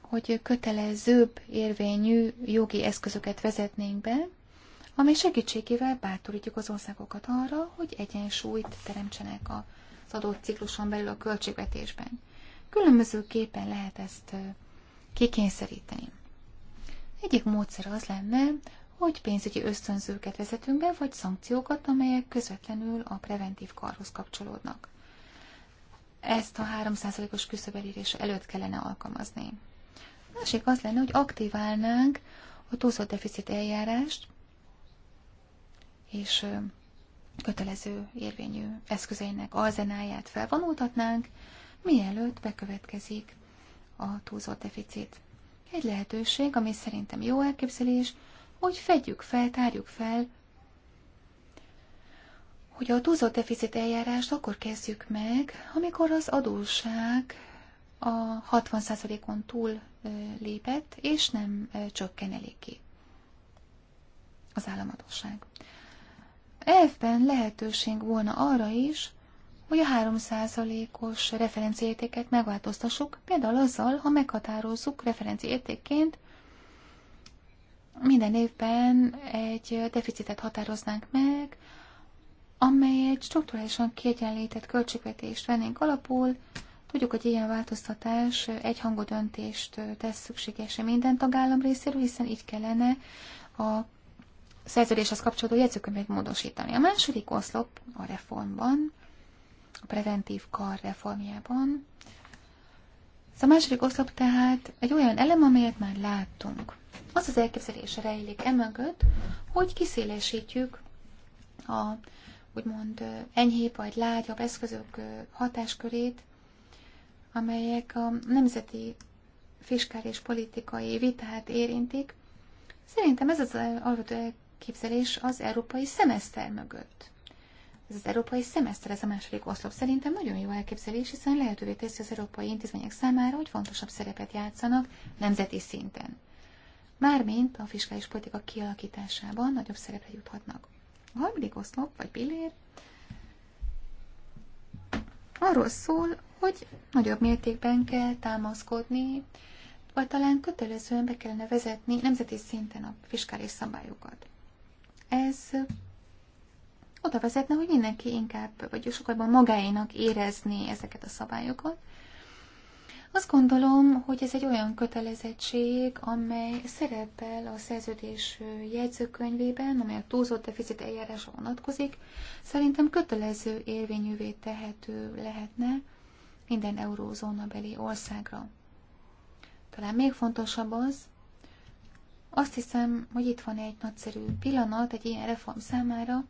hogy kötelezőbb érvényű jogi eszközöket vezetnénk be, amely segítségével bátorítjuk az országokat arra, hogy egyensúlyt teremtsenek az adott cikluson belül a költségvetésben. Különbözőképpen lehet ezt kikényszeríteni. Egyik módszer az lenne, hogy pénzügyi ösztönzőket vezetünk be, vagy szankciókat, amelyek közvetlenül a preventív karhoz kapcsolódnak. Ezt a 3%-os küszöbelérés előtt kellene alkalmazni. Másik az lenne, hogy aktiválnánk a túlzott deficit eljárást, és kötelező érvényű eszközeinek alzenáját felvonultatnánk, mielőtt bekövetkezik a túlzott deficit. Egy lehetőség, ami szerintem jó elképzelés, hogy fedjük fel, tárjuk fel, hogy a túlzott deficit eljárást akkor kezdjük meg, amikor az adósság a 60%-on túl lépett, és nem csökken ki az államadóság. Elfben lehetőség volna arra is, hogy a 3%-os referenciértéket megváltoztassuk, például azzal, ha meghatározzuk referenciértékként minden évben egy deficitet határoznánk meg, amely egy strukturálisan kiegyenlített költségvetést vennénk alapul. Tudjuk, hogy ilyen változtatás egyhangú döntést tesz szükségesen minden tagállam részéről, hiszen így kellene a szerződéshez kapcsolódó jegyzőkönyvet módosítani. A második oszlop a reformban, a preventív kar reformjában. Ez a második oszlop tehát egy olyan elem, amelyet már láttunk. Az az elképzelése rejlik emögött, hogy kiszélesítjük a úgymond enyhébb vagy lágyabb eszközök hatáskörét, amelyek a nemzeti fiskális politikai vitát érintik. Szerintem ez az alapvető elképzelés az európai szemeszter mögött. Ez az európai szemeszter, ez a második oszlop szerintem nagyon jó elképzelés, hiszen lehetővé teszi az európai intézmények számára, hogy fontosabb szerepet játszanak nemzeti szinten mármint a fiskális politika kialakításában nagyobb szerepre juthatnak. A harmadik oszlop, vagy pillér, arról szól, hogy nagyobb mértékben kell támaszkodni, vagy talán kötelezően be kellene vezetni nemzeti szinten a fiskális szabályokat. Ez oda vezetne, hogy mindenki inkább, vagy sokkal magáénak érezni ezeket a szabályokat, azt gondolom, hogy ez egy olyan kötelezettség, amely szerepel a szerződés jegyzőkönyvében, amely a túlzott deficit eljárása vonatkozik, szerintem kötelező érvényűvé tehető lehetne minden eurózónabeli országra. Talán még fontosabb az, azt hiszem, hogy itt van egy nagyszerű pillanat egy ilyen reform számára,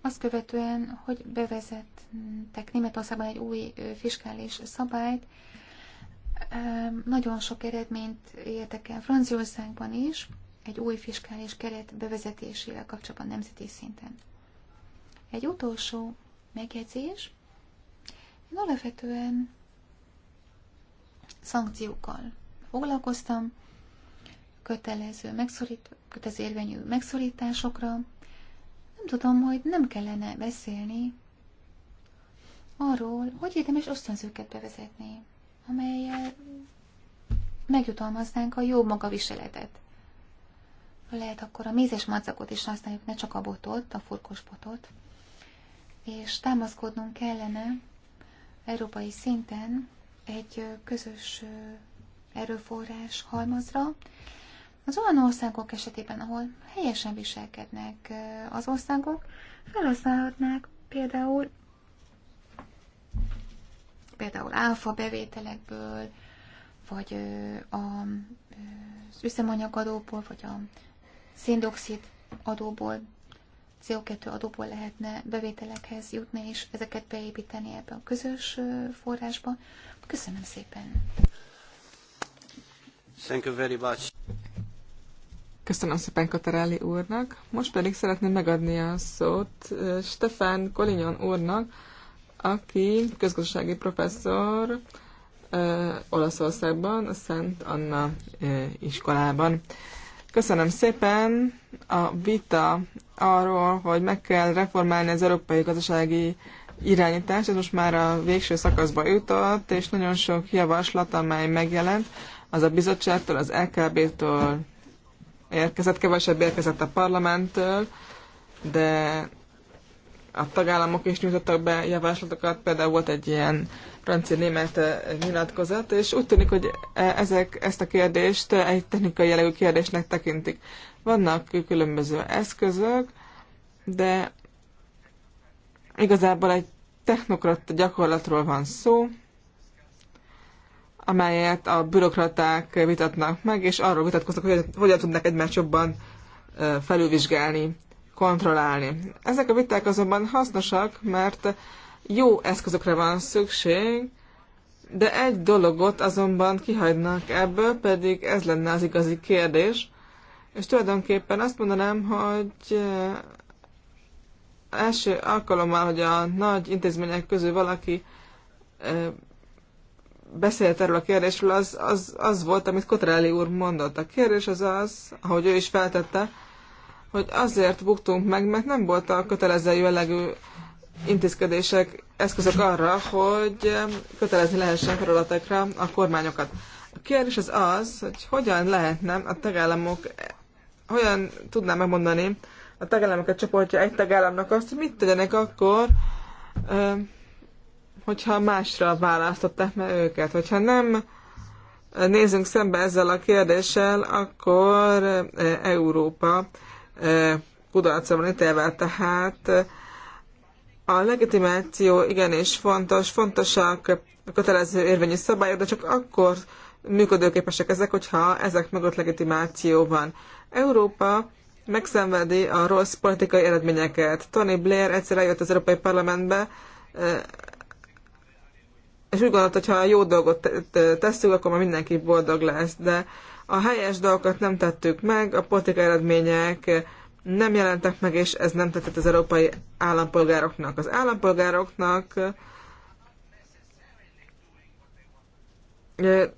azt követően, hogy bevezettek Németországban egy új fiskális szabályt, nagyon sok eredményt értek el Franciaországban is, egy új fiskális keret bevezetésével kapcsolatban nemzeti szinten. Egy utolsó megjegyzés. Én alapvetően szankciókkal foglalkoztam, kötelező, megszorít, kötelező érvényű megszorításokra. Nem tudom, hogy nem kellene beszélni arról, hogy érdemes ösztönzőket bevezetni amelyel megjutalmaznánk a jó magaviseletet. Lehet akkor a mézes macakot is használjuk, ne csak a botot, a furkos botot. És támaszkodnunk kellene európai szinten egy közös erőforrás halmazra, az olyan országok esetében, ahol helyesen viselkednek az országok, felhasználhatnák például például áfa bevételekből, vagy az üzemanyagadóból, vagy a széndiokszid adóból, CO2 adóból lehetne bevételekhez jutni, és ezeket beépíteni ebbe a közös forrásba. Köszönöm szépen! Thank you very much. Köszönöm szépen Katarelli úrnak. Most pedig szeretném megadni a szót Stefan Kolinyon úrnak, aki közgazdasági professzor Olaszországban, a Szent Anna iskolában. Köszönöm szépen a vita arról, hogy meg kell reformálni az európai gazdasági irányítást, ez most már a végső szakaszba jutott, és nagyon sok javaslat, amely megjelent, az a bizottságtól, az LKB-től érkezett, kevesebb érkezett a parlamenttől, de a tagállamok is nyújtottak be javaslatokat, például volt egy ilyen francia-német eh, nyilatkozat, és úgy tűnik, hogy eh, ezek, ezt a kérdést eh, egy technikai jellegű kérdésnek tekintik. Vannak különböző eszközök, de igazából egy technokrat gyakorlatról van szó, amelyet a bürokraták vitatnak meg, és arról vitatkoznak, hogy hogyan tudnak egymást jobban felülvizsgálni kontrollálni. Ezek a viták azonban hasznosak, mert jó eszközökre van szükség, de egy dologot azonban kihagynak ebből, pedig ez lenne az igazi kérdés. És tulajdonképpen azt mondanám, hogy eh, első alkalommal, hogy a nagy intézmények közül valaki eh, beszélt erről a kérdésről, az, az, az volt, amit Kotrelli úr mondott. A kérdés az az, ahogy ő is feltette, hogy azért buktunk meg, mert nem voltak kötelező jellegű intézkedések, eszközök arra, hogy kötelezni lehessen feladatokra a kormányokat. A kérdés az az, hogy hogyan lehetne a tagállamok, hogyan tudnám megmondani a tagállamokat, csoportja egy tagállamnak azt, hogy mit tegyenek akkor, hogyha másra választották meg őket. Hogyha nem nézzünk szembe ezzel a kérdéssel, akkor Európa kudarcom van tehát a legitimáció igenis fontos, fontosak a kötelező érvényű szabályok, de csak akkor működőképesek ezek, hogyha ezek mögött legitimáció van. Európa megszenvedi a rossz politikai eredményeket. Tony Blair egyszer eljött az Európai Parlamentbe, és úgy gondolt, hogy ha jó dolgot tesszük, akkor már mindenki boldog lesz, de a helyes dolgokat nem tettük meg, a politikai eredmények nem jelentek meg, és ez nem tetett az európai állampolgároknak. Az állampolgároknak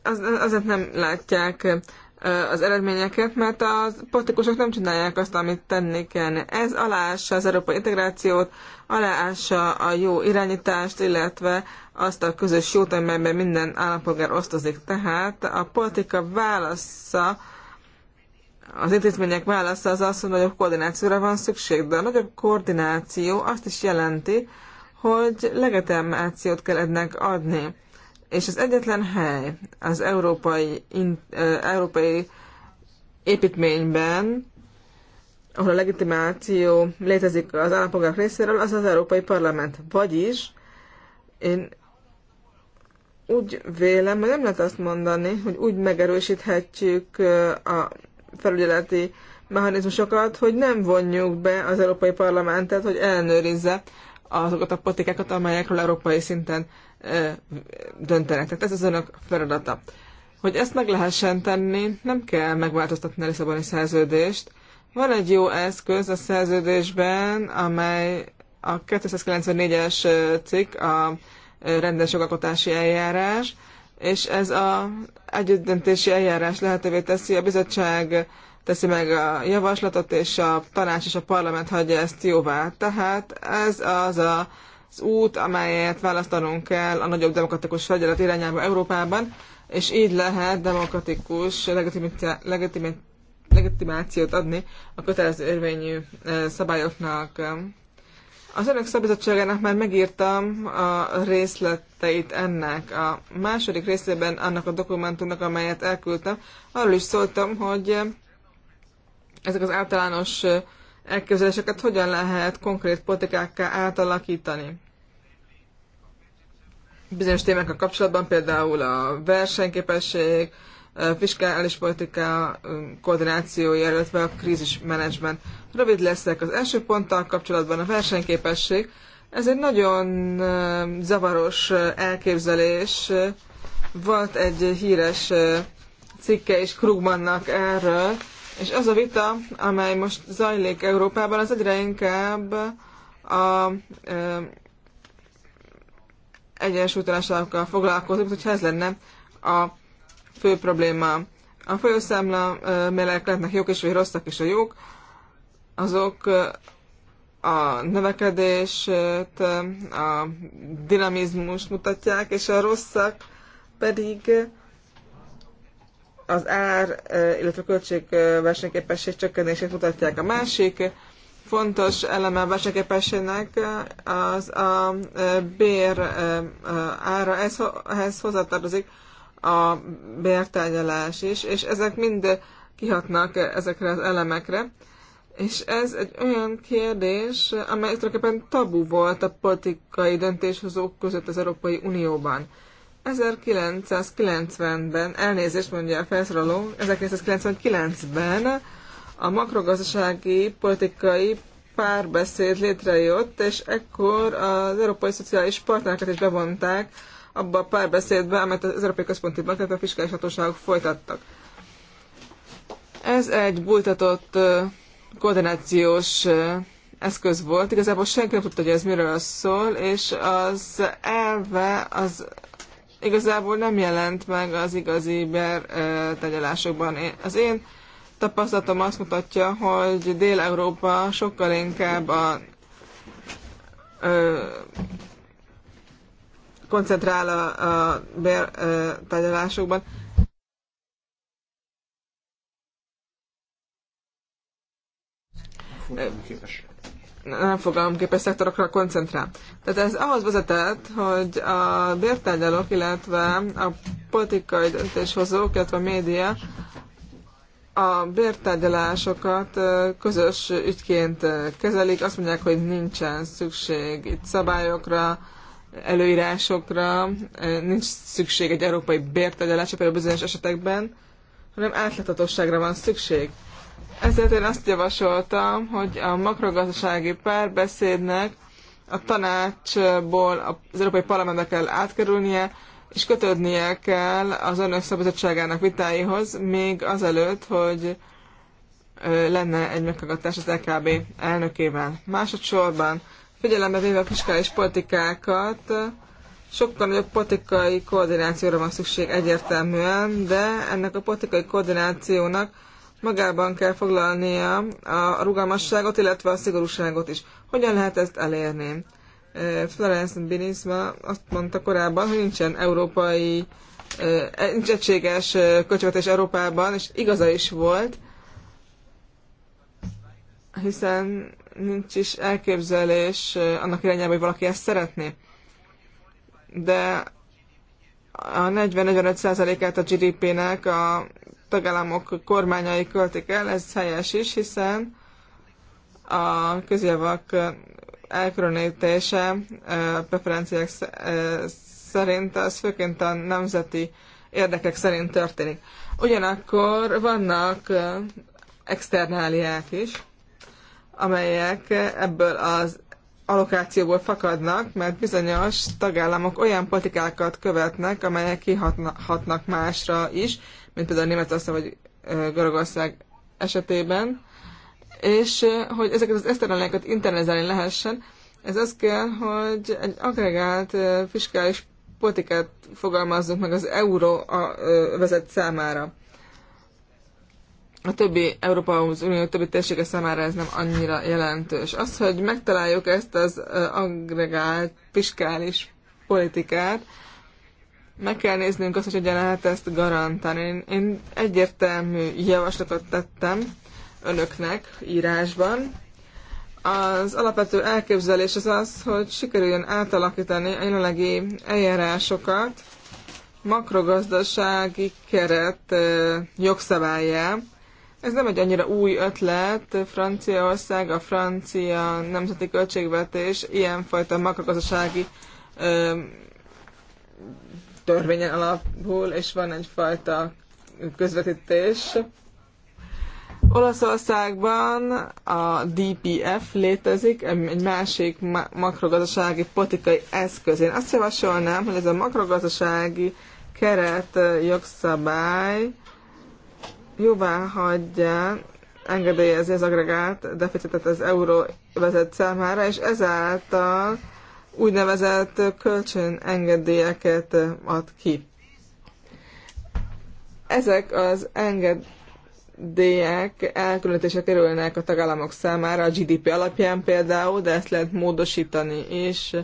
az, azért nem látják az eredményeket, mert a politikusok nem csinálják azt, amit tenni kell. Ez aláássa az európai integrációt, aláássa a jó irányítást, illetve azt a közös jót, amelyben minden állampolgár osztozik. Tehát a politika válasza, az intézmények válasza az az, hogy nagyobb koordinációra van szükség, de a nagyobb koordináció azt is jelenti, hogy legitimációt kell ennek adni és az egyetlen hely az európai, in, európai építményben, ahol a legitimáció létezik az állampolgárok részéről, az az Európai Parlament. Vagyis én úgy vélem, hogy nem lehet azt mondani, hogy úgy megerősíthetjük a felügyeleti mechanizmusokat, hogy nem vonjuk be az Európai Parlamentet, hogy ellenőrizze azokat a politikákat, amelyekről európai szinten döntenek. Tehát ez az önök feladata. Hogy ezt meg lehessen tenni, nem kell megváltoztatni a Lisszaboni szerződést. Van egy jó eszköz a szerződésben, amely a 294-es cikk, a rendes jogalkotási eljárás, és ez a együttdöntési eljárás lehetővé teszi, a bizottság teszi meg a javaslatot, és a tanács és a parlament hagyja ezt jóvá. Tehát ez az a az út, amelyet választanunk kell a nagyobb demokratikus fegyelet irányába Európában, és így lehet demokratikus legitimációt adni a kötelező érvényű e, szabályoknak. Az önök szabizottságának már megírtam a részleteit ennek. A második részében annak a dokumentumnak, amelyet elküldtem, arról is szóltam, hogy ezek az általános elképzeléseket hogyan lehet konkrét politikákká átalakítani. Bizonyos témákkal kapcsolatban például a versenyképesség, fiskális politika koordináció, illetve a krízismenedzsment. Rövid leszek. Az első ponttal kapcsolatban a versenyképesség. Ez egy nagyon zavaros elképzelés. Volt egy híres cikke is Krugmannak erről, és az a vita, amely most zajlik Európában, az egyre inkább a e, egyensúlytalanságokkal foglalkozik, hogyha ez lenne a fő probléma. A folyószámla e, mérlek lehetnek jók és vagy rosszak is a jók, azok a növekedést, a dinamizmust mutatják, és a rosszak pedig az ár, illetve költségversenyképesség csökkenését mutatják. A másik fontos eleme a versenyképességnek az a bér ára, ehhez hozzátartozik a bértárgyalás is, és ezek mind kihatnak ezekre az elemekre. És ez egy olyan kérdés, amely tulajdonképpen tabu volt a politikai döntéshozók között az Európai Unióban. 1990-ben, elnézést mondja a felszoroló, 1999-ben a makrogazdasági politikai párbeszéd létrejött, és ekkor az európai szociális partnereket is bevonták abba a párbeszédbe, amelyet az Európai Központi Bank, tehát a fiskális hatóságok folytattak. Ez egy bújtatott koordinációs eszköz volt, igazából senki nem tudta, hogy ez miről szól, és az elve az igazából nem jelent meg az igazi ber tegyelásokban. Az én tapasztalatom azt mutatja, hogy Dél-Európa sokkal inkább a ö, koncentrál a, a bér tárgyalásokban. Fordulóképes nem fogalomképes szektorokra koncentrál. Tehát ez ahhoz vezetett, hogy a bértárgyalók, illetve a politikai döntéshozók, illetve a média a bértárgyalásokat közös ügyként kezelik, azt mondják, hogy nincsen szükség itt szabályokra, előírásokra, nincs szükség egy európai bértárgyalásra, például bizonyos esetekben, hanem átláthatóságra van szükség. Ezért én azt javasoltam, hogy a makrogazdasági párbeszédnek a tanácsból az Európai Parlamentbe kell átkerülnie, és kötődnie kell az önök szabadságának vitáihoz, még azelőtt, hogy lenne egy meghallgatás az LKB e elnökével. Másodszorban figyelembe véve a fiskális politikákat, sokkal nagyobb politikai koordinációra van szükség egyértelműen, de ennek a politikai koordinációnak magában kell foglalnia a rugalmasságot, illetve a szigorúságot is. Hogyan lehet ezt elérni? Florence Binisma azt mondta korábban, hogy nincsen európai, e, nincs egységes költségvetés Európában, és igaza is volt, hiszen nincs is elképzelés annak irányába, hogy valaki ezt szeretné. De a 40-45%-át a GDP-nek a tagállamok kormányai költik el, ez helyes is, hiszen a közjavak elkülönítése preferenciák szerint az főként a nemzeti érdekek szerint történik. Ugyanakkor vannak externáliák is, amelyek ebből az allokációból fakadnak, mert bizonyos tagállamok olyan politikákat követnek, amelyek kihatnak másra is, mint például Németország vagy Görögország esetében, és hogy ezeket az eszterelneket internalizálni lehessen, ez az kell, hogy egy agregált fiskális politikát fogalmazzunk meg az euró a vezet számára. A többi Európa Unió többi térsége számára ez nem annyira jelentős. Az, hogy megtaláljuk ezt az agregált fiskális politikát, meg kell néznünk azt, hogy hogyan lehet ezt garantálni. Én, én egyértelmű javaslatot tettem önöknek írásban. Az alapvető elképzelés az az, hogy sikerüljön átalakítani a jelenlegi eljárásokat makrogazdasági keret jogszabályá. Ez nem egy annyira új ötlet. Franciaország, a francia nemzeti költségvetés ilyenfajta makrogazdasági törvényen alapul, és van egyfajta közvetítés. Olaszországban a DPF létezik, egy másik makrogazdasági politikai eszköz. Én azt javasolnám, hogy ez a makrogazdasági keret jogszabály jóvá hagyja engedélyezi az agregát deficitet az vezet számára, és ezáltal úgynevezett kölcsönengedélyeket ad ki. Ezek az engedélyek elkülönítése kerülnek a tagállamok számára a GDP alapján például, de ezt lehet módosítani és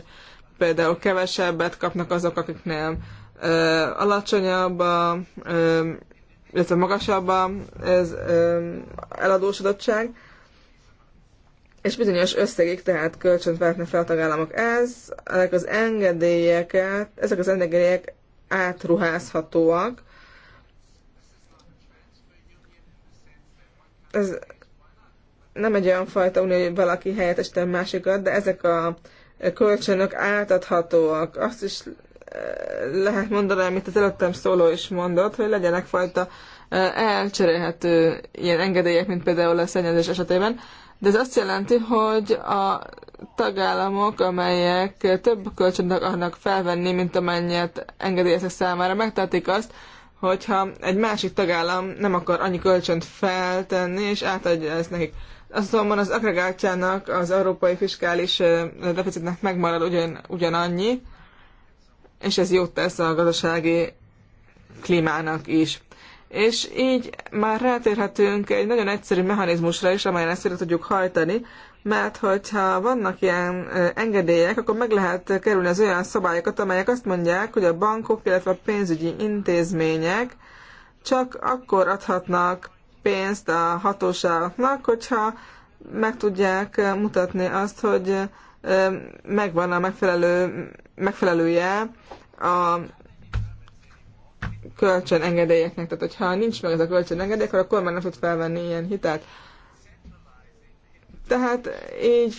Például kevesebbet kapnak azok, akik nem ö, alacsonyabb, ö, illetve magasabb az eladósodottság, és bizonyos összegig tehát kölcsönt vehetne fel a tagállamok. Ez, ezek az engedélyeket, ezek az engedélyek átruházhatóak. Ez nem egy olyan fajta unió, hogy valaki helyettesítem másikat, de ezek a kölcsönök átadhatóak. Azt is eh, lehet mondani, amit az előttem szóló is mondott, hogy legyenek fajta eh, elcserélhető ilyen engedélyek, mint például a szennyezés esetében de ez azt jelenti, hogy a tagállamok, amelyek több kölcsönt akarnak felvenni, mint amennyit engedélyeztek számára, megtehetik azt, hogyha egy másik tagállam nem akar annyi kölcsönt feltenni, és átadja ezt nekik. Azonban az agregátjának, az európai fiskális deficitnek megmarad ugyan, ugyanannyi, és ez jót tesz a gazdasági klímának is és így már rátérhetünk egy nagyon egyszerű mechanizmusra is, amelyen ezt tudjuk hajtani, mert hogyha vannak ilyen engedélyek, akkor meg lehet kerülni az olyan szabályokat, amelyek azt mondják, hogy a bankok, illetve a pénzügyi intézmények csak akkor adhatnak pénzt a hatóságoknak, hogyha meg tudják mutatni azt, hogy megvan a megfelelő, megfelelője a kölcsönengedélyeknek. Tehát, hogyha nincs meg ez a kölcsönengedély, akkor a kormány nem tud felvenni ilyen hitelt. Tehát így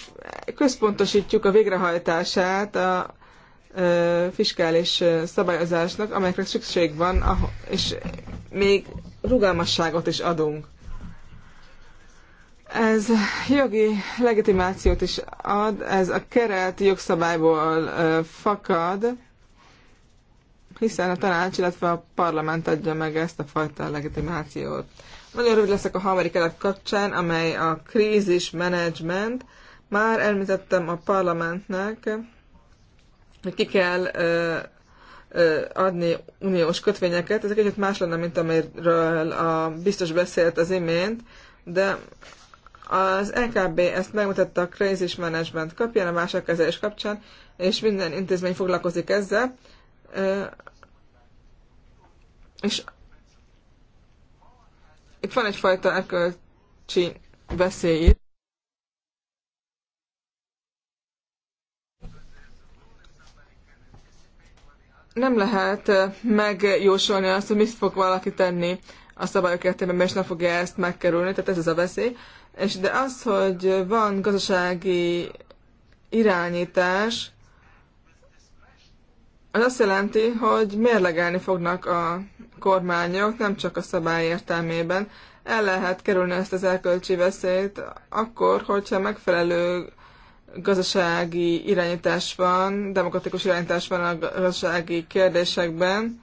központosítjuk a végrehajtását a fiskális szabályozásnak, amelyekre szükség van, és még rugalmasságot is adunk. Ez jogi legitimációt is ad, ez a keret jogszabályból fakad, hiszen a tanács, illetve a parlament adja meg ezt a fajta legitimációt. Nagyon rövid leszek a harmadik elep kapcsán, amely a krízis management. Már elmítettem a parlamentnek, hogy ki kell ö, ö, adni uniós kötvényeket. Ez egy kicsit más lenne, mint amiről a biztos beszélt az imént, de az LKB ezt megmutatta a krízis management kapján, a válságkezelés kapcsán, és minden intézmény foglalkozik ezzel. És itt van egyfajta erkölcsi veszély itt. Nem lehet megjósolni azt, hogy mit fog valaki tenni a szabályok értében, és nem fogja ezt megkerülni, tehát ez az a veszély. És de az, hogy van gazdasági irányítás, ez azt jelenti, hogy mérlegelni fognak a kormányok, nem csak a szabály értelmében. El lehet kerülni ezt az elkölcsi veszélyt akkor, hogyha megfelelő gazdasági irányítás van, demokratikus irányítás van a gazdasági kérdésekben,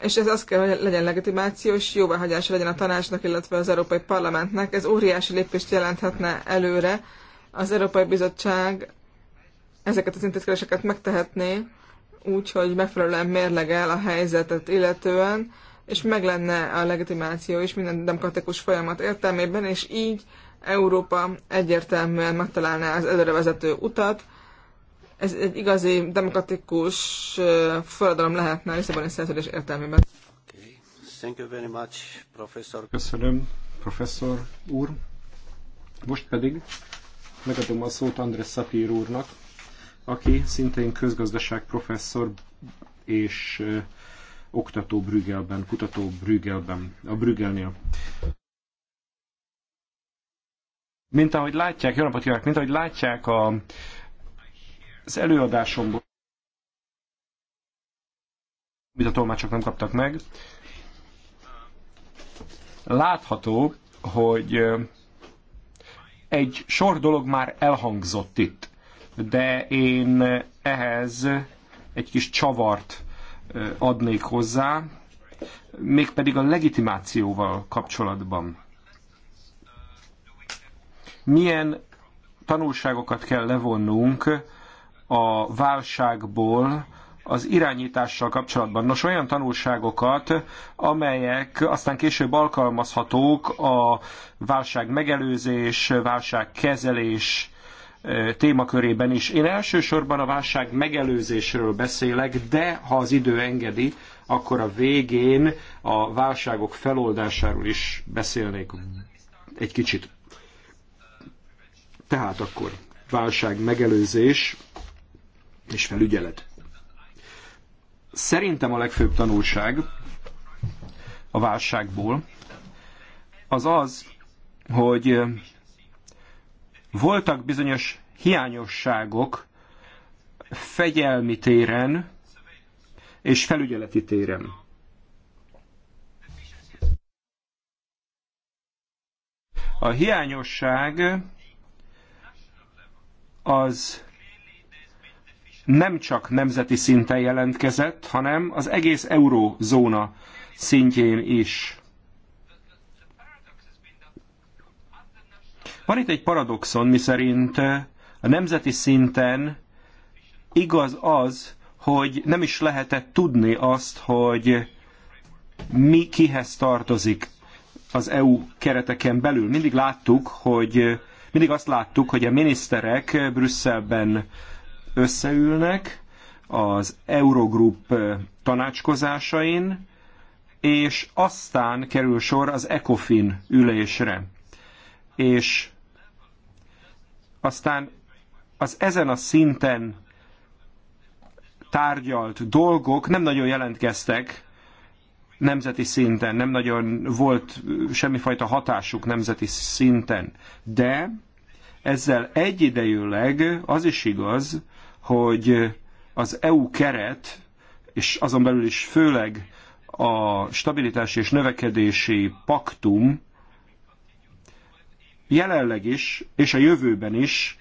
és ez az kell, hogy legyen legitimáció, és jóváhagyás legyen a tanácsnak, illetve az Európai Parlamentnek. Ez óriási lépést jelenthetne előre. Az Európai Bizottság ezeket az intézkedéseket megtehetné, úgyhogy megfelelően mérlegel a helyzetet illetően, és meg lenne a legitimáció is minden demokratikus folyamat értelmében, és így Európa egyértelműen megtalálná az előrevezető utat. Ez egy igazi demokratikus forradalom lehetne a Lisszaboni szerződés értelmében. Thank you very much, professor. Köszönöm, professzor úr. Most pedig megadom a szót Andrés Szapír úrnak, aki szintén közgazdaság professzor és oktató Brüggelben, kutató Brüggelben, a Brüggelnél. Mint ahogy látják, jó napot kívánok, mint ahogy látják a, az előadásomból, amit a tolmácsok nem kaptak meg, látható, hogy egy sor dolog már elhangzott itt de én ehhez egy kis csavart adnék hozzá, mégpedig a legitimációval kapcsolatban. Milyen tanulságokat kell levonnunk a válságból, az irányítással kapcsolatban. Nos, olyan tanulságokat, amelyek aztán később alkalmazhatók a válság megelőzés, válság kezelés témakörében is. Én elsősorban a válság megelőzésről beszélek, de ha az idő engedi, akkor a végén a válságok feloldásáról is beszélnék egy kicsit. Tehát akkor válság megelőzés és felügyelet. Szerintem a legfőbb tanulság a válságból az az, hogy voltak bizonyos hiányosságok fegyelmi téren és felügyeleti téren. A hiányosság az nem csak nemzeti szinten jelentkezett, hanem az egész eurózóna szintjén is. Van itt egy paradoxon, miszerint eh, a nemzeti szinten igaz az, hogy nem is lehetett tudni azt, hogy mi kihez tartozik az EU kereteken belül. Mindig láttuk, hogy eh, mindig azt láttuk, hogy a miniszterek Brüsszelben összeülnek az Eurogroup eh, tanácskozásain, és aztán kerül sor az ECOFIN ülésre és aztán az ezen a szinten tárgyalt dolgok nem nagyon jelentkeztek nemzeti szinten, nem nagyon volt semmifajta hatásuk nemzeti szinten. De ezzel egyidejűleg az is igaz, hogy az EU keret, és azon belül is főleg a stabilitási és növekedési paktum Jelenleg is, és a jövőben is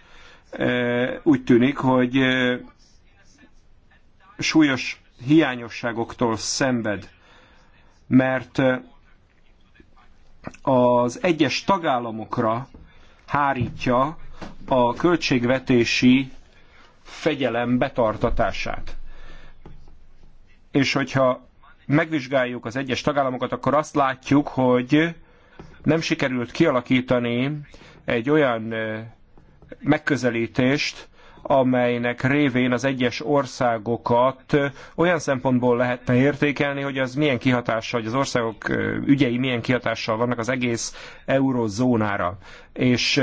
e, úgy tűnik, hogy e, súlyos hiányosságoktól szenved, mert e, az egyes tagállamokra hárítja a költségvetési fegyelem betartatását. És hogyha megvizsgáljuk az egyes tagállamokat, akkor azt látjuk, hogy nem sikerült kialakítani egy olyan megközelítést, amelynek révén az egyes országokat olyan szempontból lehetne értékelni, hogy az milyen kihatással, hogy az országok ügyei milyen kihatással vannak az egész eurozónára. És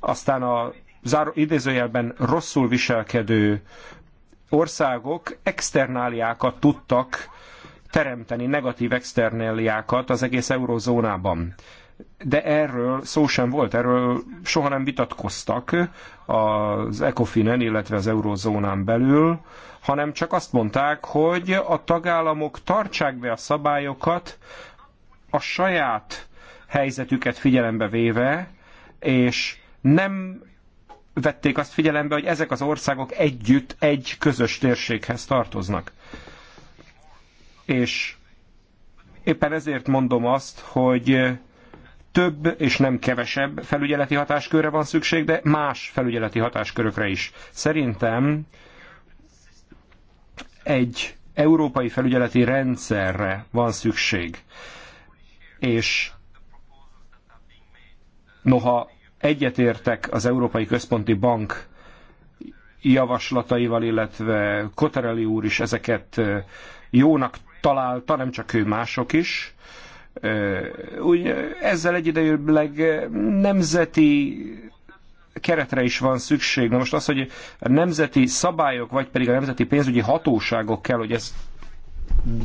aztán a záró, idézőjelben rosszul viselkedő országok externáliákat tudtak teremteni, negatív externáliákat az egész eurozónában de erről szó sem volt, erről soha nem vitatkoztak az ECOFIN-en, illetve az eurozónán belül, hanem csak azt mondták, hogy a tagállamok tartsák be a szabályokat a saját helyzetüket figyelembe véve, és nem vették azt figyelembe, hogy ezek az országok együtt egy közös térséghez tartoznak. És éppen ezért mondom azt, hogy több és nem kevesebb felügyeleti hatáskörre van szükség, de más felügyeleti hatáskörökre is. Szerintem egy európai felügyeleti rendszerre van szükség. És noha egyetértek az Európai Központi Bank javaslataival, illetve Kotereli úr is ezeket jónak találta, nem csak ő, mások is, úgy, ezzel egyidejűleg nemzeti keretre is van szükség. Na most az, hogy a nemzeti szabályok, vagy pedig a nemzeti pénzügyi hatóságok kell, hogy ezt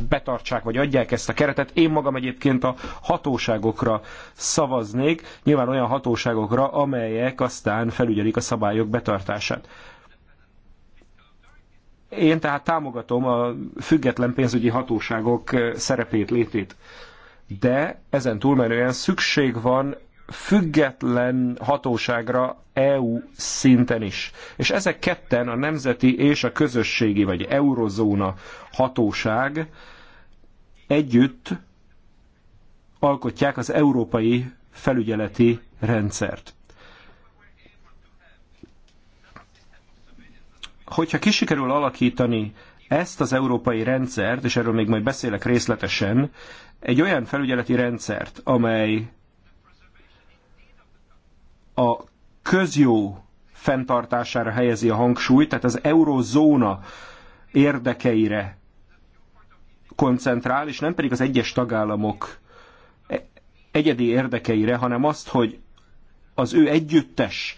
betartsák, vagy adják ezt a keretet. Én magam egyébként a hatóságokra szavaznék, nyilván olyan hatóságokra, amelyek aztán felügyelik a szabályok betartását. Én tehát támogatom a független pénzügyi hatóságok szerepét, létét de ezen túlmenően szükség van független hatóságra EU szinten is. És ezek ketten a nemzeti és a közösségi vagy eurozóna hatóság együtt alkotják az európai felügyeleti rendszert. Hogyha ki sikerül alakítani ezt az európai rendszert, és erről még majd beszélek részletesen, egy olyan felügyeleti rendszert, amely a közjó fenntartására helyezi a hangsúlyt, tehát az eurozóna érdekeire koncentrál, és nem pedig az egyes tagállamok egyedi érdekeire, hanem azt, hogy az ő együttes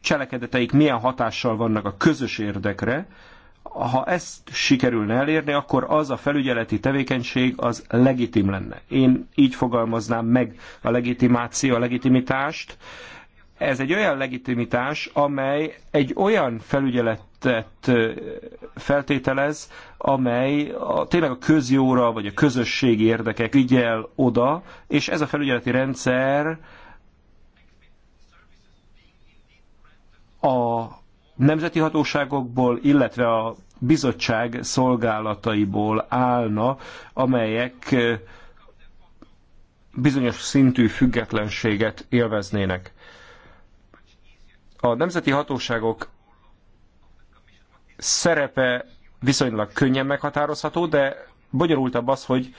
cselekedeteik milyen hatással vannak a közös érdekre, ha ezt sikerülne elérni, akkor az a felügyeleti tevékenység az legitim lenne. Én így fogalmaznám meg a legitimáció, a legitimitást. Ez egy olyan legitimitás, amely egy olyan felügyeletet feltételez, amely a, tényleg a közjóra vagy a közösségi érdekek ügyel oda, és ez a felügyeleti rendszer a nemzeti hatóságokból, illetve a bizottság szolgálataiból állna, amelyek bizonyos szintű függetlenséget élveznének. A nemzeti hatóságok szerepe viszonylag könnyen meghatározható, de bonyolultabb az, hogy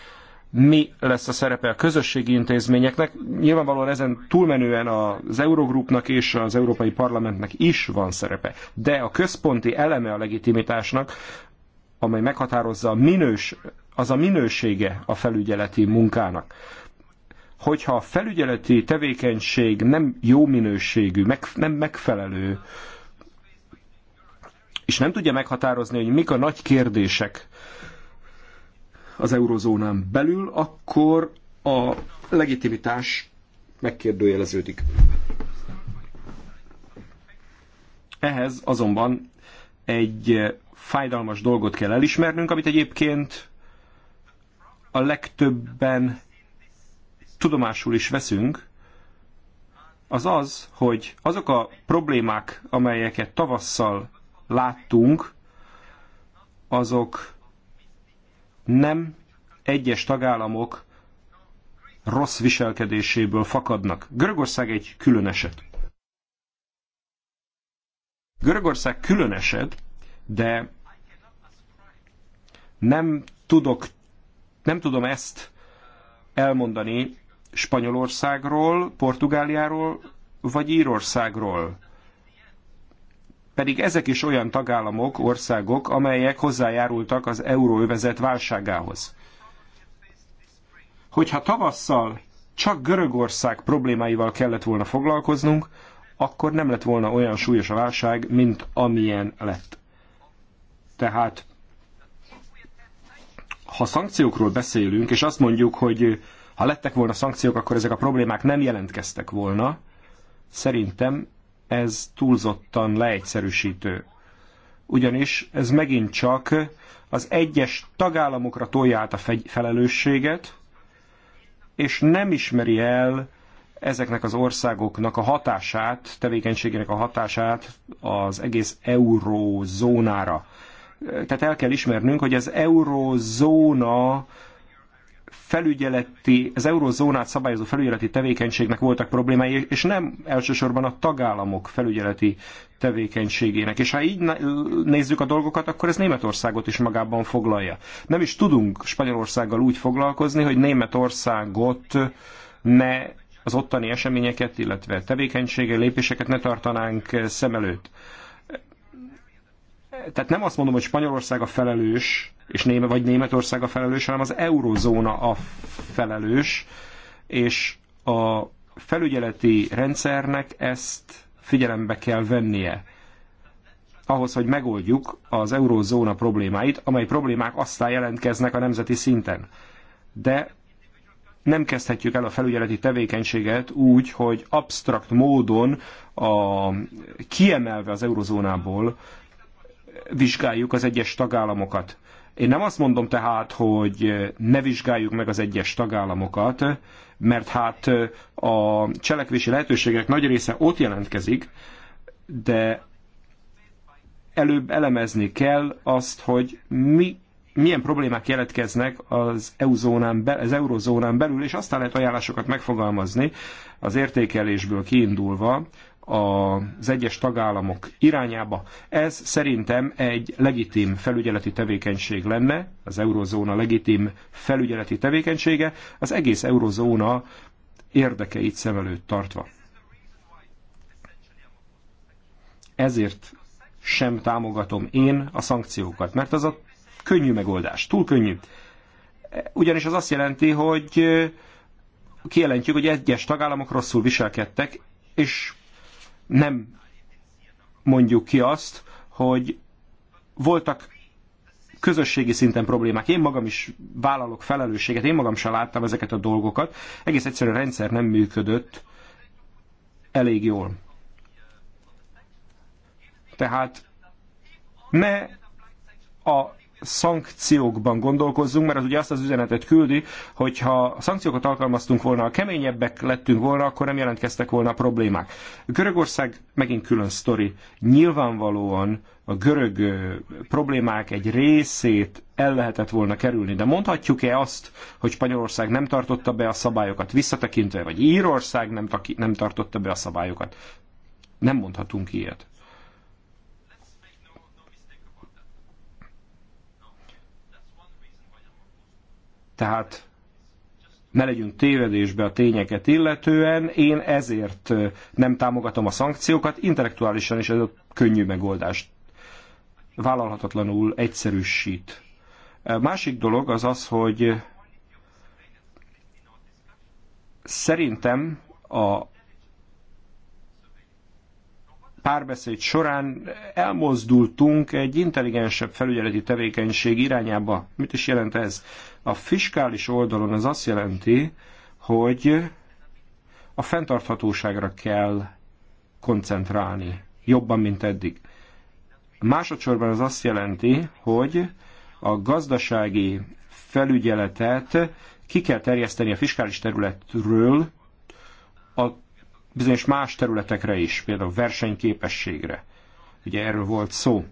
mi lesz a szerepe a közösségi intézményeknek. Nyilvánvalóan ezen túlmenően az Eurogrupnak és az Európai Parlamentnek is van szerepe. De a központi eleme a legitimitásnak, amely meghatározza a minős, az a minősége a felügyeleti munkának. Hogyha a felügyeleti tevékenység nem jó minőségű, meg, nem megfelelő, és nem tudja meghatározni, hogy mik a nagy kérdések, az eurozónán belül, akkor a legitimitás megkérdőjeleződik. Ehhez azonban egy fájdalmas dolgot kell elismernünk, amit egyébként a legtöbben tudomásul is veszünk, az az, hogy azok a problémák, amelyeket tavasszal láttunk, azok nem egyes tagállamok rossz viselkedéséből fakadnak. Görögország egy külön eset. Görögország külön eset, de nem tudok, nem tudom ezt elmondani Spanyolországról, Portugáliáról vagy Írországról pedig ezek is olyan tagállamok, országok, amelyek hozzájárultak az euróövezet válságához. Hogyha tavasszal csak Görögország problémáival kellett volna foglalkoznunk, akkor nem lett volna olyan súlyos a válság, mint amilyen lett. Tehát, ha szankciókról beszélünk, és azt mondjuk, hogy ha lettek volna szankciók, akkor ezek a problémák nem jelentkeztek volna, szerintem ez túlzottan leegyszerűsítő. Ugyanis ez megint csak az egyes tagállamokra tolja át a felelősséget, és nem ismeri el ezeknek az országoknak a hatását, tevékenységének a hatását az egész eurózónára. Tehát el kell ismernünk, hogy az eurózóna felügyeleti, az eurozónát szabályozó felügyeleti tevékenységnek voltak problémái, és nem elsősorban a tagállamok felügyeleti tevékenységének. És ha így nézzük a dolgokat, akkor ez Németországot is magában foglalja. Nem is tudunk Spanyolországgal úgy foglalkozni, hogy Németországot ne az ottani eseményeket, illetve tevékenysége, lépéseket ne tartanánk szem előtt tehát nem azt mondom, hogy Spanyolország a felelős, és Néme, vagy Németország a felelős, hanem az eurozóna a felelős, és a felügyeleti rendszernek ezt figyelembe kell vennie ahhoz, hogy megoldjuk az eurozóna problémáit, amely problémák aztán jelentkeznek a nemzeti szinten. De nem kezdhetjük el a felügyeleti tevékenységet úgy, hogy absztrakt módon a, kiemelve az eurozónából vizsgáljuk az egyes tagállamokat. Én nem azt mondom tehát, hogy ne vizsgáljuk meg az egyes tagállamokat, mert hát a cselekvési lehetőségek nagy része ott jelentkezik, de előbb elemezni kell azt, hogy mi, milyen problémák jelentkeznek az, EU-zónán be, az eurozónán belül, és aztán lehet ajánlásokat megfogalmazni az értékelésből kiindulva, az egyes tagállamok irányába. Ez szerintem egy legitim felügyeleti tevékenység lenne, az eurozóna legitim felügyeleti tevékenysége, az egész eurozóna érdekeit szem előtt tartva. Ezért sem támogatom én a szankciókat, mert az a könnyű megoldás, túl könnyű. Ugyanis az azt jelenti, hogy kijelentjük, hogy egyes tagállamok rosszul viselkedtek, és nem mondjuk ki azt, hogy voltak közösségi szinten problémák. Én magam is vállalok felelősséget, én magam sem láttam ezeket a dolgokat. Egész egyszerűen a rendszer nem működött elég jól. Tehát ne a szankciókban gondolkozzunk, mert az ugye azt az üzenetet küldi, hogy ha szankciókat alkalmaztunk volna, ha keményebbek lettünk volna, akkor nem jelentkeztek volna problémák. Görögország megint külön sztori. Nyilvánvalóan a görög problémák egy részét el lehetett volna kerülni, de mondhatjuk-e azt, hogy Spanyolország nem tartotta be a szabályokat visszatekintve, vagy Írország nem, nem tartotta be a szabályokat? Nem mondhatunk ilyet. Tehát ne legyünk tévedésbe a tényeket illetően, én ezért nem támogatom a szankciókat, intellektuálisan is ez a könnyű megoldást vállalhatatlanul egyszerűsít. A másik dolog az az, hogy szerintem a párbeszéd során elmozdultunk egy intelligensebb felügyeleti tevékenység irányába. Mit is jelent ez? A fiskális oldalon ez azt jelenti, hogy a fenntarthatóságra kell koncentrálni, jobban, mint eddig. Másodszorban ez azt jelenti, hogy a gazdasági felügyeletet ki kell terjeszteni a fiskális területről a bizonyos más területekre is, például versenyképességre. Ugye erről volt szó.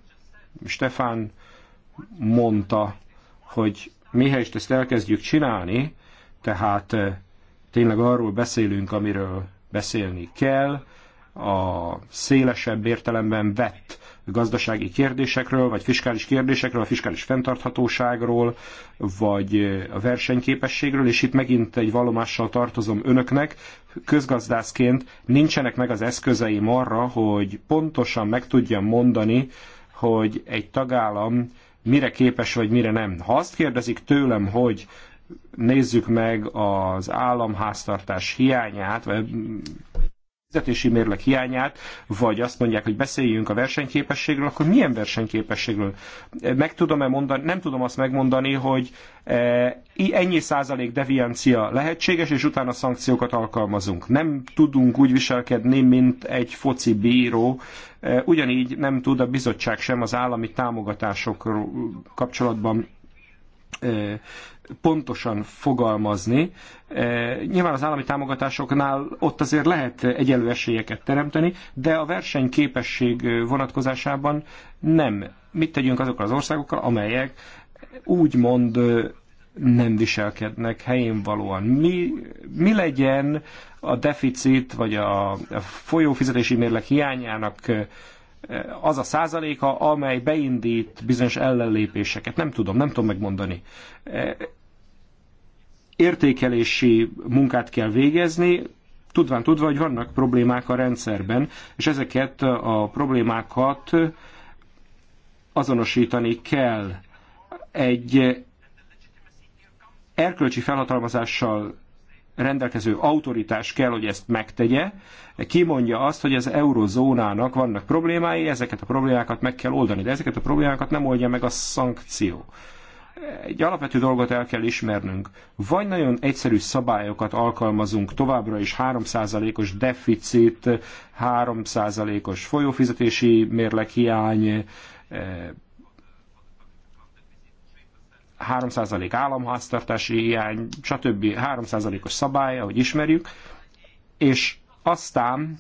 Stefán mondta, hogy mihelyst ezt elkezdjük csinálni, tehát eh, tényleg arról beszélünk, amiről beszélni kell, a szélesebb értelemben vett gazdasági kérdésekről, vagy fiskális kérdésekről, a fiskális fenntarthatóságról, vagy eh, a versenyképességről, és itt megint egy valomással tartozom önöknek. Közgazdászként nincsenek meg az eszközeim arra, hogy pontosan meg tudjam mondani, hogy egy tagállam mire képes vagy mire nem. Ha azt kérdezik tőlem, hogy nézzük meg az államháztartás hiányát, vagy fizetési mérleg hiányát, vagy azt mondják, hogy beszéljünk a versenyképességről, akkor milyen versenyképességről? Meg tudom-e mondani, nem tudom azt megmondani, hogy eh, ennyi százalék deviancia lehetséges, és utána szankciókat alkalmazunk. Nem tudunk úgy viselkedni, mint egy foci bíró, eh, ugyanígy nem tud a bizottság sem az állami támogatások kapcsolatban eh, pontosan fogalmazni. E, nyilván az állami támogatásoknál ott azért lehet egyenlő esélyeket teremteni, de a versenyképesség vonatkozásában nem. Mit tegyünk azokkal az országokkal, amelyek úgymond nem viselkednek helyén valóan. Mi, mi legyen a deficit, vagy a, a folyófizetési mérlek hiányának az a százaléka, amely beindít bizonyos ellenlépéseket. Nem tudom, nem tudom megmondani. E, értékelési munkát kell végezni, tudván tudva, hogy vannak problémák a rendszerben, és ezeket a problémákat azonosítani kell. Egy erkölcsi felhatalmazással rendelkező autoritás kell, hogy ezt megtegye, kimondja azt, hogy az eurozónának vannak problémái, ezeket a problémákat meg kell oldani, de ezeket a problémákat nem oldja meg a szankció. Egy alapvető dolgot el kell ismernünk. Vagy nagyon egyszerű szabályokat alkalmazunk továbbra is 3%-os deficit, 3%-os folyófizetési hiány, eh, 3% államháztartási hiány, stb. 3%-os szabály, ahogy ismerjük, és aztán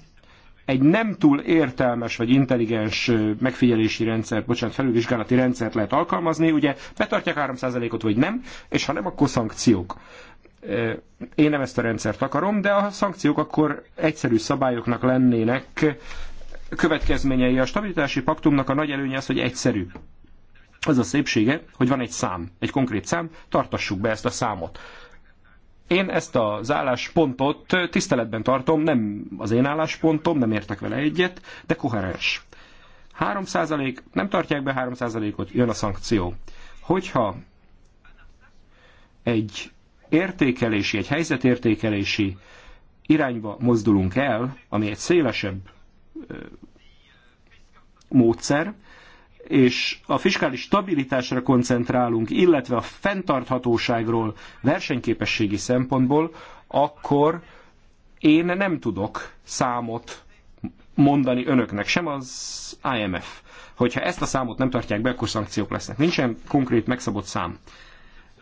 egy nem túl értelmes vagy intelligens megfigyelési rendszer, bocsánat, felülvizsgálati rendszert lehet alkalmazni, ugye betartják 3%-ot vagy nem, és ha nem, akkor szankciók. Én nem ezt a rendszert akarom, de a szankciók akkor egyszerű szabályoknak lennének következményei. A stabilitási paktumnak a nagy előnye az, hogy egyszerű az a szépsége, hogy van egy szám, egy konkrét szám, tartassuk be ezt a számot. Én ezt az álláspontot tiszteletben tartom, nem az én álláspontom, nem értek vele egyet, de koherens. 3% nem tartják be 3%-ot, jön a szankció. Hogyha egy értékelési, egy helyzetértékelési irányba mozdulunk el, ami egy szélesebb módszer, és a fiskális stabilitásra koncentrálunk, illetve a fenntarthatóságról versenyképességi szempontból, akkor én nem tudok számot mondani önöknek, sem az IMF. Hogyha ezt a számot nem tartják be, akkor szankciók lesznek. Nincsen konkrét megszabott szám.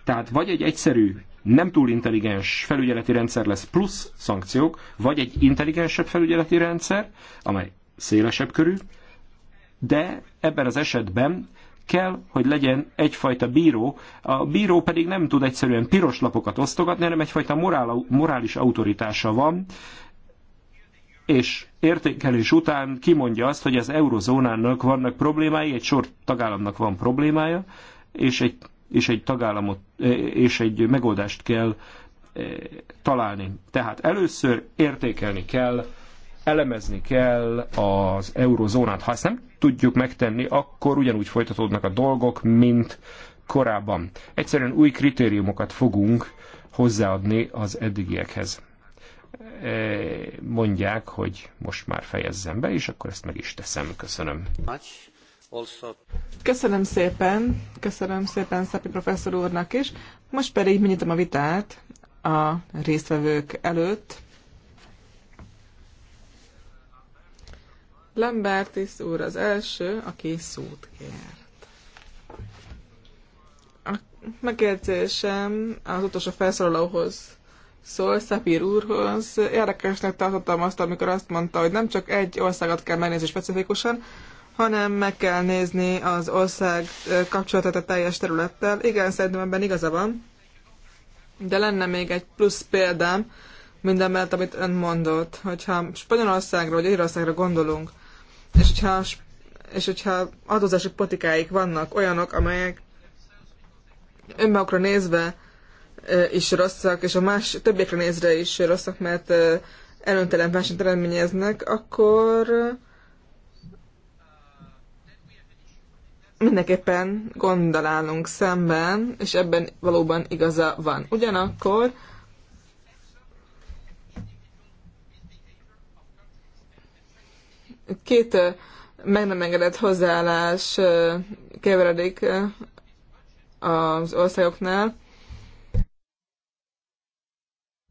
Tehát vagy egy egyszerű, nem túl intelligens felügyeleti rendszer lesz plusz szankciók, vagy egy intelligensebb felügyeleti rendszer, amely szélesebb körű, de ebben az esetben kell, hogy legyen egyfajta bíró. A bíró pedig nem tud egyszerűen piros lapokat osztogatni, hanem egyfajta morál, morális autoritása van, és értékelés után kimondja azt, hogy az eurozónának vannak problémái, egy sor tagállamnak van problémája, és egy, és egy tagállamot, e, és egy megoldást kell e, találni. Tehát először értékelni kell elemezni kell az eurozónát. Ha ezt nem tudjuk megtenni, akkor ugyanúgy folytatódnak a dolgok, mint korábban. Egyszerűen új kritériumokat fogunk hozzáadni az eddigiekhez. E, mondják, hogy most már fejezzem be, és akkor ezt meg is teszem. Köszönöm. Köszönöm szépen, köszönöm szépen Szepi professzor úrnak is. Most pedig megnyitom a vitát a résztvevők előtt. Lambertis úr az első, aki szót kért. A megjegyzésem az utolsó felszólalóhoz szól, Szapír úrhoz. Érdekesnek tartottam azt, amikor azt mondta, hogy nem csak egy országot kell megnézni specifikusan, hanem meg kell nézni az ország kapcsolatát a teljes területtel. Igen, szerintem ebben igaza van. De lenne még egy plusz példám, mellett, amit ön mondott, hogyha Spanyolországra vagy Írországra gondolunk, és hogyha, és hogyha adózási politikáik vannak olyanok, amelyek önmagukra nézve is rosszak, és a más többiekre nézve is rosszak, mert előntelen versenyt eredményeznek, akkor mindenképpen gondolálunk szemben, és ebben valóban igaza van. Ugyanakkor két meg nem engedett hozzáállás keveredik az országoknál.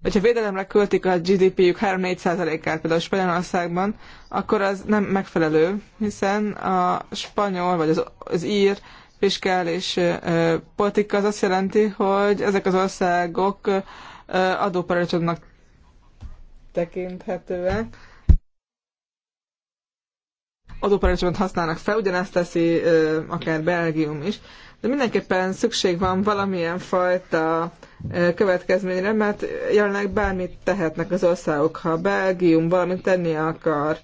Hogyha védelemre költik a GDP-jük 3-4%-át például Spanyolországban, akkor az nem megfelelő, hiszen a spanyol vagy az, az ír fiskális politika az azt jelenti, hogy ezek az országok adóparadicsomnak tekinthetőek operációt használnak fel, ugyanezt teszi akár Belgium is, de mindenképpen szükség van valamilyen fajta következményre, mert jelenleg bármit tehetnek az országok. Ha Belgium valamit tenni akar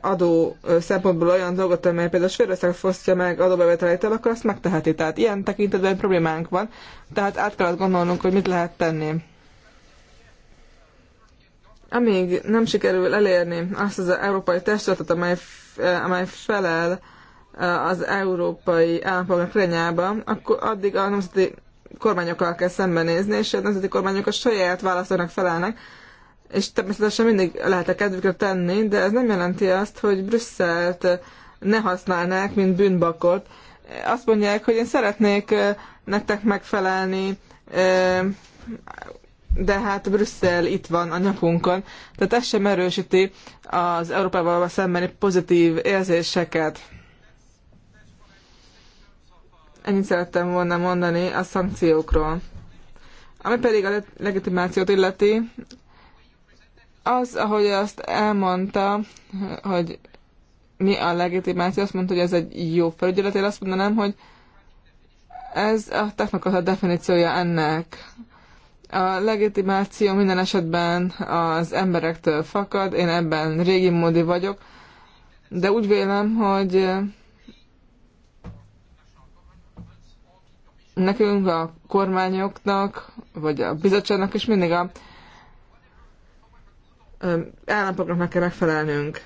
adó szempontból olyan dolgot, amely például Svédország fosztja meg adóbevételeitől, akkor azt megteheti. Tehát ilyen tekintetben problémánk van, tehát át kellett gondolnunk, hogy mit lehet tenni amíg nem sikerül elérni azt az európai testületet, amely, eh, amely felel eh, az európai állampolgárok irányába, akkor addig a nemzeti kormányokkal kell szembenézni, és a nemzeti kormányok a saját választóknak felelnek, és természetesen mindig lehet a kedvükre tenni, de ez nem jelenti azt, hogy Brüsszelt eh, ne használnák, mint bűnbakot. Azt mondják, hogy én szeretnék nektek megfelelni, de hát Brüsszel itt van a nyakunkon, tehát ez sem erősíti az Európával szembeni pozitív érzéseket. Ennyit szerettem volna mondani a szankciókról. Ami pedig a legitimációt illeti, az, ahogy azt elmondta, hogy mi a legitimáció, azt mondta, hogy ez egy jó felügyelet, én azt mondanám, hogy ez a technokrata definíciója ennek a legitimáció minden esetben az emberektől fakad, én ebben régi módi vagyok, de úgy vélem, hogy nekünk, a kormányoknak, vagy a bizottságnak is mindig a állampolgároknak kell megfelelnünk.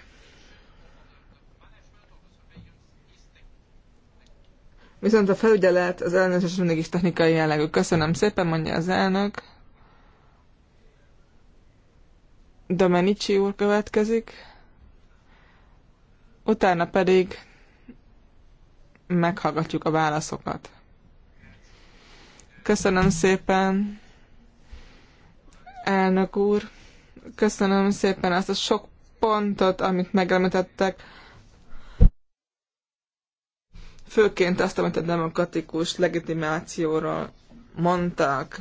Viszont a felügyelet, az ellenőrzés mindig is technikai jellegű. Köszönöm szépen, mondja az elnök. Domenici úr következik, utána pedig meghallgatjuk a válaszokat. Köszönöm szépen, elnök úr, köszönöm szépen azt a sok pontot, amit megremetettek. főként azt, amit a demokratikus legitimációról mondtak.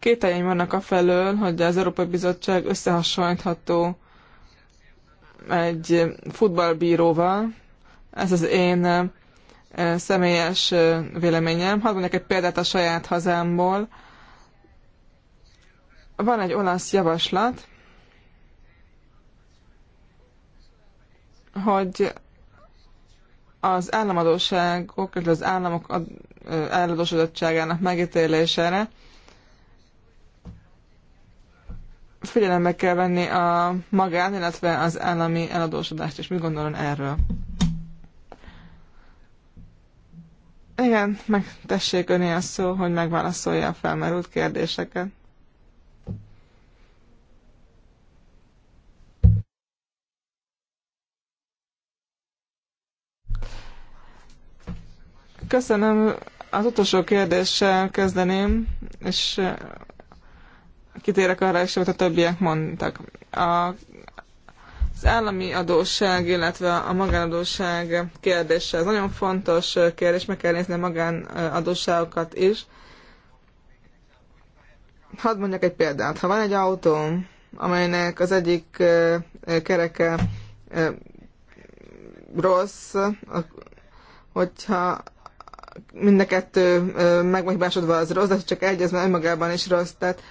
Kételjeim vannak afelől, hogy az Európai Bizottság összehasonlítható egy futballbíróval. Ez az én eh, személyes eh, véleményem. Hadd mondjak egy példát a saját hazámból. Van egy olasz javaslat, hogy az államadóságok, az államok eladósodottságának eh, megítélésére figyelembe kell venni a magán, illetve az állami eladósodást, és mi gondolom erről? Igen, meg tessék öné a szó, hogy megválaszolja a felmerült kérdéseket. Köszönöm. Az utolsó kérdéssel kezdeném, és kitérek arra is, amit a többiek mondtak. A, az állami adósság, illetve a magánadósság kérdése, ez nagyon fontos kérdés, meg kell nézni a magánadósságokat is. Hadd mondjak egy példát. Ha van egy autó, amelynek az egyik kereke rossz, hogyha mind a kettő megmagyarázódva az rossz, de csak egy, az már önmagában is rossz. Tehát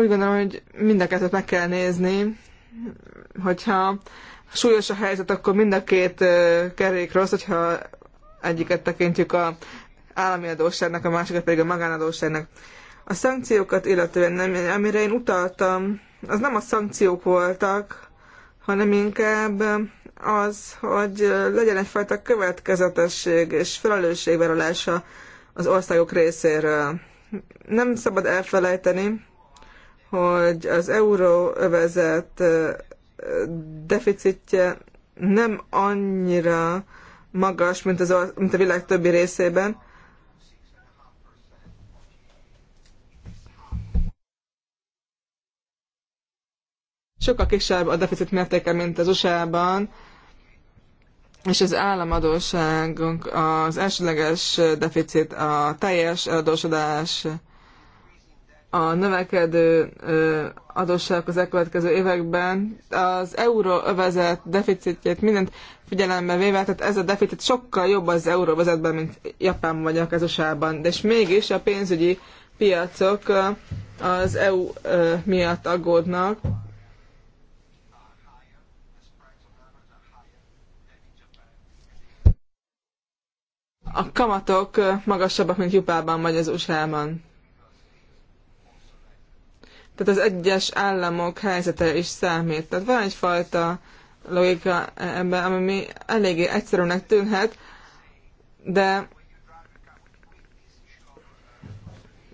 úgy gondolom, hogy mind a kettőt meg kell nézni, hogyha súlyos a helyzet, akkor mind a két kerék rossz, hogyha egyiket tekintjük a állami adósságnak, a másikat pedig a magánadósságnak. A szankciókat illetően, nem, amire én utaltam, az nem a szankciók voltak, hanem inkább az, hogy legyen egyfajta következetesség és felelősségvállalása az országok részéről. Nem szabad elfelejteni, hogy az euróövezet deficitje nem annyira magas, mint, az, mint a világ többi részében. Sokkal kisebb a deficit mértéke, mint az USA-ban, és az államadóságunk, az elsőleges deficit, a teljes adósodás a növekedő adósságok az elkövetkező években az euróövezet deficitjét mindent figyelembe véve, tehát ez a deficit sokkal jobb az euróvezetben, mint Japán vagy a kezusában. De és mégis a pénzügyi piacok az EU miatt aggódnak, a kamatok magasabbak, mint Jupában vagy az USA-ban tehát az egyes államok helyzete is számít. Tehát van egyfajta logika ebben, ami eléggé egyszerűnek tűnhet, de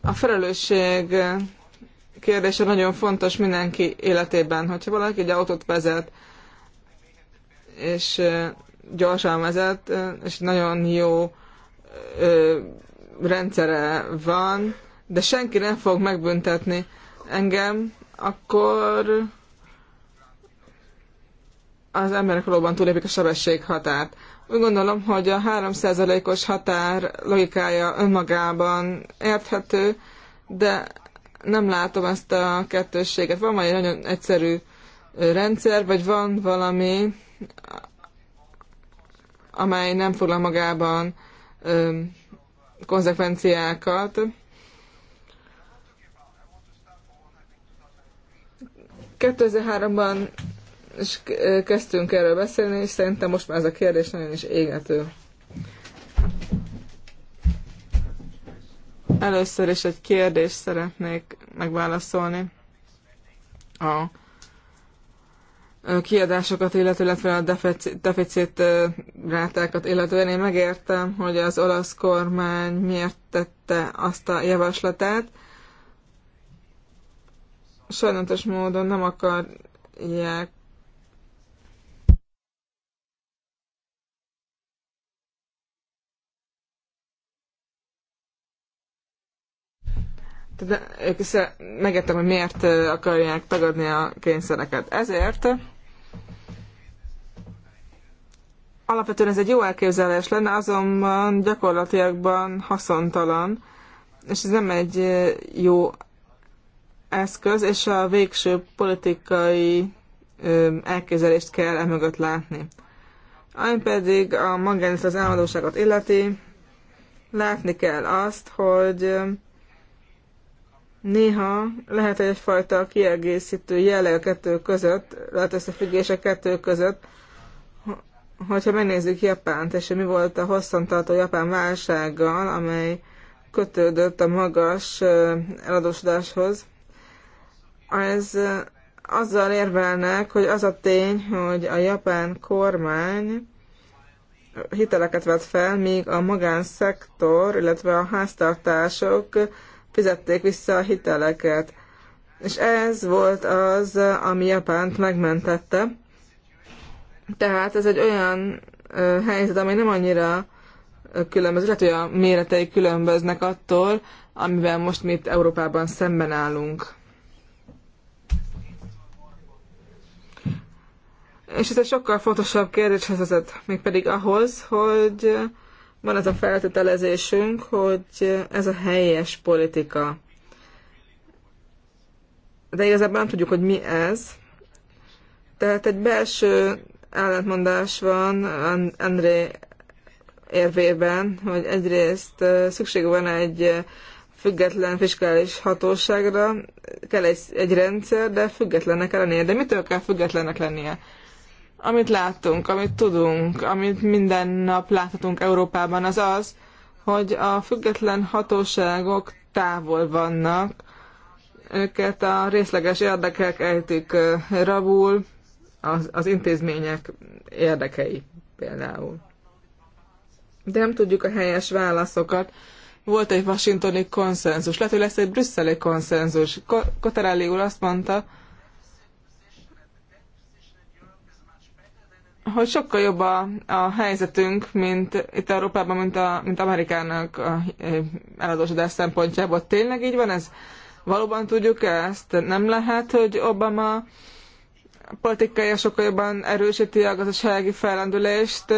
a felelősség kérdése nagyon fontos mindenki életében. Hogyha valaki egy autót vezet, és gyorsan vezet, és nagyon jó rendszere van, de senki nem fog megbüntetni engem, akkor az emberek valóban túlépik a sebesség határt. Úgy gondolom, hogy a 3%-os határ logikája önmagában érthető, de nem látom ezt a kettősséget. Van valami nagyon egyszerű rendszer, vagy van valami, amely nem foglal magában konzekvenciákat. 2003-ban és kezdtünk erről beszélni, és szerintem most már ez a kérdés nagyon is égető. Először is egy kérdést szeretnék megválaszolni a kiadásokat, illetve, illetve a deficit, deficit rátákat, illetően én megértem, hogy az olasz kormány miért tette azt a javaslatát, sajnálatos módon nem akarják Tehát ők megértem, hogy miért akarják tagadni a kényszereket. Ezért alapvetően ez egy jó elképzelés lenne, azonban gyakorlatilag haszontalan, és ez nem egy jó eszköz, és a végső politikai elképzelést kell emögött látni. Ami pedig a magánit az állandóságot illeti, látni kell azt, hogy néha lehet egyfajta kiegészítő jelleg a kettő között, lehet összefüggés a kettő között, hogyha megnézzük Japánt, és mi volt a hosszantartó japán válsággal, amely kötődött a magas eladósodáshoz, az azzal érvelnek, hogy az a tény, hogy a japán kormány hiteleket vett fel, míg a magánszektor, illetve a háztartások fizették vissza a hiteleket. És ez volt az, ami Japánt megmentette. Tehát ez egy olyan helyzet, ami nem annyira különböző, lehet, hogy a méretei különböznek attól, amivel most mi itt Európában szemben állunk. És ez egy sokkal fontosabb kérdéshez vezet, mégpedig ahhoz, hogy van ez a feltételezésünk, hogy ez a helyes politika. De igazából nem tudjuk, hogy mi ez. Tehát egy belső ellentmondás van André érvében, hogy egyrészt szükség van egy független fiskális hatóságra, kell egy, egy rendszer, de függetlennek kell lennie. De mitől kell függetlennek lennie? Amit láttunk, amit tudunk, amit minden nap láthatunk Európában, az az, hogy a független hatóságok távol vannak, őket a részleges érdekek ejtik rabul, az, az intézmények érdekei például. De nem tudjuk a helyes válaszokat. Volt egy washingtoni konszenzus, lehet, hogy lesz egy brüsszeli konszenzus. Kotarelli úr azt mondta, hogy sokkal jobb a, a helyzetünk, mint itt Európában, mint, a, mint Amerikának a eh, eladósodás szempontjából. Tényleg így van ez? Valóban tudjuk ezt? Nem lehet, hogy Obama politikája sokkal jobban erősíti a gazdasági fellendülést,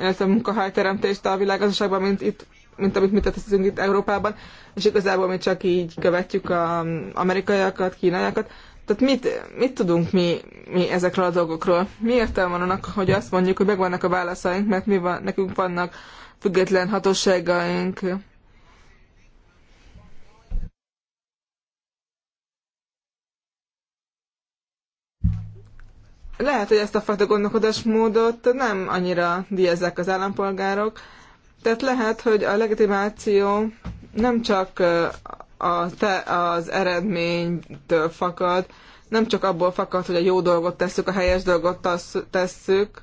illetve a munkahelyteremtést a világgazdaságban, mint itt mint amit mi teszünk itt Európában, és igazából mi csak így követjük az amerikaiakat, kínaiakat. Tehát mit, mit tudunk mi, mi ezekről a dolgokról? Mi értelme van annak, hogy azt mondjuk, hogy megvannak a válaszaink, mert mi van, nekünk vannak független hatóságaink? Lehet, hogy ezt a fajta gondolkodásmódot nem annyira díjezzek az állampolgárok, tehát lehet, hogy a legitimáció nem csak a te, az eredménytől fakad, nem csak abból fakad, hogy a jó dolgot tesszük, a helyes dolgot tesszük,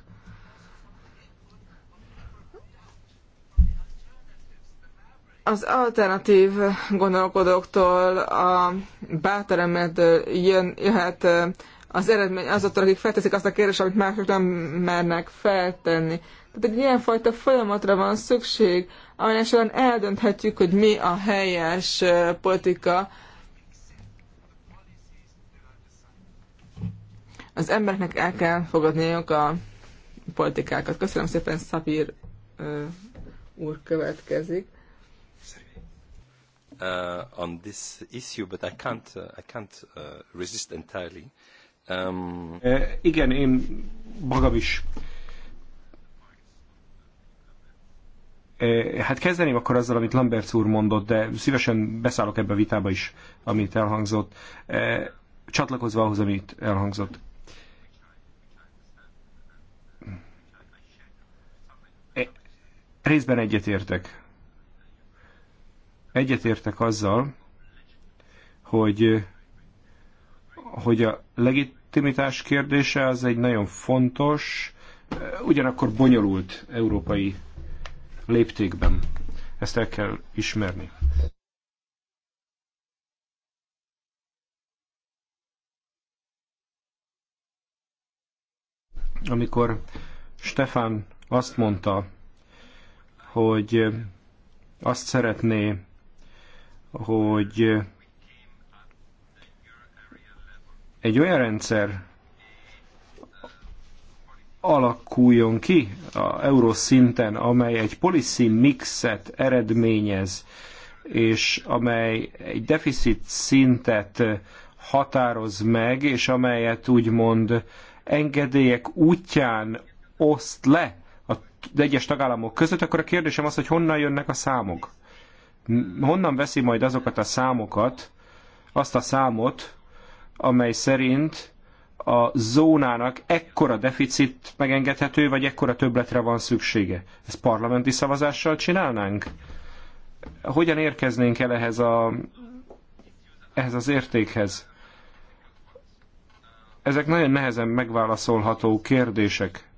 az alternatív gondolkodóktól, a bátor jön, jöhet az eredmény azoktól, akik felteszik azt a kérdést, amit mások nem mernek feltenni. Tehát egy ilyenfajta folyamatra van szükség, amelyen során eldönthetjük, hogy mi a helyes politika az embereknek el kell fogadniuk a politikákat. Köszönöm szépen, Szabír uh, úr következik. Uh, on this issue, but I can't, uh, I can't uh, resist entirely. Um... Uh, igen, én magam is Hát kezdeném akkor azzal, amit Lambert úr mondott, de szívesen beszállok ebbe a vitába is, amit elhangzott, csatlakozva ahhoz, amit elhangzott. Részben egyetértek. Egyetértek azzal, hogy, hogy a legitimitás kérdése az egy nagyon fontos, ugyanakkor bonyolult európai léptékben. Ezt el kell ismerni. Amikor Stefan azt mondta, hogy azt szeretné, hogy egy olyan rendszer alakuljon ki a euró szinten, amely egy policy mixet eredményez, és amely egy deficit szintet határoz meg, és amelyet úgymond engedélyek útján oszt le az egyes tagállamok között, akkor a kérdésem az, hogy honnan jönnek a számok? Honnan veszi majd azokat a számokat, azt a számot, amely szerint a zónának ekkora deficit megengedhető, vagy ekkora többletre van szüksége? Ezt parlamenti szavazással csinálnánk? Hogyan érkeznénk el ehhez, a, ehhez az értékhez? Ezek nagyon nehezen megválaszolható kérdések.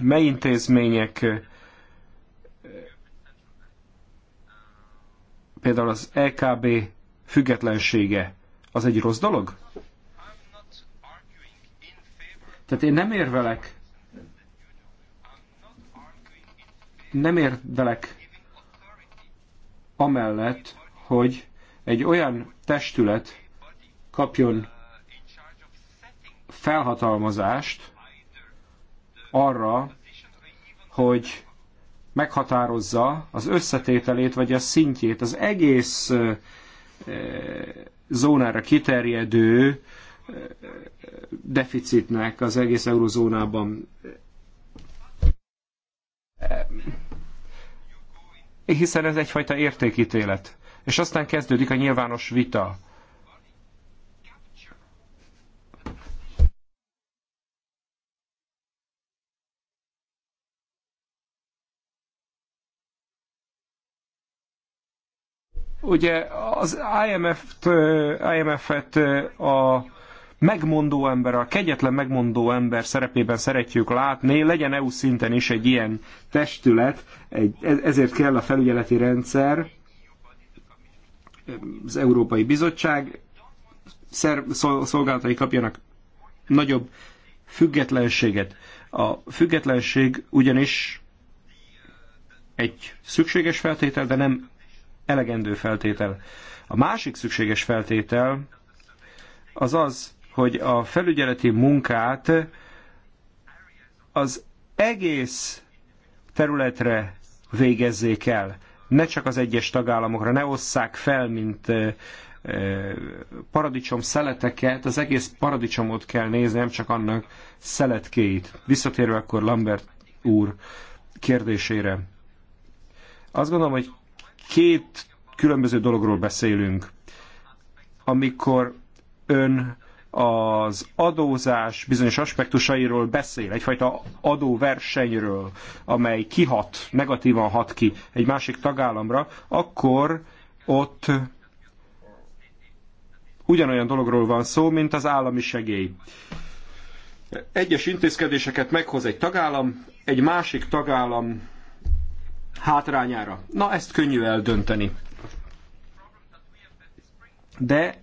Mely intézmények például az EKB függetlensége, az egy rossz dolog? Tehát én nem érvelek nem érvelek amellett, hogy egy olyan testület kapjon felhatalmazást arra, hogy meghatározza az összetételét vagy a szintjét az egész zónára kiterjedő deficitnek az egész eurozónában. Hiszen ez egyfajta értékítélet. És aztán kezdődik a nyilvános vita Ugye az IMF-et IMF, -t, IMF a megmondó ember, a kegyetlen megmondó ember szerepében szeretjük látni, legyen EU szinten is egy ilyen testület, egy, e, ezért kell a felügyeleti rendszer, az Európai Bizottság szer, szolgálatai kapjanak nagyobb függetlenséget. A függetlenség ugyanis egy szükséges feltétel, de nem elegendő feltétel. A másik szükséges feltétel az az, hogy a felügyeleti munkát az egész területre végezzék el. Ne csak az egyes tagállamokra, ne osszák fel, mint paradicsom szeleteket, az egész paradicsomot kell nézni, nem csak annak szeletkéit. Visszatérve akkor Lambert úr kérdésére. Azt gondolom, hogy Két különböző dologról beszélünk. Amikor ön az adózás bizonyos aspektusairól beszél, egyfajta adóversenyről, amely kihat, negatívan hat ki egy másik tagállamra, akkor ott ugyanolyan dologról van szó, mint az állami segély. Egyes intézkedéseket meghoz egy tagállam, egy másik tagállam hátrányára. Na, ezt könnyű eldönteni. De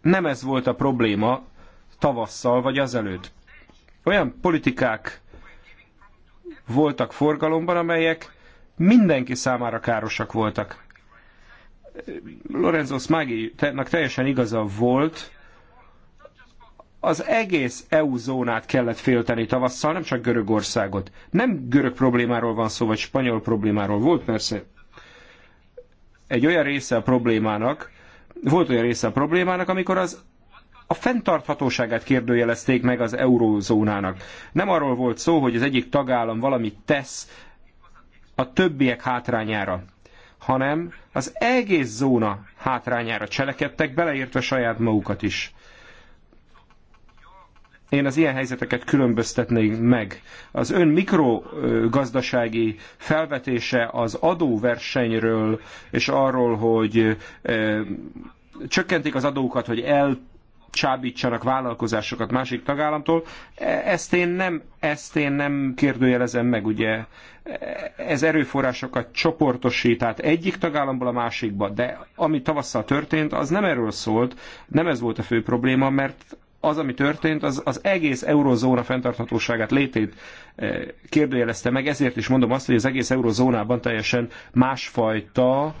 nem ez volt a probléma tavasszal vagy azelőtt. Olyan politikák voltak forgalomban, amelyek mindenki számára károsak voltak. Lorenzo Smaggi teljesen igaza volt, az egész EU zónát kellett félteni tavasszal, nem csak Görögországot. Nem görög problémáról van szó, vagy spanyol problémáról. Volt persze egy olyan része a problémának, volt olyan része a problémának, amikor az a fenntarthatóságát kérdőjelezték meg az eurózónának. Nem arról volt szó, hogy az egyik tagállam valamit tesz a többiek hátrányára, hanem az egész zóna hátrányára cselekedtek, beleértve saját magukat is. Én az ilyen helyzeteket különböztetném meg. Az ön mikrogazdasági felvetése az adóversenyről és arról, hogy csökkentik az adókat, hogy el vállalkozásokat másik tagállamtól. E, ezt én nem, ezt én nem kérdőjelezem meg, ugye ez erőforrásokat csoportosít át egyik tagállamból a másikba, de ami tavasszal történt, az nem erről szólt, nem ez volt a fő probléma, mert az, ami történt, az, az egész eurozóna fenntarthatóságát, létét eh, kérdőjelezte meg, ezért is mondom azt, hogy az egész eurozónában teljesen másfajta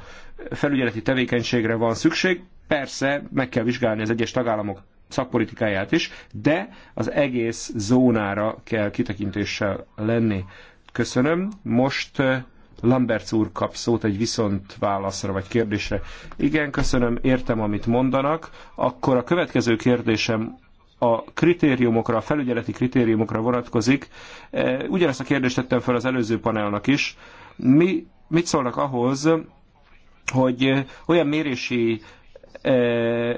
felügyeleti tevékenységre van szükség. Persze meg kell vizsgálni az egyes tagállamok szakpolitikáját is, de az egész zónára kell kitekintéssel lenni. Köszönöm. Most eh, Lamberts úr kap szót egy viszont válaszra vagy kérdésre. Igen, köszönöm, értem, amit mondanak. Akkor a következő kérdésem a kritériumokra, a felügyeleti kritériumokra vonatkozik. E, ugyanezt a kérdést tettem fel az előző panelnak is. Mi, mit szólnak ahhoz, hogy olyan mérési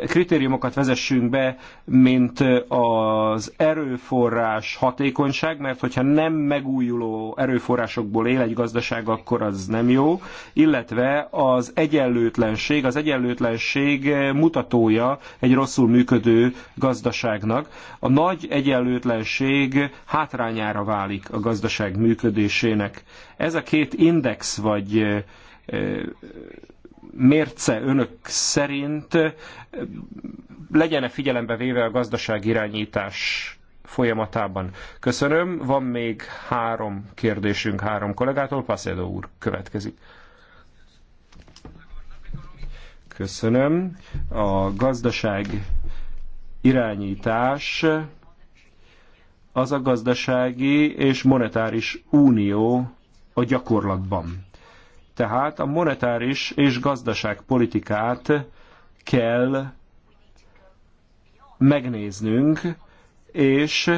kritériumokat vezessünk be, mint az erőforrás hatékonyság, mert hogyha nem megújuló erőforrásokból él egy gazdaság, akkor az nem jó, illetve az egyenlőtlenség, az egyenlőtlenség mutatója egy rosszul működő gazdaságnak. A nagy egyenlőtlenség hátrányára válik a gazdaság működésének. Ez a két index vagy mérce önök szerint eh, legyen-e figyelembe véve a irányítás folyamatában. Köszönöm. Van még három kérdésünk három kollégától. Pasedo úr következik. Köszönöm. A gazdaság irányítás az a gazdasági és monetáris unió a gyakorlatban. Tehát a monetáris és gazdaságpolitikát kell megnéznünk, és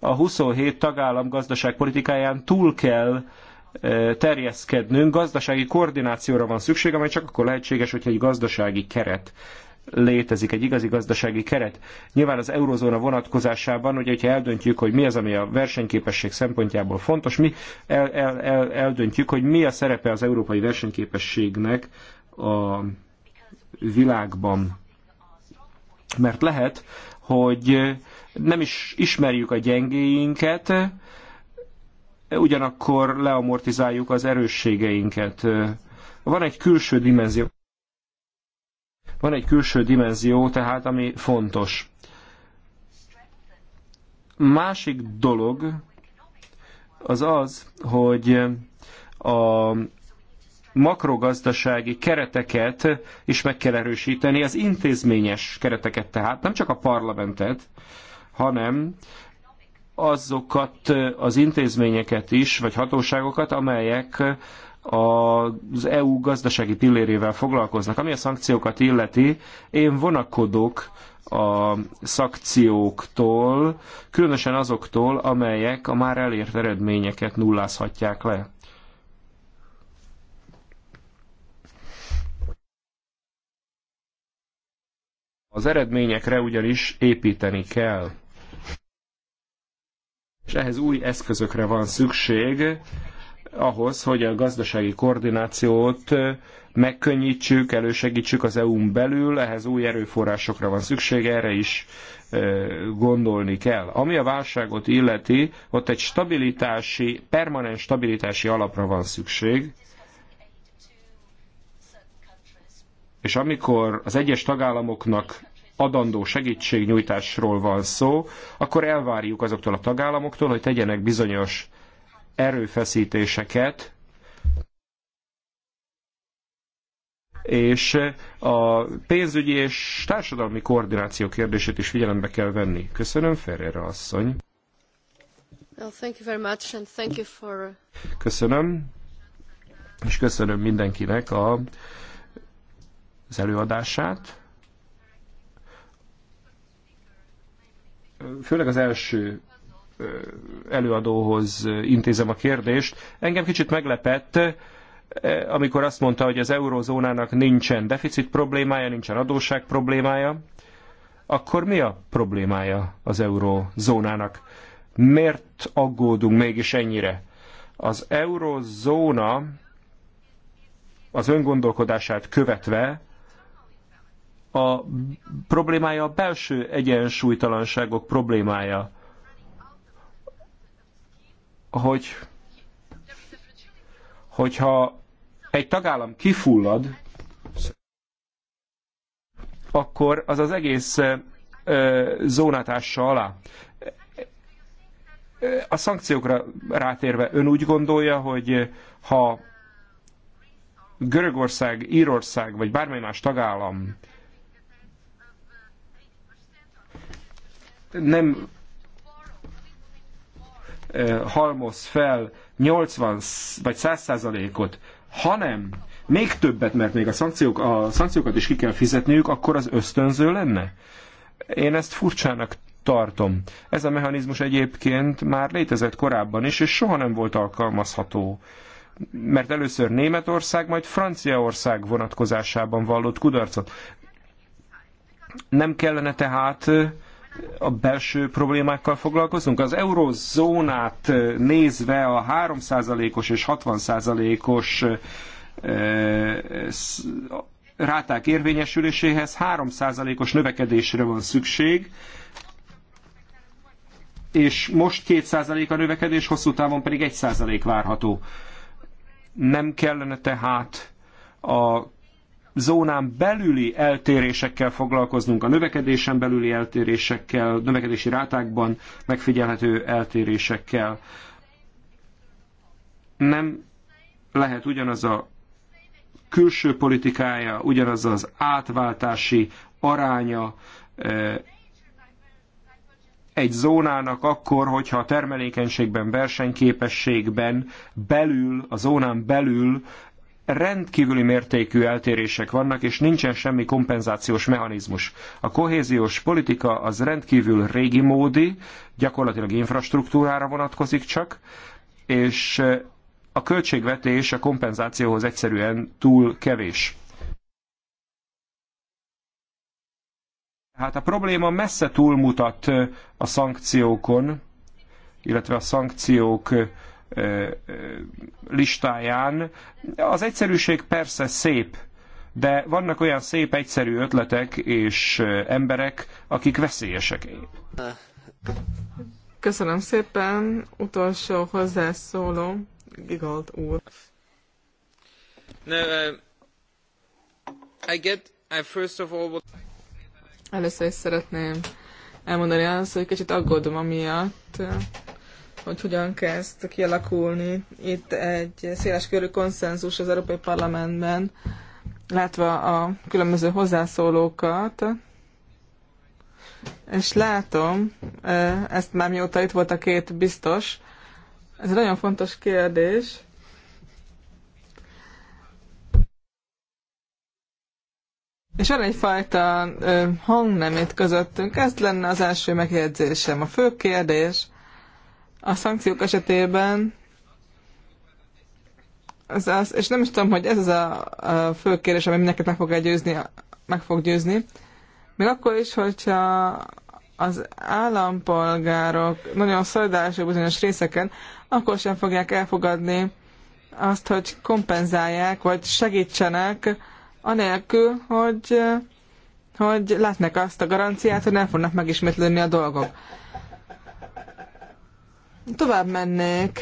a 27 tagállam gazdaságpolitikáján túl kell e, terjeszkednünk, gazdasági koordinációra van szükség, amely csak akkor lehetséges, hogyha egy gazdasági keret létezik egy igazi gazdasági keret. Nyilván az eurozóna vonatkozásában, ugye, hogyha eldöntjük, hogy mi az, ami a versenyképesség szempontjából fontos, mi el, el, el, eldöntjük, hogy mi a szerepe az európai versenyképességnek a világban. Mert lehet, hogy nem is ismerjük a gyengéinket, ugyanakkor leamortizáljuk az erősségeinket. Van egy külső dimenzió. Van egy külső dimenzió, tehát ami fontos. Másik dolog az az, hogy a makrogazdasági kereteket is meg kell erősíteni, az intézményes kereteket tehát, nem csak a parlamentet, hanem azokat az intézményeket is, vagy hatóságokat, amelyek az EU gazdasági pillérével foglalkoznak. Ami a szankciókat illeti, én vonakodok a szakcióktól, különösen azoktól, amelyek a már elért eredményeket nullázhatják le. Az eredményekre ugyanis építeni kell. És ehhez új eszközökre van szükség, ahhoz, hogy a gazdasági koordinációt megkönnyítsük, elősegítsük az EU-n belül, ehhez új erőforrásokra van szükség, erre is gondolni kell. Ami a válságot illeti, ott egy stabilitási, permanens stabilitási alapra van szükség, és amikor az egyes tagállamoknak adandó segítségnyújtásról van szó, akkor elvárjuk azoktól a tagállamoktól, hogy tegyenek bizonyos erőfeszítéseket, és a pénzügyi és társadalmi koordináció kérdését is figyelembe kell venni. Köszönöm, Ferreira asszony. Uh, köszönöm, és köszönöm mindenkinek a, az előadását. Főleg az első előadóhoz intézem a kérdést. Engem kicsit meglepett, eh, amikor azt mondta, hogy az eurozónának nincsen deficit problémája, nincsen adósság problémája, akkor mi a problémája az eurozónának? Miért aggódunk mégis ennyire? Az eurozóna az öngondolkodását követve a problémája a belső egyensúlytalanságok problémája hogy hogyha egy tagállam kifullad, akkor az az egész zónátása alá. A szankciókra rátérve ön úgy gondolja, hogy ha Görögország, Írország vagy bármely más tagállam nem halmoz fel 80 vagy 100%-ot, hanem még többet, mert még a, szankciók, a szankciókat is ki kell fizetniük, akkor az ösztönző lenne? Én ezt furcsának tartom. Ez a mechanizmus egyébként már létezett korábban is, és soha nem volt alkalmazható. Mert először Németország, majd Franciaország vonatkozásában vallott kudarcot. Nem kellene tehát a belső problémákkal foglalkozunk. Az eurozónát eh, nézve a 3%-os és 60%-os eh, eh, ráták érvényesüléséhez 3%-os növekedésre van szükség, és most 2% a növekedés, hosszú távon pedig 1% várható. Nem kellene tehát a zónán belüli eltérésekkel foglalkoznunk, a növekedésen belüli eltérésekkel, növekedési rátákban megfigyelhető eltérésekkel. Nem lehet ugyanaz a külső politikája, ugyanaz az átváltási aránya e, egy zónának akkor, hogyha a termelékenységben, versenyképességben belül, a zónán belül rendkívüli mértékű eltérések vannak, és nincsen semmi kompenzációs mechanizmus. A kohéziós politika az rendkívül régi módi, gyakorlatilag infrastruktúrára vonatkozik csak, és eh, a költségvetés a kompenzációhoz egyszerűen túl kevés. Hát a probléma messze túlmutat eh, a szankciókon, illetve a szankciók eh, listáján. Az egyszerűség persze szép, de vannak olyan szép, egyszerű ötletek és emberek, akik veszélyesek. Köszönöm szépen. Utolsó hozzászóló, Gigalt úr. No, uh, I get, I first of all... What... Először is szeretném elmondani azt, hogy kicsit aggódom amiatt, hogy hogyan kezd kialakulni itt egy széles körű konszenzus az Európai Parlamentben, látva a különböző hozzászólókat, és látom, e, ezt már mióta itt volt a két biztos, ez egy nagyon fontos kérdés. És van egyfajta e, hangnemét közöttünk, ez lenne az első megjegyzésem. A fő kérdés, a szankciók esetében az, az, és nem is tudom, hogy ez az a, a fő kérdés, ami mindenkit meg fog győzni, meg fog győzni. Még akkor is, hogyha az állampolgárok nagyon szolidárisok bizonyos részeken, akkor sem fogják elfogadni azt, hogy kompenzálják, vagy segítsenek, anélkül, hogy, hogy látnak azt a garanciát, hogy nem fognak megismétlődni a dolgok. Tovább mennék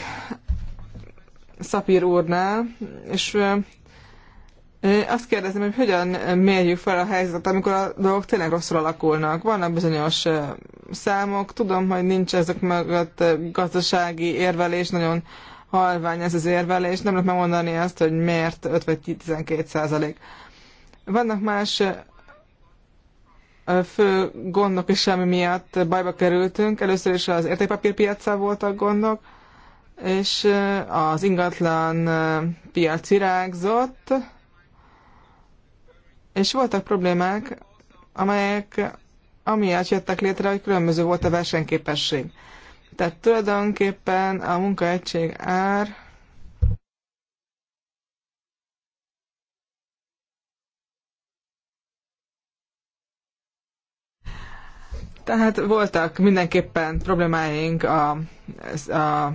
Szapír úrnál, és azt kérdezem, hogy hogyan mérjük fel a helyzetet, amikor a dolgok tényleg rosszul alakulnak. Vannak bizonyos számok, tudom, hogy nincs ezek mögött gazdasági érvelés, nagyon halvány ez az érvelés, nem lehet megmondani azt, hogy miért 5 vagy 12 százalék. Vannak más fő gondok is, ami miatt bajba kerültünk. Először is az értékpapírpiaccal voltak gondok, és eh, az ingatlan eh, piac virágzott, és voltak problémák, amelyek amiatt jöttek létre, hogy különböző volt a versenyképesség. Tehát tulajdonképpen a munkaegység ár Tehát voltak mindenképpen problémáink a, a, a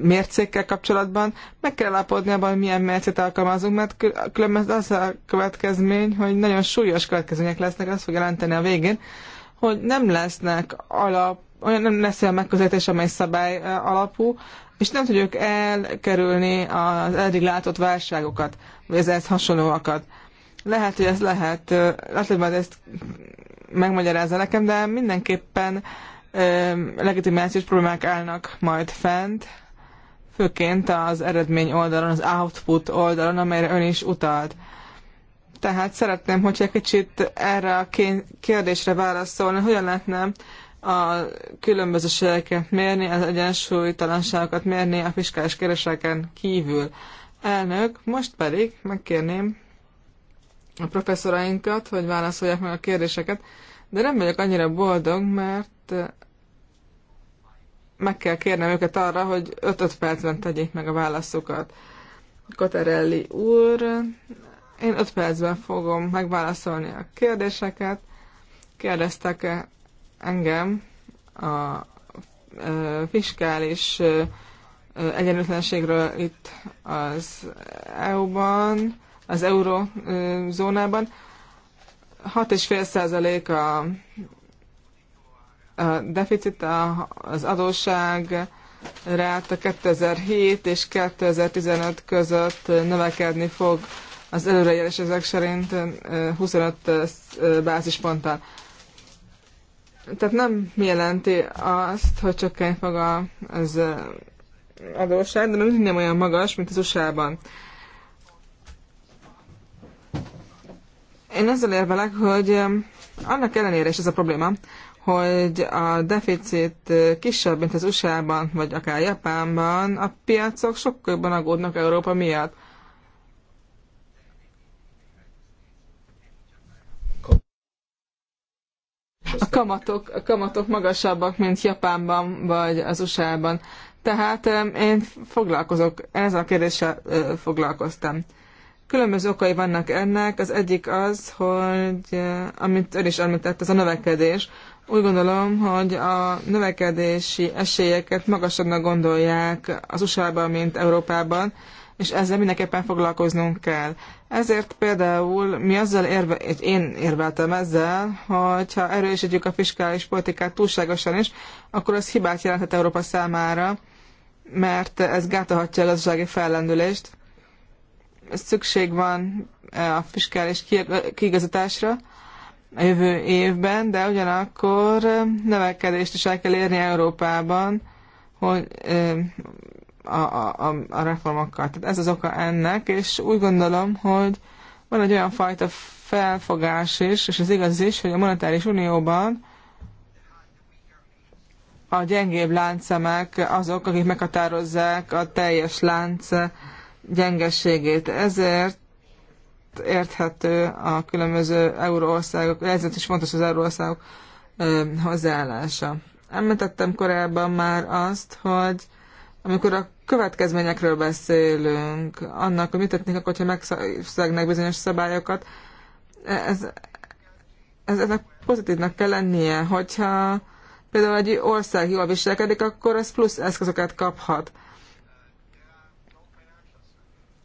mércékkel kapcsolatban. Meg kell állapodni abban, hogy milyen mércét alkalmazunk, mert különben az a következmény, hogy nagyon súlyos következmények lesznek, az fog jelenteni a végén, hogy nem lesznek alap, olyan nem lesz olyan megközelítés, amely szabály alapú, és nem tudjuk elkerülni az eddig látott válságokat, vagy az hasonlóakat. Lehet, hogy ez lehet, lehet, hogy majd ezt megmagyarázza nekem, de mindenképpen legitimációs problémák állnak majd fent, főként az eredmény oldalon, az output oldalon, amelyre ön is utalt. Tehát szeretném, hogyha kicsit erre a kérdésre válaszolni, hogyan lehetne a különbözőségeket mérni, az egyensúlytalanságokat mérni a fiskális kereseken kívül. Elnök, most pedig megkérném a professzorainkat, hogy válaszolják meg a kérdéseket, de nem vagyok annyira boldog, mert eh, meg kell kérnem őket arra, hogy 5-5 percben tegyék meg a válaszokat. Katerelli úr, én 5 percben fogom megválaszolni a kérdéseket. Kérdeztek -e engem a eh, fiskális eh, egyenlőtlenségről itt az EU-ban az eurózónában. 6,5% a, a deficit, a, az adósság a 2007 és 2015 között növekedni fog az előrejelés ezek szerint 25 bázisponttal. Tehát nem jelenti azt, hogy csökkenni fog az adósság, de nem olyan magas, mint az USA-ban. Én ezzel érvelek, hogy annak ellenére is ez a probléma, hogy a deficit kisebb, mint az USA-ban, vagy akár Japánban, a piacok sokkal jobban aggódnak Európa miatt. A kamatok, a kamatok magasabbak, mint Japánban, vagy az USA-ban. Tehát én foglalkozok, ezzel a kérdéssel foglalkoztam. Különböző okai vannak ennek. Az egyik az, hogy eh, amit ön is említett, ez a növekedés. Úgy gondolom, hogy a növekedési esélyeket magasabbnak gondolják az USA-ban, mint Európában, és ezzel mindenképpen foglalkoznunk kell. Ezért például mi azzal érve, én érveltem ezzel, hogy ha erősítjük a fiskális politikát túlságosan is, akkor az hibát jelenthet Európa számára, mert ez gátolhatja a gazdasági fellendülést, szükség van a fiskális kiigazításra a jövő évben, de ugyanakkor növekedést is el kell érni Európában hogy a, a, a, reformokkal. Tehát ez az oka ennek, és úgy gondolom, hogy van egy olyan fajta felfogás is, és az igaz is, hogy a monetáris unióban a gyengébb láncemek azok, akik meghatározzák a teljes lánc gyengességét. Ezért érthető a különböző euróországok, ezért is fontos az euróországok hozzáállása. Említettem korábban már azt, hogy amikor a következményekről beszélünk, annak, hogy mit tettnék, akkor, hogyha megszegnek bizonyos szabályokat, ez, ez, ennek pozitívnak kell lennie, hogyha például egy ország jól viselkedik, akkor ez plusz eszközöket kaphat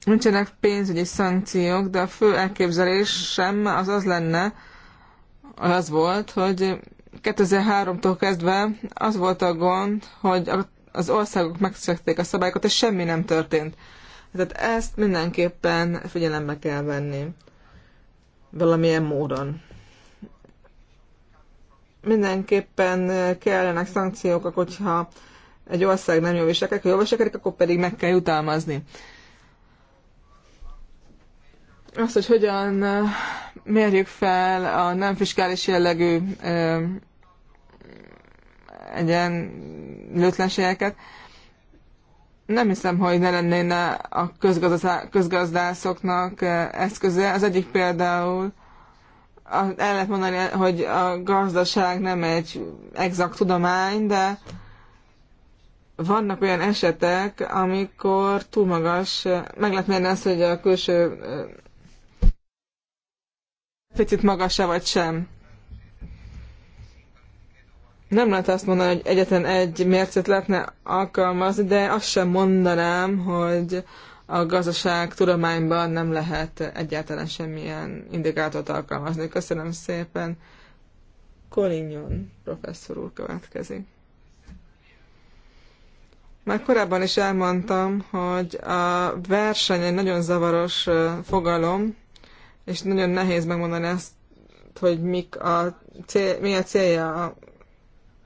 nincsenek pénzügyi szankciók, de a fő elképzelésem az az lenne, az volt, hogy 2003-tól kezdve az volt a gond, hogy az országok megszekték a szabályokat, és semmi nem történt. Tehát ezt mindenképpen figyelembe kell venni valamilyen módon. Mindenképpen kellenek szankciók, hogyha egy ország nem jól viselkedik, ha jól viselkedik, akkor pedig meg kell jutalmazni az, hogy hogyan mérjük fel a nem fiskális jellegű egyenlőtlenségeket, nem hiszem, hogy ne lennéne a közgazdászoknak eszköze. Az egyik például el lehet mondani, hogy a gazdaság nem egy exakt tudomány, de vannak olyan esetek, amikor túl magas, meg lehet mérni azt, hogy a külső picit magas-e vagy sem. Nem lehet azt mondani, hogy egyetlen egy mércét lehetne alkalmazni, de azt sem mondanám, hogy a gazdaság tudományban nem lehet egyáltalán semmilyen indikátort alkalmazni. Köszönöm szépen. Collignon professzor úr következik. Már korábban is elmondtam, hogy a verseny egy nagyon zavaros fogalom, és nagyon nehéz megmondani ezt, hogy mik a cél, mi a célja a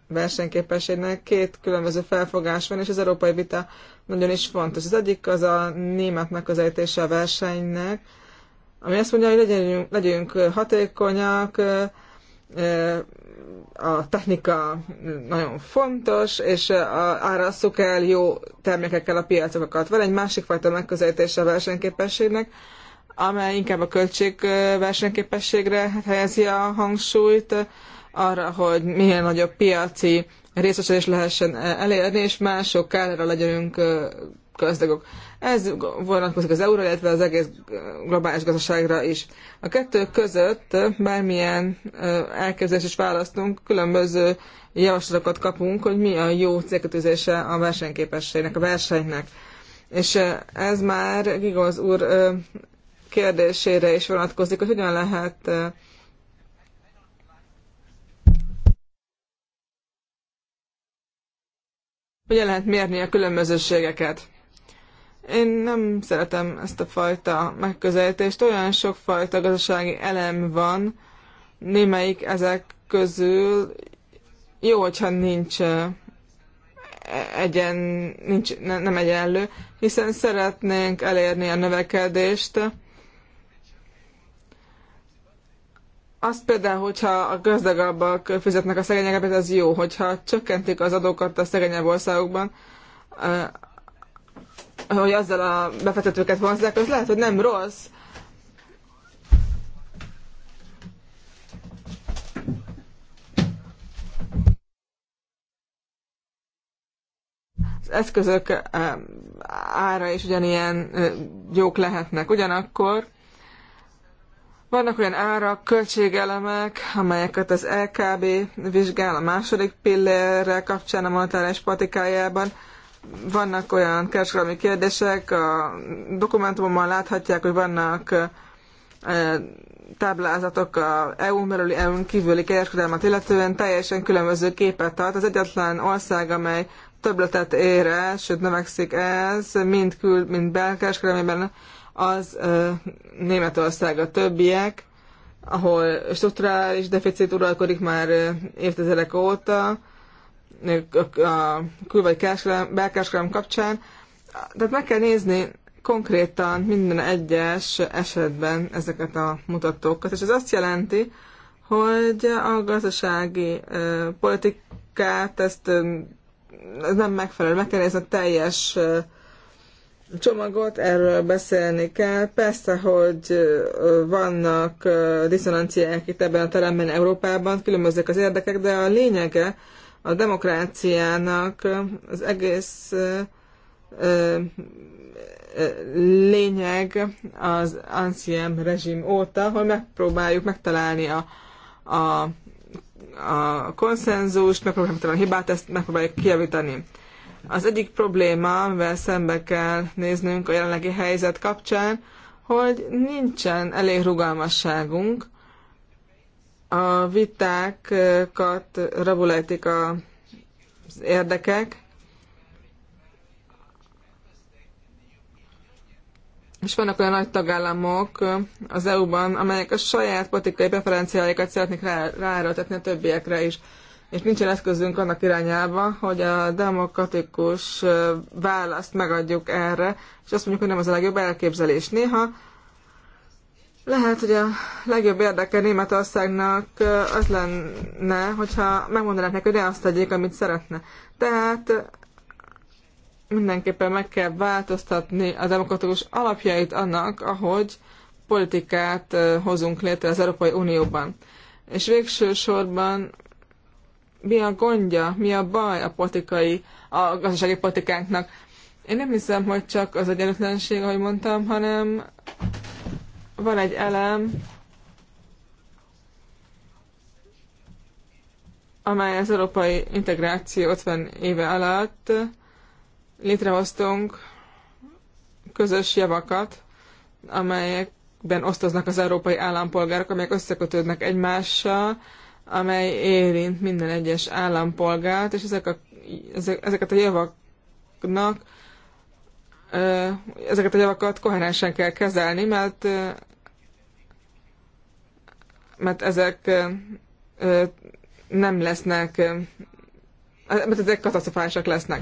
versenyképességnek. Két különböző felfogás van, és az európai vita nagyon is fontos. Az egyik az a német megközelítése a versenynek, ami azt mondja, hogy legyünk, legyünk hatékonyak, a technika nagyon fontos, és árasszuk el jó termékekkel a piacokat. Van egy másik fajta megközelítése a versenyképességnek, amely inkább a költségversenyképességre helyezi a hangsúlyt, arra, hogy milyen nagyobb piaci részesedés lehessen elérni, és mások kárára legyenünk gazdagok. Ez vonatkozik az euróra, illetve az egész globális gazdaságra is. A kettő között bármilyen elképzelés is választunk, különböző javaslatokat kapunk, hogy mi a jó célkötőzése a versenyképességnek, a versenynek. És ez már igaz úr kérdésére is vonatkozik, hogy hogyan lehet hogyan lehet mérni a különbözőségeket. Én nem szeretem ezt a fajta megközelítést. Olyan sokfajta gazdasági elem van, némelyik ezek közül jó, hogyha nincs egyen, nincs, nem egyenlő, hiszen szeretnénk elérni a növekedést, Azt például, hogyha a gazdagabbak fizetnek a szegényeket, ez jó. Hogyha csökkentik az adókat a szegényebb országokban, hogy azzal a befektetőket vonzák, az lehet, hogy nem rossz. Az eszközök ára is ugyanilyen jók lehetnek. Ugyanakkor vannak olyan árak, költségelemek, amelyeket az LKB vizsgál a második pillérrel kapcsán a monetáris patikájában. Vannak olyan kereskedelmi kérdések, a dokumentumban láthatják, hogy vannak táblázatok a EU belüli, EU kívüli kereskedelmet illetően teljesen különböző képet ad. Az egyetlen ország, amely többletet ér el, sőt növekszik ez, mind kül, mind belkereskedelmében az Németország a többiek, ahol strukturális deficit uralkodik már évtizedek óta, a kül- vagy belkereskedelem kapcsán. Tehát meg kell nézni konkrétan minden egyes esetben ezeket a mutatókat, és ez azt jelenti, hogy a gazdasági politikát ezt ez nem megfelelő, meg kell nézni a teljes csomagot, erről beszélni kell. Persze, hogy vannak diszonanciák itt ebben a teremben Európában, különbözők az érdekek, de a lényege a demokráciának az egész lényeg az anciem rezsim óta, hogy megpróbáljuk megtalálni a, a, a konszenzust, megpróbáljuk megtalálni a hibát, ezt megpróbáljuk kijavítani. Az egyik probléma, amivel szembe kell néznünk a jelenlegi helyzet kapcsán, hogy nincsen elég rugalmasságunk, a vitákat rabulejtik az érdekek, és vannak olyan nagy tagállamok az EU-ban, amelyek a saját politikai preferenciáikat szeretnék rá, ráerőltetni a többiekre is és nincsen eszközünk annak irányába, hogy a demokratikus választ megadjuk erre, és azt mondjuk, hogy nem az a legjobb elképzelés. Néha lehet, hogy a legjobb érdeke Németországnak az lenne, hogyha megmondanák neki, hogy ne azt tegyék, amit szeretne. Tehát mindenképpen meg kell változtatni a demokratikus alapjait annak, ahogy politikát hozunk létre az Európai Unióban. És végső sorban mi a gondja, mi a baj a politikai, a gazdasági politikánknak. Én nem hiszem, hogy csak az egyenlőtlenség, ahogy mondtam, hanem van egy elem, amely az európai integráció 50 éve alatt létrehoztunk közös javakat, amelyekben osztoznak az európai állampolgárok, amelyek összekötődnek egymással, amely érint minden egyes állampolgárt, és ezek a, ezek, ezeket a javaknak ezeket a javakat koherensen kell kezelni, mert mert ezek nem lesznek, mert ezek katasztrofálisak lesznek.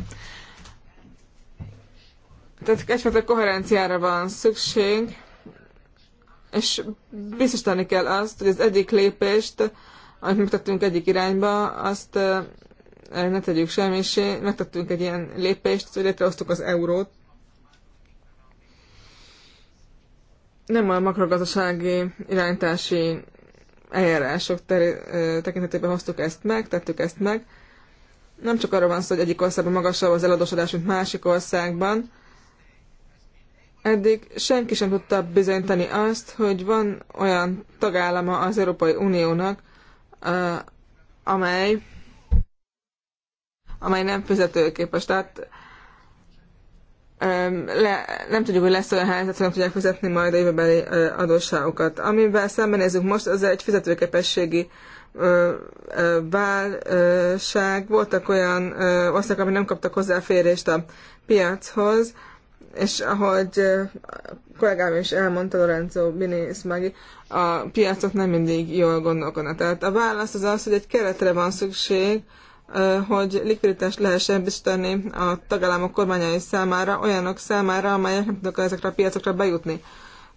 Tehát egyfajta koherenciára van szükség, és biztosítani kell azt, hogy az egyik lépést amit megtettünk egyik irányba, azt ne tegyük semmisé. Megtettünk egy ilyen lépést, hogy létrehoztuk az eurót. Nem a makrogazdasági irányítási eljárások ter- tekintetében hoztuk ezt meg, tettük ezt meg. Nem csak arról van szó, hogy egyik országban magasabb az eladósodás, mint másik országban. Eddig senki sem tudta bizonyítani azt, hogy van olyan tagállama az Európai Uniónak, amely, amely nem fizetőképes. Tehát le, nem tudjuk, hogy lesz olyan helyzet, hogy nem tudják fizetni majd a jövőbeli adósságokat. Amivel szembenézünk most, az egy fizetőképességi válság. Voltak olyan országok, amik nem kaptak hozzáférést a piachoz, és ahogy a kollégám is elmondta, Lorenzo Bini Smagi, a piacok nem mindig jól gondolkodnak. Tehát a válasz az az, hogy egy keretre van szükség, hogy likviditást lehessen biztosítani a tagállamok kormányai számára, olyanok számára, amelyek nem tudnak ezekre a piacokra bejutni.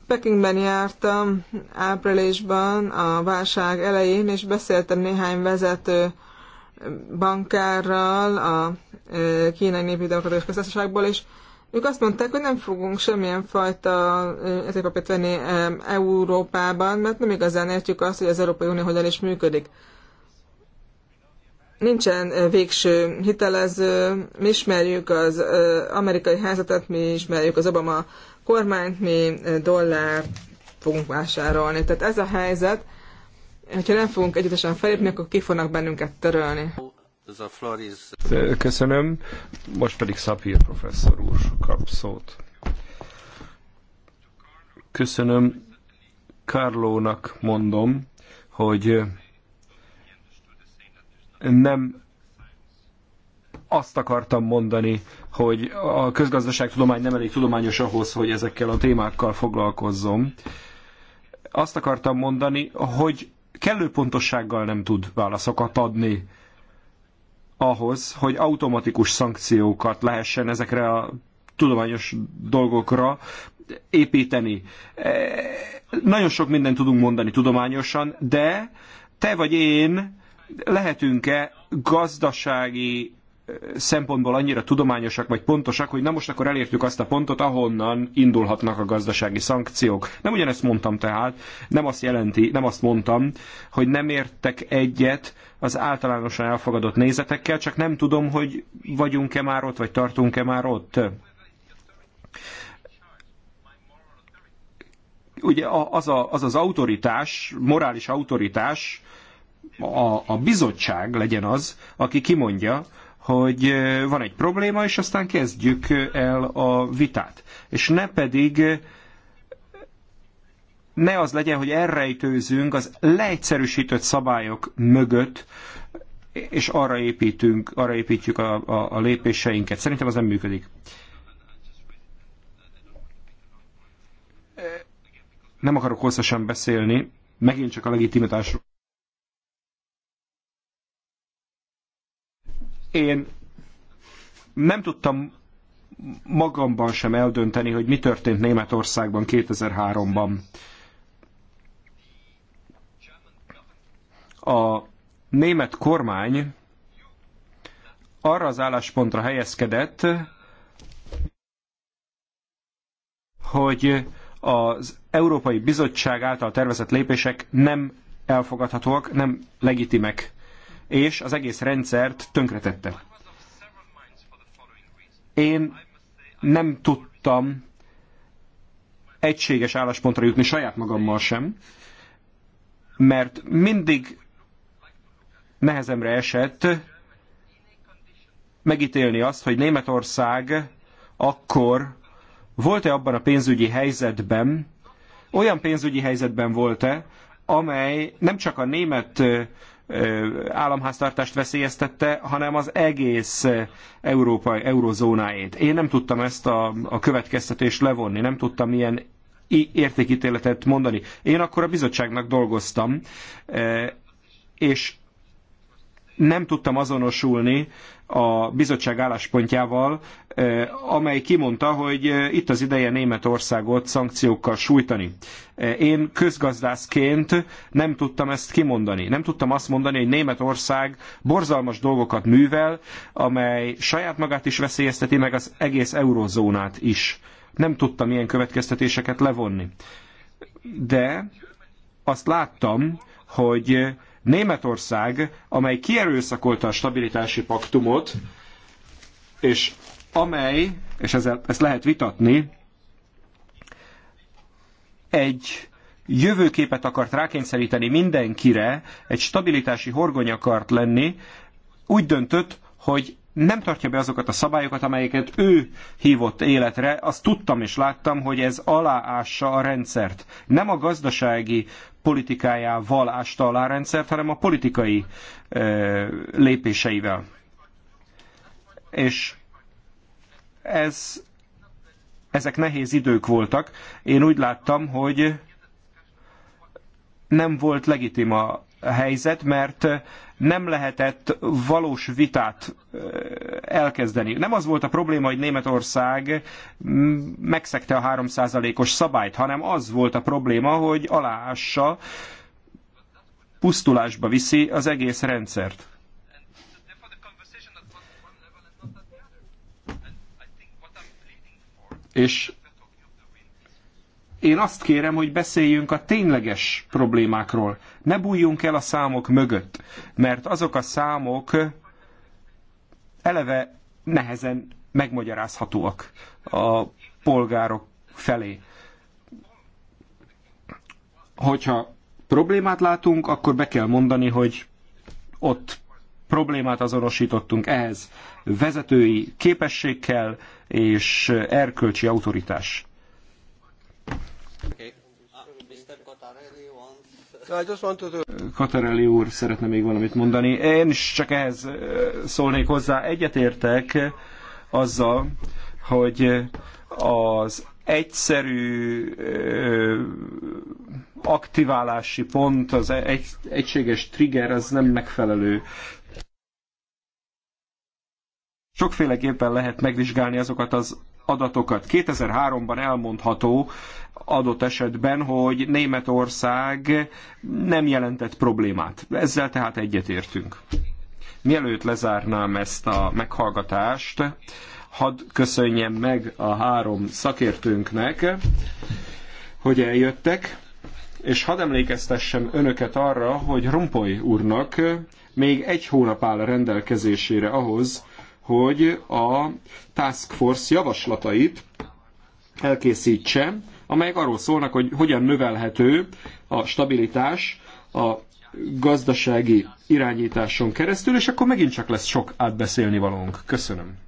Pekingben jártam áprilisban a válság elején, és beszéltem néhány vezető bankárral a Kínai Népi Demokratikus Köztársaságból, és ők azt mondták, hogy nem fogunk semmilyen fajta ezekpapírt venni Európában, mert nem igazán értjük azt, hogy az Európai Unió hogyan is működik. Nincsen végső hitelező, mi ismerjük az amerikai házatát, mi ismerjük az Obama kormányt, mi dollár fogunk vásárolni. Tehát ez a helyzet, hogyha nem fogunk együttesen felépni, akkor ki fognak bennünket törölni. Köszönöm. Most pedig Szapír professzor úr kap szót. Köszönöm. Kárlónak mondom, hogy nem azt akartam mondani, hogy a közgazdaságtudomány nem elég tudományos ahhoz, hogy ezekkel a témákkal foglalkozzon. Azt akartam mondani, hogy kellő pontossággal nem tud válaszokat adni ahhoz, hogy automatikus szankciókat lehessen ezekre a tudományos dolgokra építeni. E, nagyon sok mindent tudunk mondani tudományosan, de te vagy én lehetünk-e gazdasági szempontból annyira tudományosak vagy pontosak, hogy na most akkor elértük azt a pontot, ahonnan indulhatnak a gazdasági szankciók. Nem ugyanezt mondtam tehát, nem azt jelenti, nem azt mondtam, hogy nem értek egyet az általánosan elfogadott nézetekkel, csak nem tudom, hogy vagyunk-e már ott, vagy tartunk-e már ott. Ugye az, a, az az autoritás, morális autoritás, a, a bizottság legyen az, aki kimondja, hogy van egy probléma, és aztán kezdjük el a vitát. És ne pedig ne az legyen, hogy elrejtőzünk az leegyszerűsített szabályok mögött, és arra építünk, arra építjük a, a, a lépéseinket. Szerintem az nem működik. Nem akarok hosszasan beszélni, megint csak a legitimitásról. Én nem tudtam magamban sem eldönteni, hogy mi történt Németországban 2003-ban. A német kormány arra az álláspontra helyezkedett, hogy az Európai Bizottság által tervezett lépések nem elfogadhatóak, nem legitimek és az egész rendszert tönkretette. Én nem tudtam egységes álláspontra jutni saját magammal sem, mert mindig nehezemre esett megítélni azt, hogy Németország akkor volt-e abban a pénzügyi helyzetben, olyan pénzügyi helyzetben volt-e, amely nem csak a német államháztartást veszélyeztette, hanem az egész európai eurozónáét. Én nem tudtam ezt a, a következtetést levonni, nem tudtam ilyen értékítéletet mondani. Én akkor a bizottságnak dolgoztam, és nem tudtam azonosulni a bizottság álláspontjával, amely kimondta, hogy itt az ideje Németországot szankciókkal sújtani. Én közgazdászként nem tudtam ezt kimondani. Nem tudtam azt mondani, hogy Németország borzalmas dolgokat művel, amely saját magát is veszélyezteti, meg az egész eurozónát is. Nem tudtam ilyen következtetéseket levonni. De azt láttam, hogy Németország, amely kierőszakolta a stabilitási paktumot, és amely, és ezzel, ezt lehet vitatni, egy jövőképet akart rákényszeríteni mindenkire, egy stabilitási horgony akart lenni, úgy döntött, hogy nem tartja be azokat a szabályokat, amelyeket ő hívott életre, azt tudtam és láttam, hogy ez aláássa a rendszert. Nem a gazdasági politikájával ásta alá a rendszert, hanem a politikai ö, lépéseivel. És ez, ezek nehéz idők voltak. Én úgy láttam, hogy nem volt legitima helyzet, mert nem lehetett valós vitát elkezdeni. Nem az volt a probléma, hogy Németország megszegte a 3%-os szabályt, hanem az volt a probléma, hogy aláássa, pusztulásba viszi az egész rendszert. És én azt kérem, hogy beszéljünk a tényleges problémákról. Ne bújjunk el a számok mögött, mert azok a számok eleve nehezen megmagyarázhatóak a polgárok felé. Hogyha problémát látunk, akkor be kell mondani, hogy ott problémát azonosítottunk ehhez vezetői képesség kell és erkölcsi autoritás. Katarelli ah, úr szeretne még valamit mondani. Én is csak ehhez eh, szólnék hozzá. Egyetértek azzal, hogy az egyszerű eh, aktiválási pont, az egy, egységes trigger, az nem megfelelő. Sokféleképpen lehet megvizsgálni azokat az adatokat. 2003-ban elmondható adott esetben, hogy Németország nem jelentett problémát. Ezzel tehát egyetértünk. Mielőtt lezárnám ezt a meghallgatást, hadd köszönjem meg a három szakértőnknek, hogy eljöttek, és hadd emlékeztessem önöket arra, hogy Rompoy úrnak még egy hónap áll a rendelkezésére ahhoz, hogy a Task Force javaslatait elkészítse, amelyek arról szólnak, hogy hogyan növelhető a stabilitás a gazdasági irányításon keresztül, és akkor megint csak lesz sok átbeszélni valónk. Köszönöm.